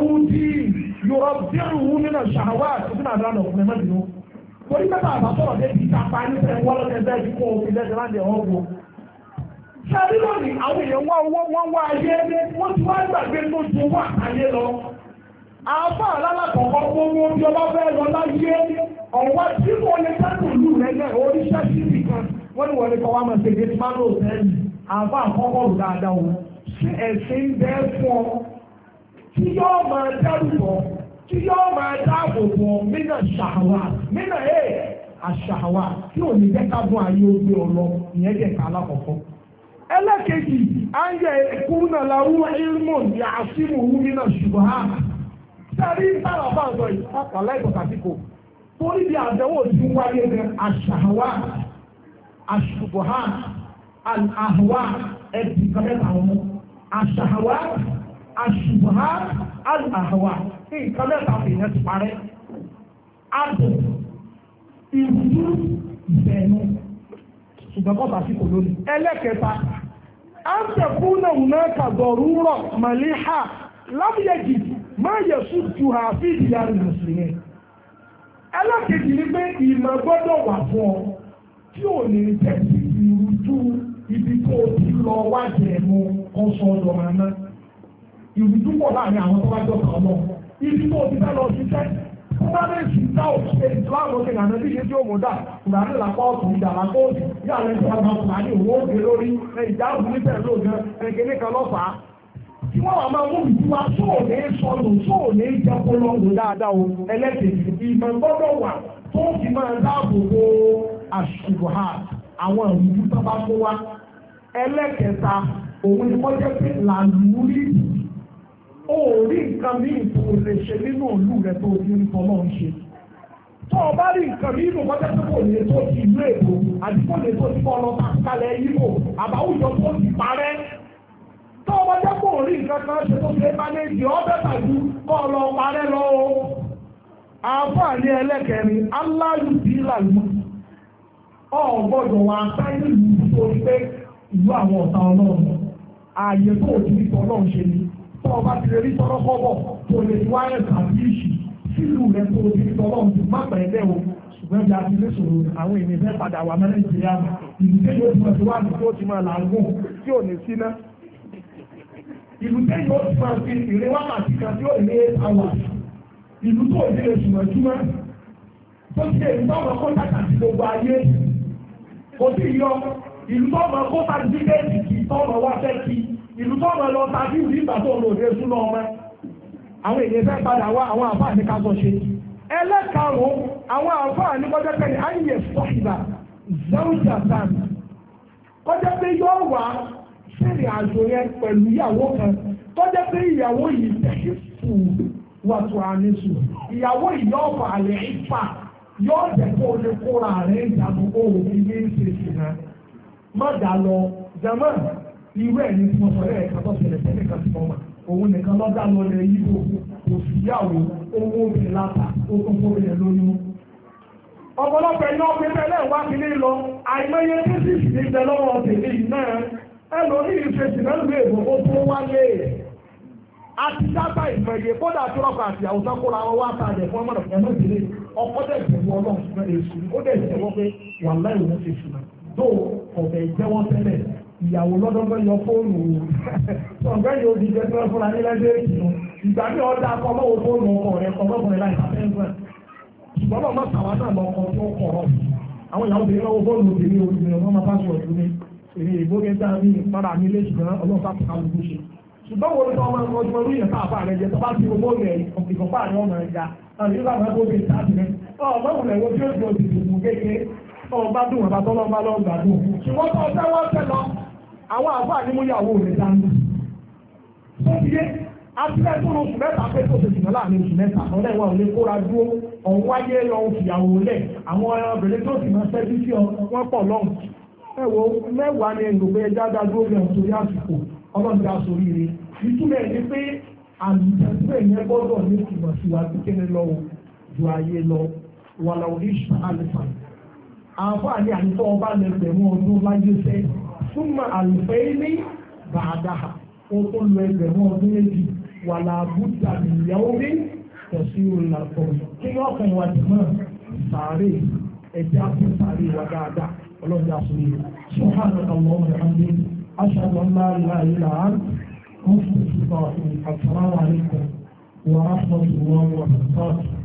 wò pé yọ̀rọ̀ bẹ́ẹ̀rù wù nínú ṣàwá àti nàdúrà náà fún ẹ̀mọ́ ìdúró. torí pé bàbá sọ̀rọ̀ dé ti kápá nífẹ̀ẹ́ wọ́n lọ́dẹ bẹ́ẹ̀ ti kó òfin lẹ́sẹ̀ láti ẹ̀họ́ wo. ṣáàbí lónìí àwọn èèyàn wá owó wọ́n wá ayé wọ́n ti wá gbàgbé tó ju wà ayé lọ. àbá alálàkọ̀kọ́ gbogbo bí ọba fẹ́ lọ láyé ọ̀wá tí mo lè sẹ́kù lù rẹ̀ náà oríṣẹ́ síbì kan wọ́n ní wọlé kọ́ wá máa ṣe tí yóò máa dárúkọ tí yóò máa dáàbò mínà ṣàwà mínà ẹ̀ eh, àṣàwà tí ò ní jẹ́ ká bọ́ ayé ogbe ọlọ ìyẹn jẹ́ ká alákọ̀ọ́kọ́. ẹlẹ́kejì ayé kúrúnà làwọn ilmọ̀n ní àṣìmù wúmínà ṣùgbọ́n á sẹ́rí bá yìí pápá láìpọ̀ kàtíkò torí àṣùbà àlàhàwà nǹkan mẹ́ta fìyẹn ti parẹ́ àdùn ìrújú ìfẹ̀ẹ́nu ṣùgbọ́n kọ́ sàṣìkò lónìí. ẹlẹ́kẹta àǹtẹ̀kù náà náà kàgọ̀rú rọ̀ màlíhà lábúyẹ̀jì máa yẹ sùtù hà fídì yàrá mùsùlùmí. ẹlẹ́kẹjì ni pé ìmọ̀ gbọ́dọ̀ wà fún ọ tí ò ní tẹ̀sí ìrújú ibi tó o ti lọ wájú ẹ̀mú kọ́sọ́ọ̀dọ̀ màmá ìlú túbọ̀ láàrin àwọn tó bá jọ kàn lọ ibi tó ti fẹ́ lọ ṣiṣẹ́ tó bá lè ṣì dá òṣìṣẹ́ ìsìláàmù ọ̀sẹ̀ nàná bí ṣe tí ó mú dà kùràní làpá ọ̀tún ìjà làpá òsì yà lẹ́yìn tí wọ́n máa kùràní òwò òkè lórí ìjà òkú níbẹ̀ lóògán ẹ̀kẹ́lẹ́ kan lọ́fàá tí wọ́n wà máa mú ìtura sóò ní sọnù sóò ní jẹ́kó lọ́wọ́ dáadáa o ẹlẹ́sìn ìmọ̀ gbọ́dọ̀ wà tó fi máa dáàbò bo àṣùbọ̀há àwọn ìlú tó bá kó wá ẹlẹ́kẹta òun ni wọ́n jẹ́ pé làlúrí ó rí nǹkan ní ìtò lè ṣe nínú ìlú rẹ̀ tó ti rí tọ́lọ́ ń ṣe tó o bá rí nǹkan ní ìlú kọjá tó kò lè tó ti ìlú èkó àti kò lè tó ti kọ́ lọ kalẹ̀ yíbò àbáwùjọ tó ti parẹ́ tó o bọ́jọ́ kò rí nǹkan kan ṣe tó ṣe bá lè jẹ́ ọbẹ̀ tàbí kọ́ lọ parẹ́ lọ o àǹfààní ẹlẹ́kẹ̀rin aláyù sí làlùmọ́ ọ̀ gbọ́dọ̀ wà sáyé ìlú tó ṣe ìlú àwọn ọ̀tá ọlọ́run ààyè tó ti rí tọ́lọ́run ṣe ni tó ọba ti lè rí tọ́rọ́ kọ́bọ̀ tó lè ní wáyé tàbí ìṣì sílùú rẹ̀ tó ti rí tọ́rọ́ ọ̀hún má pẹ̀ o ṣùgbọ́n bí a ti lè sọ̀rọ̀ àwọn ènìyàn fẹ́ padà wà mẹ́rin ìjìyà ìlú tẹ́yìn ó ti máa ti wá àti tó ti máa làágùn tí ò ní síná ìlú tẹ́yìn ó ti máa fi ìrè wákàtí kan tí ó ní àwà ìlú tó ti lè sùnmọ̀ júmọ́ tó ti lè gbọ́ ọmọ kọ́ńtà àti gbogbo ayé kò sí yọ ìlú tó ọmọ kọ́ńtà dídẹ́ẹ̀tì kì í tọ́ ọmọ wá fẹ́ kí ìlú tó ọmọ lọ tàbí ìlú ìgbà tó ọmọ òde súná ọmọ àwọn èèyàn fẹ́ padà wá àwọn àfáà ní kásọ̀ ṣe ẹlẹ́karùn àwọn àfáà ní kọjá pé ayé fọ́ìbà zẹ́wùjà sàn kọjá pé yóò wá sẹ́rì àjò yẹn kan kọjá pé ìyàwó yìí tẹ̀sí fún ìyàwó yìí yóò kó o lè kóra irú ẹ̀yìn tí mo sọ lẹ́ẹ̀kan tó ṣẹlẹ̀ tẹ́lẹ̀ kan ti mọ̀ òun nìkan lọ́dà lọ́lẹ̀ yíbo kò síyàwó owó obìnrin láta ó tó kó obìnrin lóyún. ọ̀pọ̀lọpọ̀ tẹ́lẹ̀ wá lọ àìmọye tí sì lọ́wọ́ yìí náà ẹ lọ ní náà ó tó a ti dábàá ìmọ̀ye kódà tó àti àwùjọ wá ta fún ọmọdé ìyàwó lọ́dọ́gbọ́n yọ fóònù ọ̀gbẹ́ yóò di jẹ́ tí wọ́n fúnra ní lẹ́gbẹ́ ìtìlú ìgbà tí ọ̀dà akọ́mọ́wò fóònù ọkọ̀ rẹ̀ kọ́mọ́kùnrin láì sáfẹ́ńgbà ṣùgbọ́n bàbá sàwọn náà lọ ọkọ̀ tó kọ̀rọ̀ àwọn ìyàwó obìnrin lọ́wọ́ fóònù obìnrin olùbìnrin ọmọ máa bá sọ ọdún mi èrè ìgbóge dá mi ìpara mi lé ṣùgbọ́n ọlọ́pàá ti kálukú ṣe ṣùgbọ́n wo ni tọ́ ọmọ ọdún ọdún yẹn sáà fáà rẹ jẹ tọ́ba ti owó rẹ ìfọ̀pá rẹ ọmọ rẹ ga àti nígbà máa gbóge ìtàkì rẹ ọmọ òun ẹ̀wọ́ tí ó ti òsì ìdùnnú kéke ọba dùn ọba tọ́lọ́ ọba lọ́ọ́ gbàdùn ṣùgbọ́n tọ́ ọ àwọn àbá ní mú yàwó rẹ̀ dáná sọ́bíyé abúlé tó lóṣù mẹ́ta pé tó ṣe jùlọ láàrin oṣù mẹ́ta lọ́lẹ́ wọn ò lè kóra dúró ọ̀hún wáyé lọ fìyàwó lẹ̀ àwọn obìnrin tó sì máa ṣẹ́jú sí wọn pọ̀ lọ́hùn ẹ̀wọ̀ mẹ́wàá ni èrò pé ẹja dá dúró lẹ́hùn torí àsìkò ọlọ́run dá sórí rẹ̀ ìtumọ̀ ẹ̀ ni pé àlùjẹ́sẹ̀ yẹn gbọ́dọ̀ ní ìmọ̀ síwájú kéde lọ́wọ́ ju ayé lọ wàlà oríṣi àlùfà àǹfààní àyíkọ́ ọba lẹ́gbẹ̀rún ọdún láyé sẹ́yìn súnmọ́ àlùfẹ́ ní bàdáhà okun lu ẹgbẹ̀rún ọdún méjì wà láàbùdà ìyàwó mi tẹ̀sí olùlàpọ̀ kí ni ọkàn ìwà jùmọ̀ sàárè ẹ̀jẹ̀ àti sàárè wà dáadáa ọlọ́jà sórí sùhánà àwọn ọmọ ìhàndé aṣáájú ńlá ìlà ìlà àrùn kún fún ìṣúná ọ̀sìn àtàwọn àlékún wà á sọ̀tún wọn wọ̀ sọ̀tún.